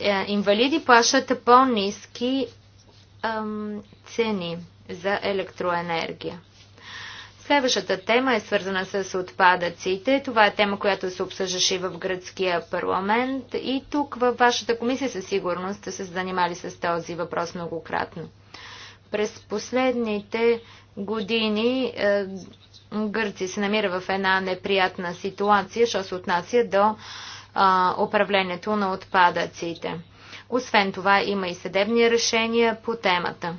е, инвалиди плащат по-низки е, цени за електроенергия. Следващата тема е свързана с отпадъците. Това е тема, която се обсъждаше и в гръцкия парламент. И тук във вашата комисия със сигурност сте се занимали с този въпрос многократно. През последните години е, Гърци се намира в една неприятна ситуация, що се отнася до а, управлението на отпадъците. Освен това има и съдебни решения по темата.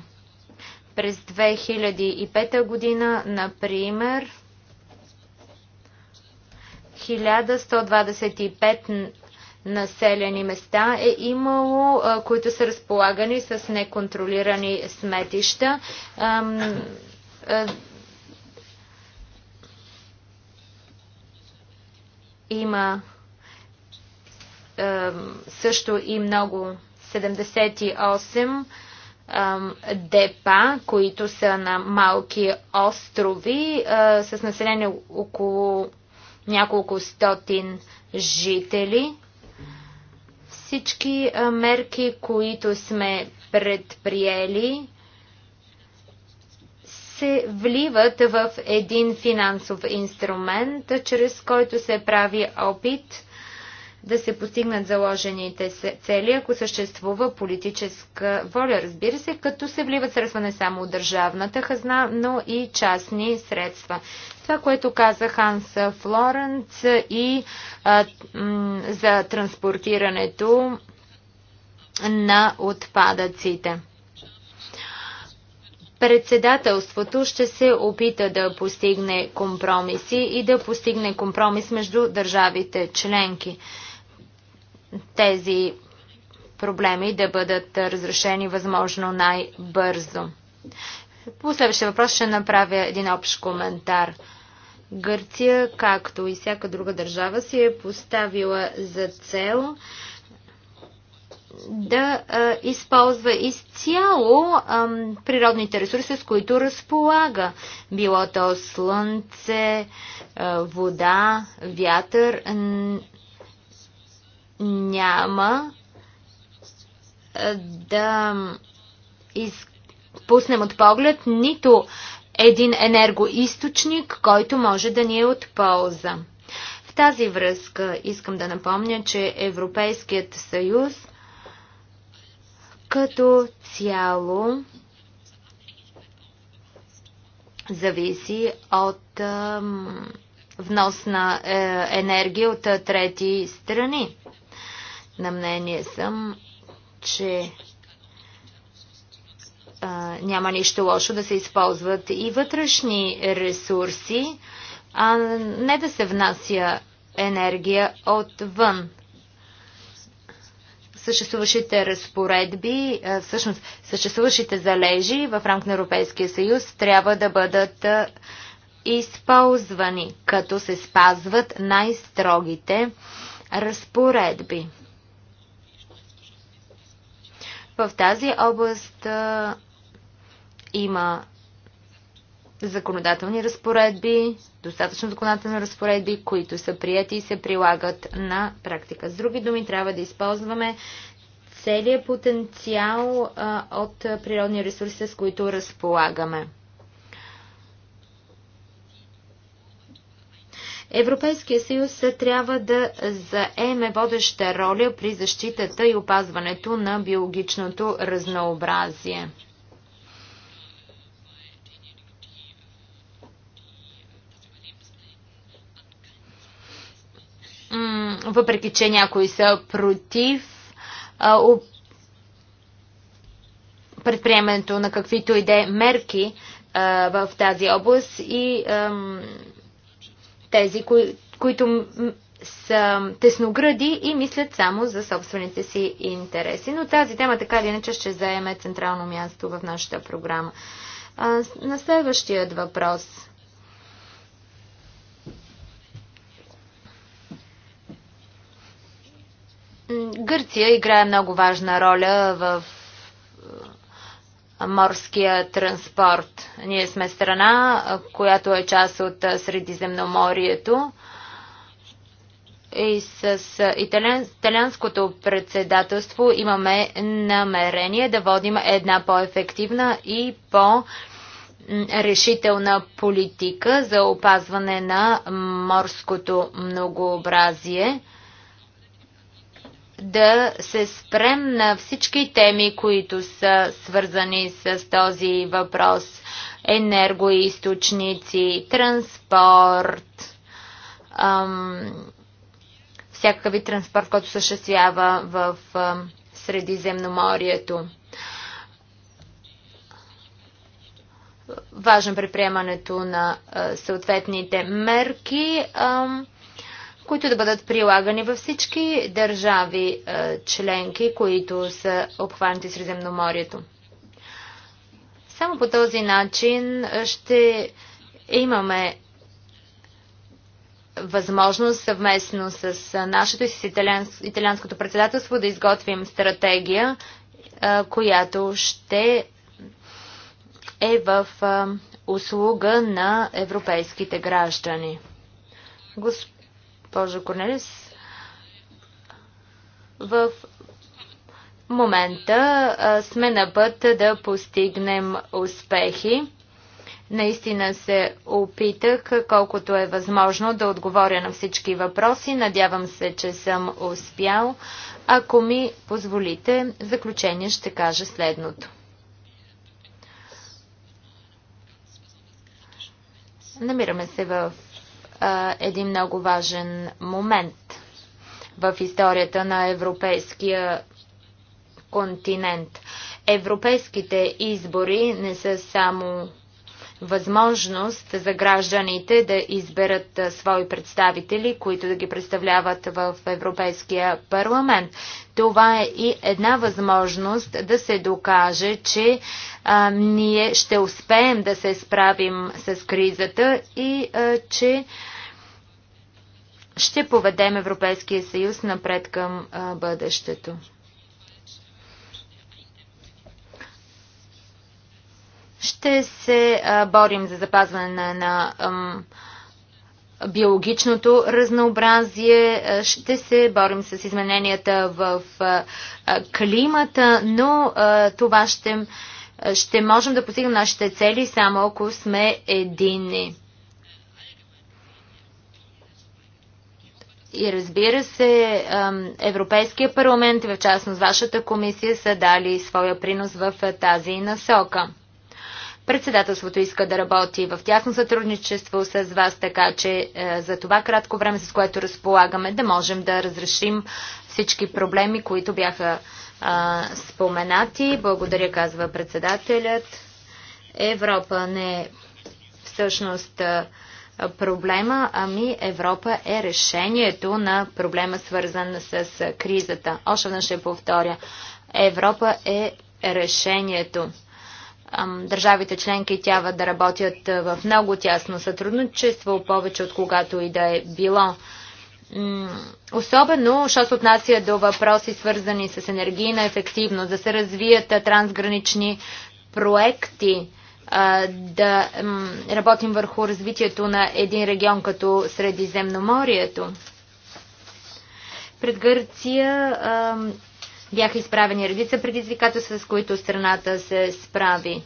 През 2005 година, например, 1125 населени места е имало, които са разполагани с неконтролирани сметища. Има също и много 78 депа, които са на малки острови с население около няколко стотин жители. Всички мерки, които сме предприели, се вливат в един финансов инструмент, чрез който се прави опит да се постигнат заложените цели, ако съществува политическа воля, разбира се, като се вливат средства не само от държавната хазна, но и частни средства. Това, което каза Ханс Флоренц и а, за транспортирането на отпадъците. Председателството ще се опита да постигне компромиси и да постигне компромис между държавите членки тези проблеми да бъдат разрешени възможно най-бързо. По следващия въпрос ще направя един общ коментар. Гърция, както и всяка друга държава, си е поставила за цел да а, използва изцяло а, природните ресурси, с които разполага. Било то слънце, а, вода, вятър няма да изпуснем от поглед нито един енергоисточник, който може да ни е от полза. В тази връзка искам да напомня, че Европейският съюз като цяло зависи от внос на е, енергия от трети страни. На мнение съм, че а, няма нищо лошо да се използват и вътрешни ресурси, а не да се внася енергия отвън. Съществуващите разпоредби, а, всъщност съществуващите залежи в рамк на Европейския съюз трябва да бъдат а, използвани, като се спазват най-строгите разпоредби. В тази област а, има законодателни разпоредби, достатъчно законодателни разпоредби, които са прияти и се прилагат на практика. С други думи, трябва да използваме целият потенциал а, от природни ресурси, с които разполагаме. Европейския съюз трябва да заеме водеща роля при защитата и опазването на биологичното разнообразие. Въпреки, че някои са против предприемането на каквито иде мерки в тази област и тези, кои, които са тесногради и мислят само за собствените си интереси. Но тази тема така или иначе ще заеме централно място в нашата програма. А, на следващият въпрос. Гърция играе много важна роля в морския транспорт. Ние сме страна, която е част от Средиземноморието и с италянското италианското председателство имаме намерение да водим една по-ефективна и по- решителна политика за опазване на морското многообразие да се спрем на всички теми, които са свързани с този въпрос. Енергоисточници, транспорт, ам, всякакъв транспорт, който съществява в ам, Средиземноморието. Важно при приемането на а, съответните мерки. Ам, които да бъдат прилагани във всички държави е, членки, които са обхванати Средземноморието. Само по този начин е, ще имаме възможност съвместно с е, нашето и с италианското председателство да изготвим стратегия, която ще е в услуга на европейските граждани. Господин госпожо Корнелис. В момента сме на път да постигнем успехи. Наистина се опитах, колкото е възможно, да отговоря на всички въпроси. Надявам се, че съм успял. Ако ми позволите, в заключение ще кажа следното. Намираме се в един много важен момент в историята на европейския континент. Европейските избори не са само възможност за гражданите да изберат свои представители, които да ги представляват в Европейския парламент. Това е и една възможност да се докаже, че а, ние ще успеем да се справим с кризата и а, че а, ще поведем Европейския съюз напред към а, бъдещето. Ще се а, борим за запазване на, на ам, биологичното разнообразие, ще се борим с измененията в а, климата, но а, това ще, ще можем да постигнем нашите цели само ако сме единни. И разбира се, Европейския парламент и в частност вашата комисия са дали своя принос в тази насока. Председателството иска да работи в тясно сътрудничество с вас, така че е, за това кратко време, с което разполагаме, да можем да разрешим всички проблеми, които бяха споменати. Благодаря, казва председателят. Европа не е всъщност проблема, ами Европа е решението на проблема, свързан с кризата. Още веднъж ще повторя. Европа е решението. Държавите членки трябва да работят в много тясно сътрудничество, повече от когато и да е било. Особено, що се отнася до въпроси, свързани с енергийна ефективност, да се развият трансгранични проекти, да работим върху развитието на един регион като Средиземноморието. Пред Гърция бяха изправени редица предизвикателства, с които страната се справи.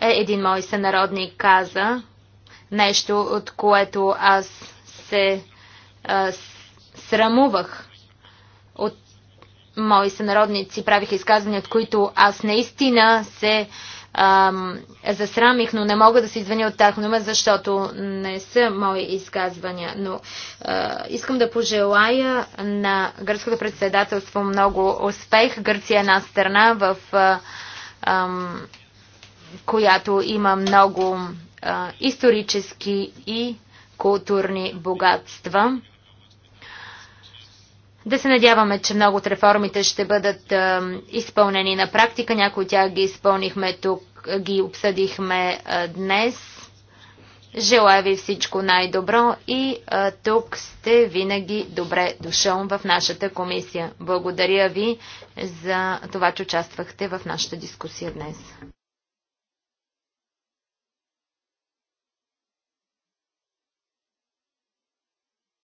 Е, един мой сънародник каза нещо, от което аз се а, срамувах от мои сънародници правиха изказвания, от които аз наистина се ам, засрамих, но не мога да се извиня от тях име, защото не са мои изказвания. Но а, искам да пожелая на гръцкото председателство много успех. Гърция е една страна, в а, ам, която има много а, исторически и културни богатства. Да се надяваме, че много от реформите ще бъдат е, изпълнени на практика. Някои от тях ги изпълнихме тук, ги обсъдихме е, днес. Желая ви всичко най-добро и тук сте винаги добре дошъл в нашата комисия. Благодаря ви за това, че участвахте в нашата дискусия днес.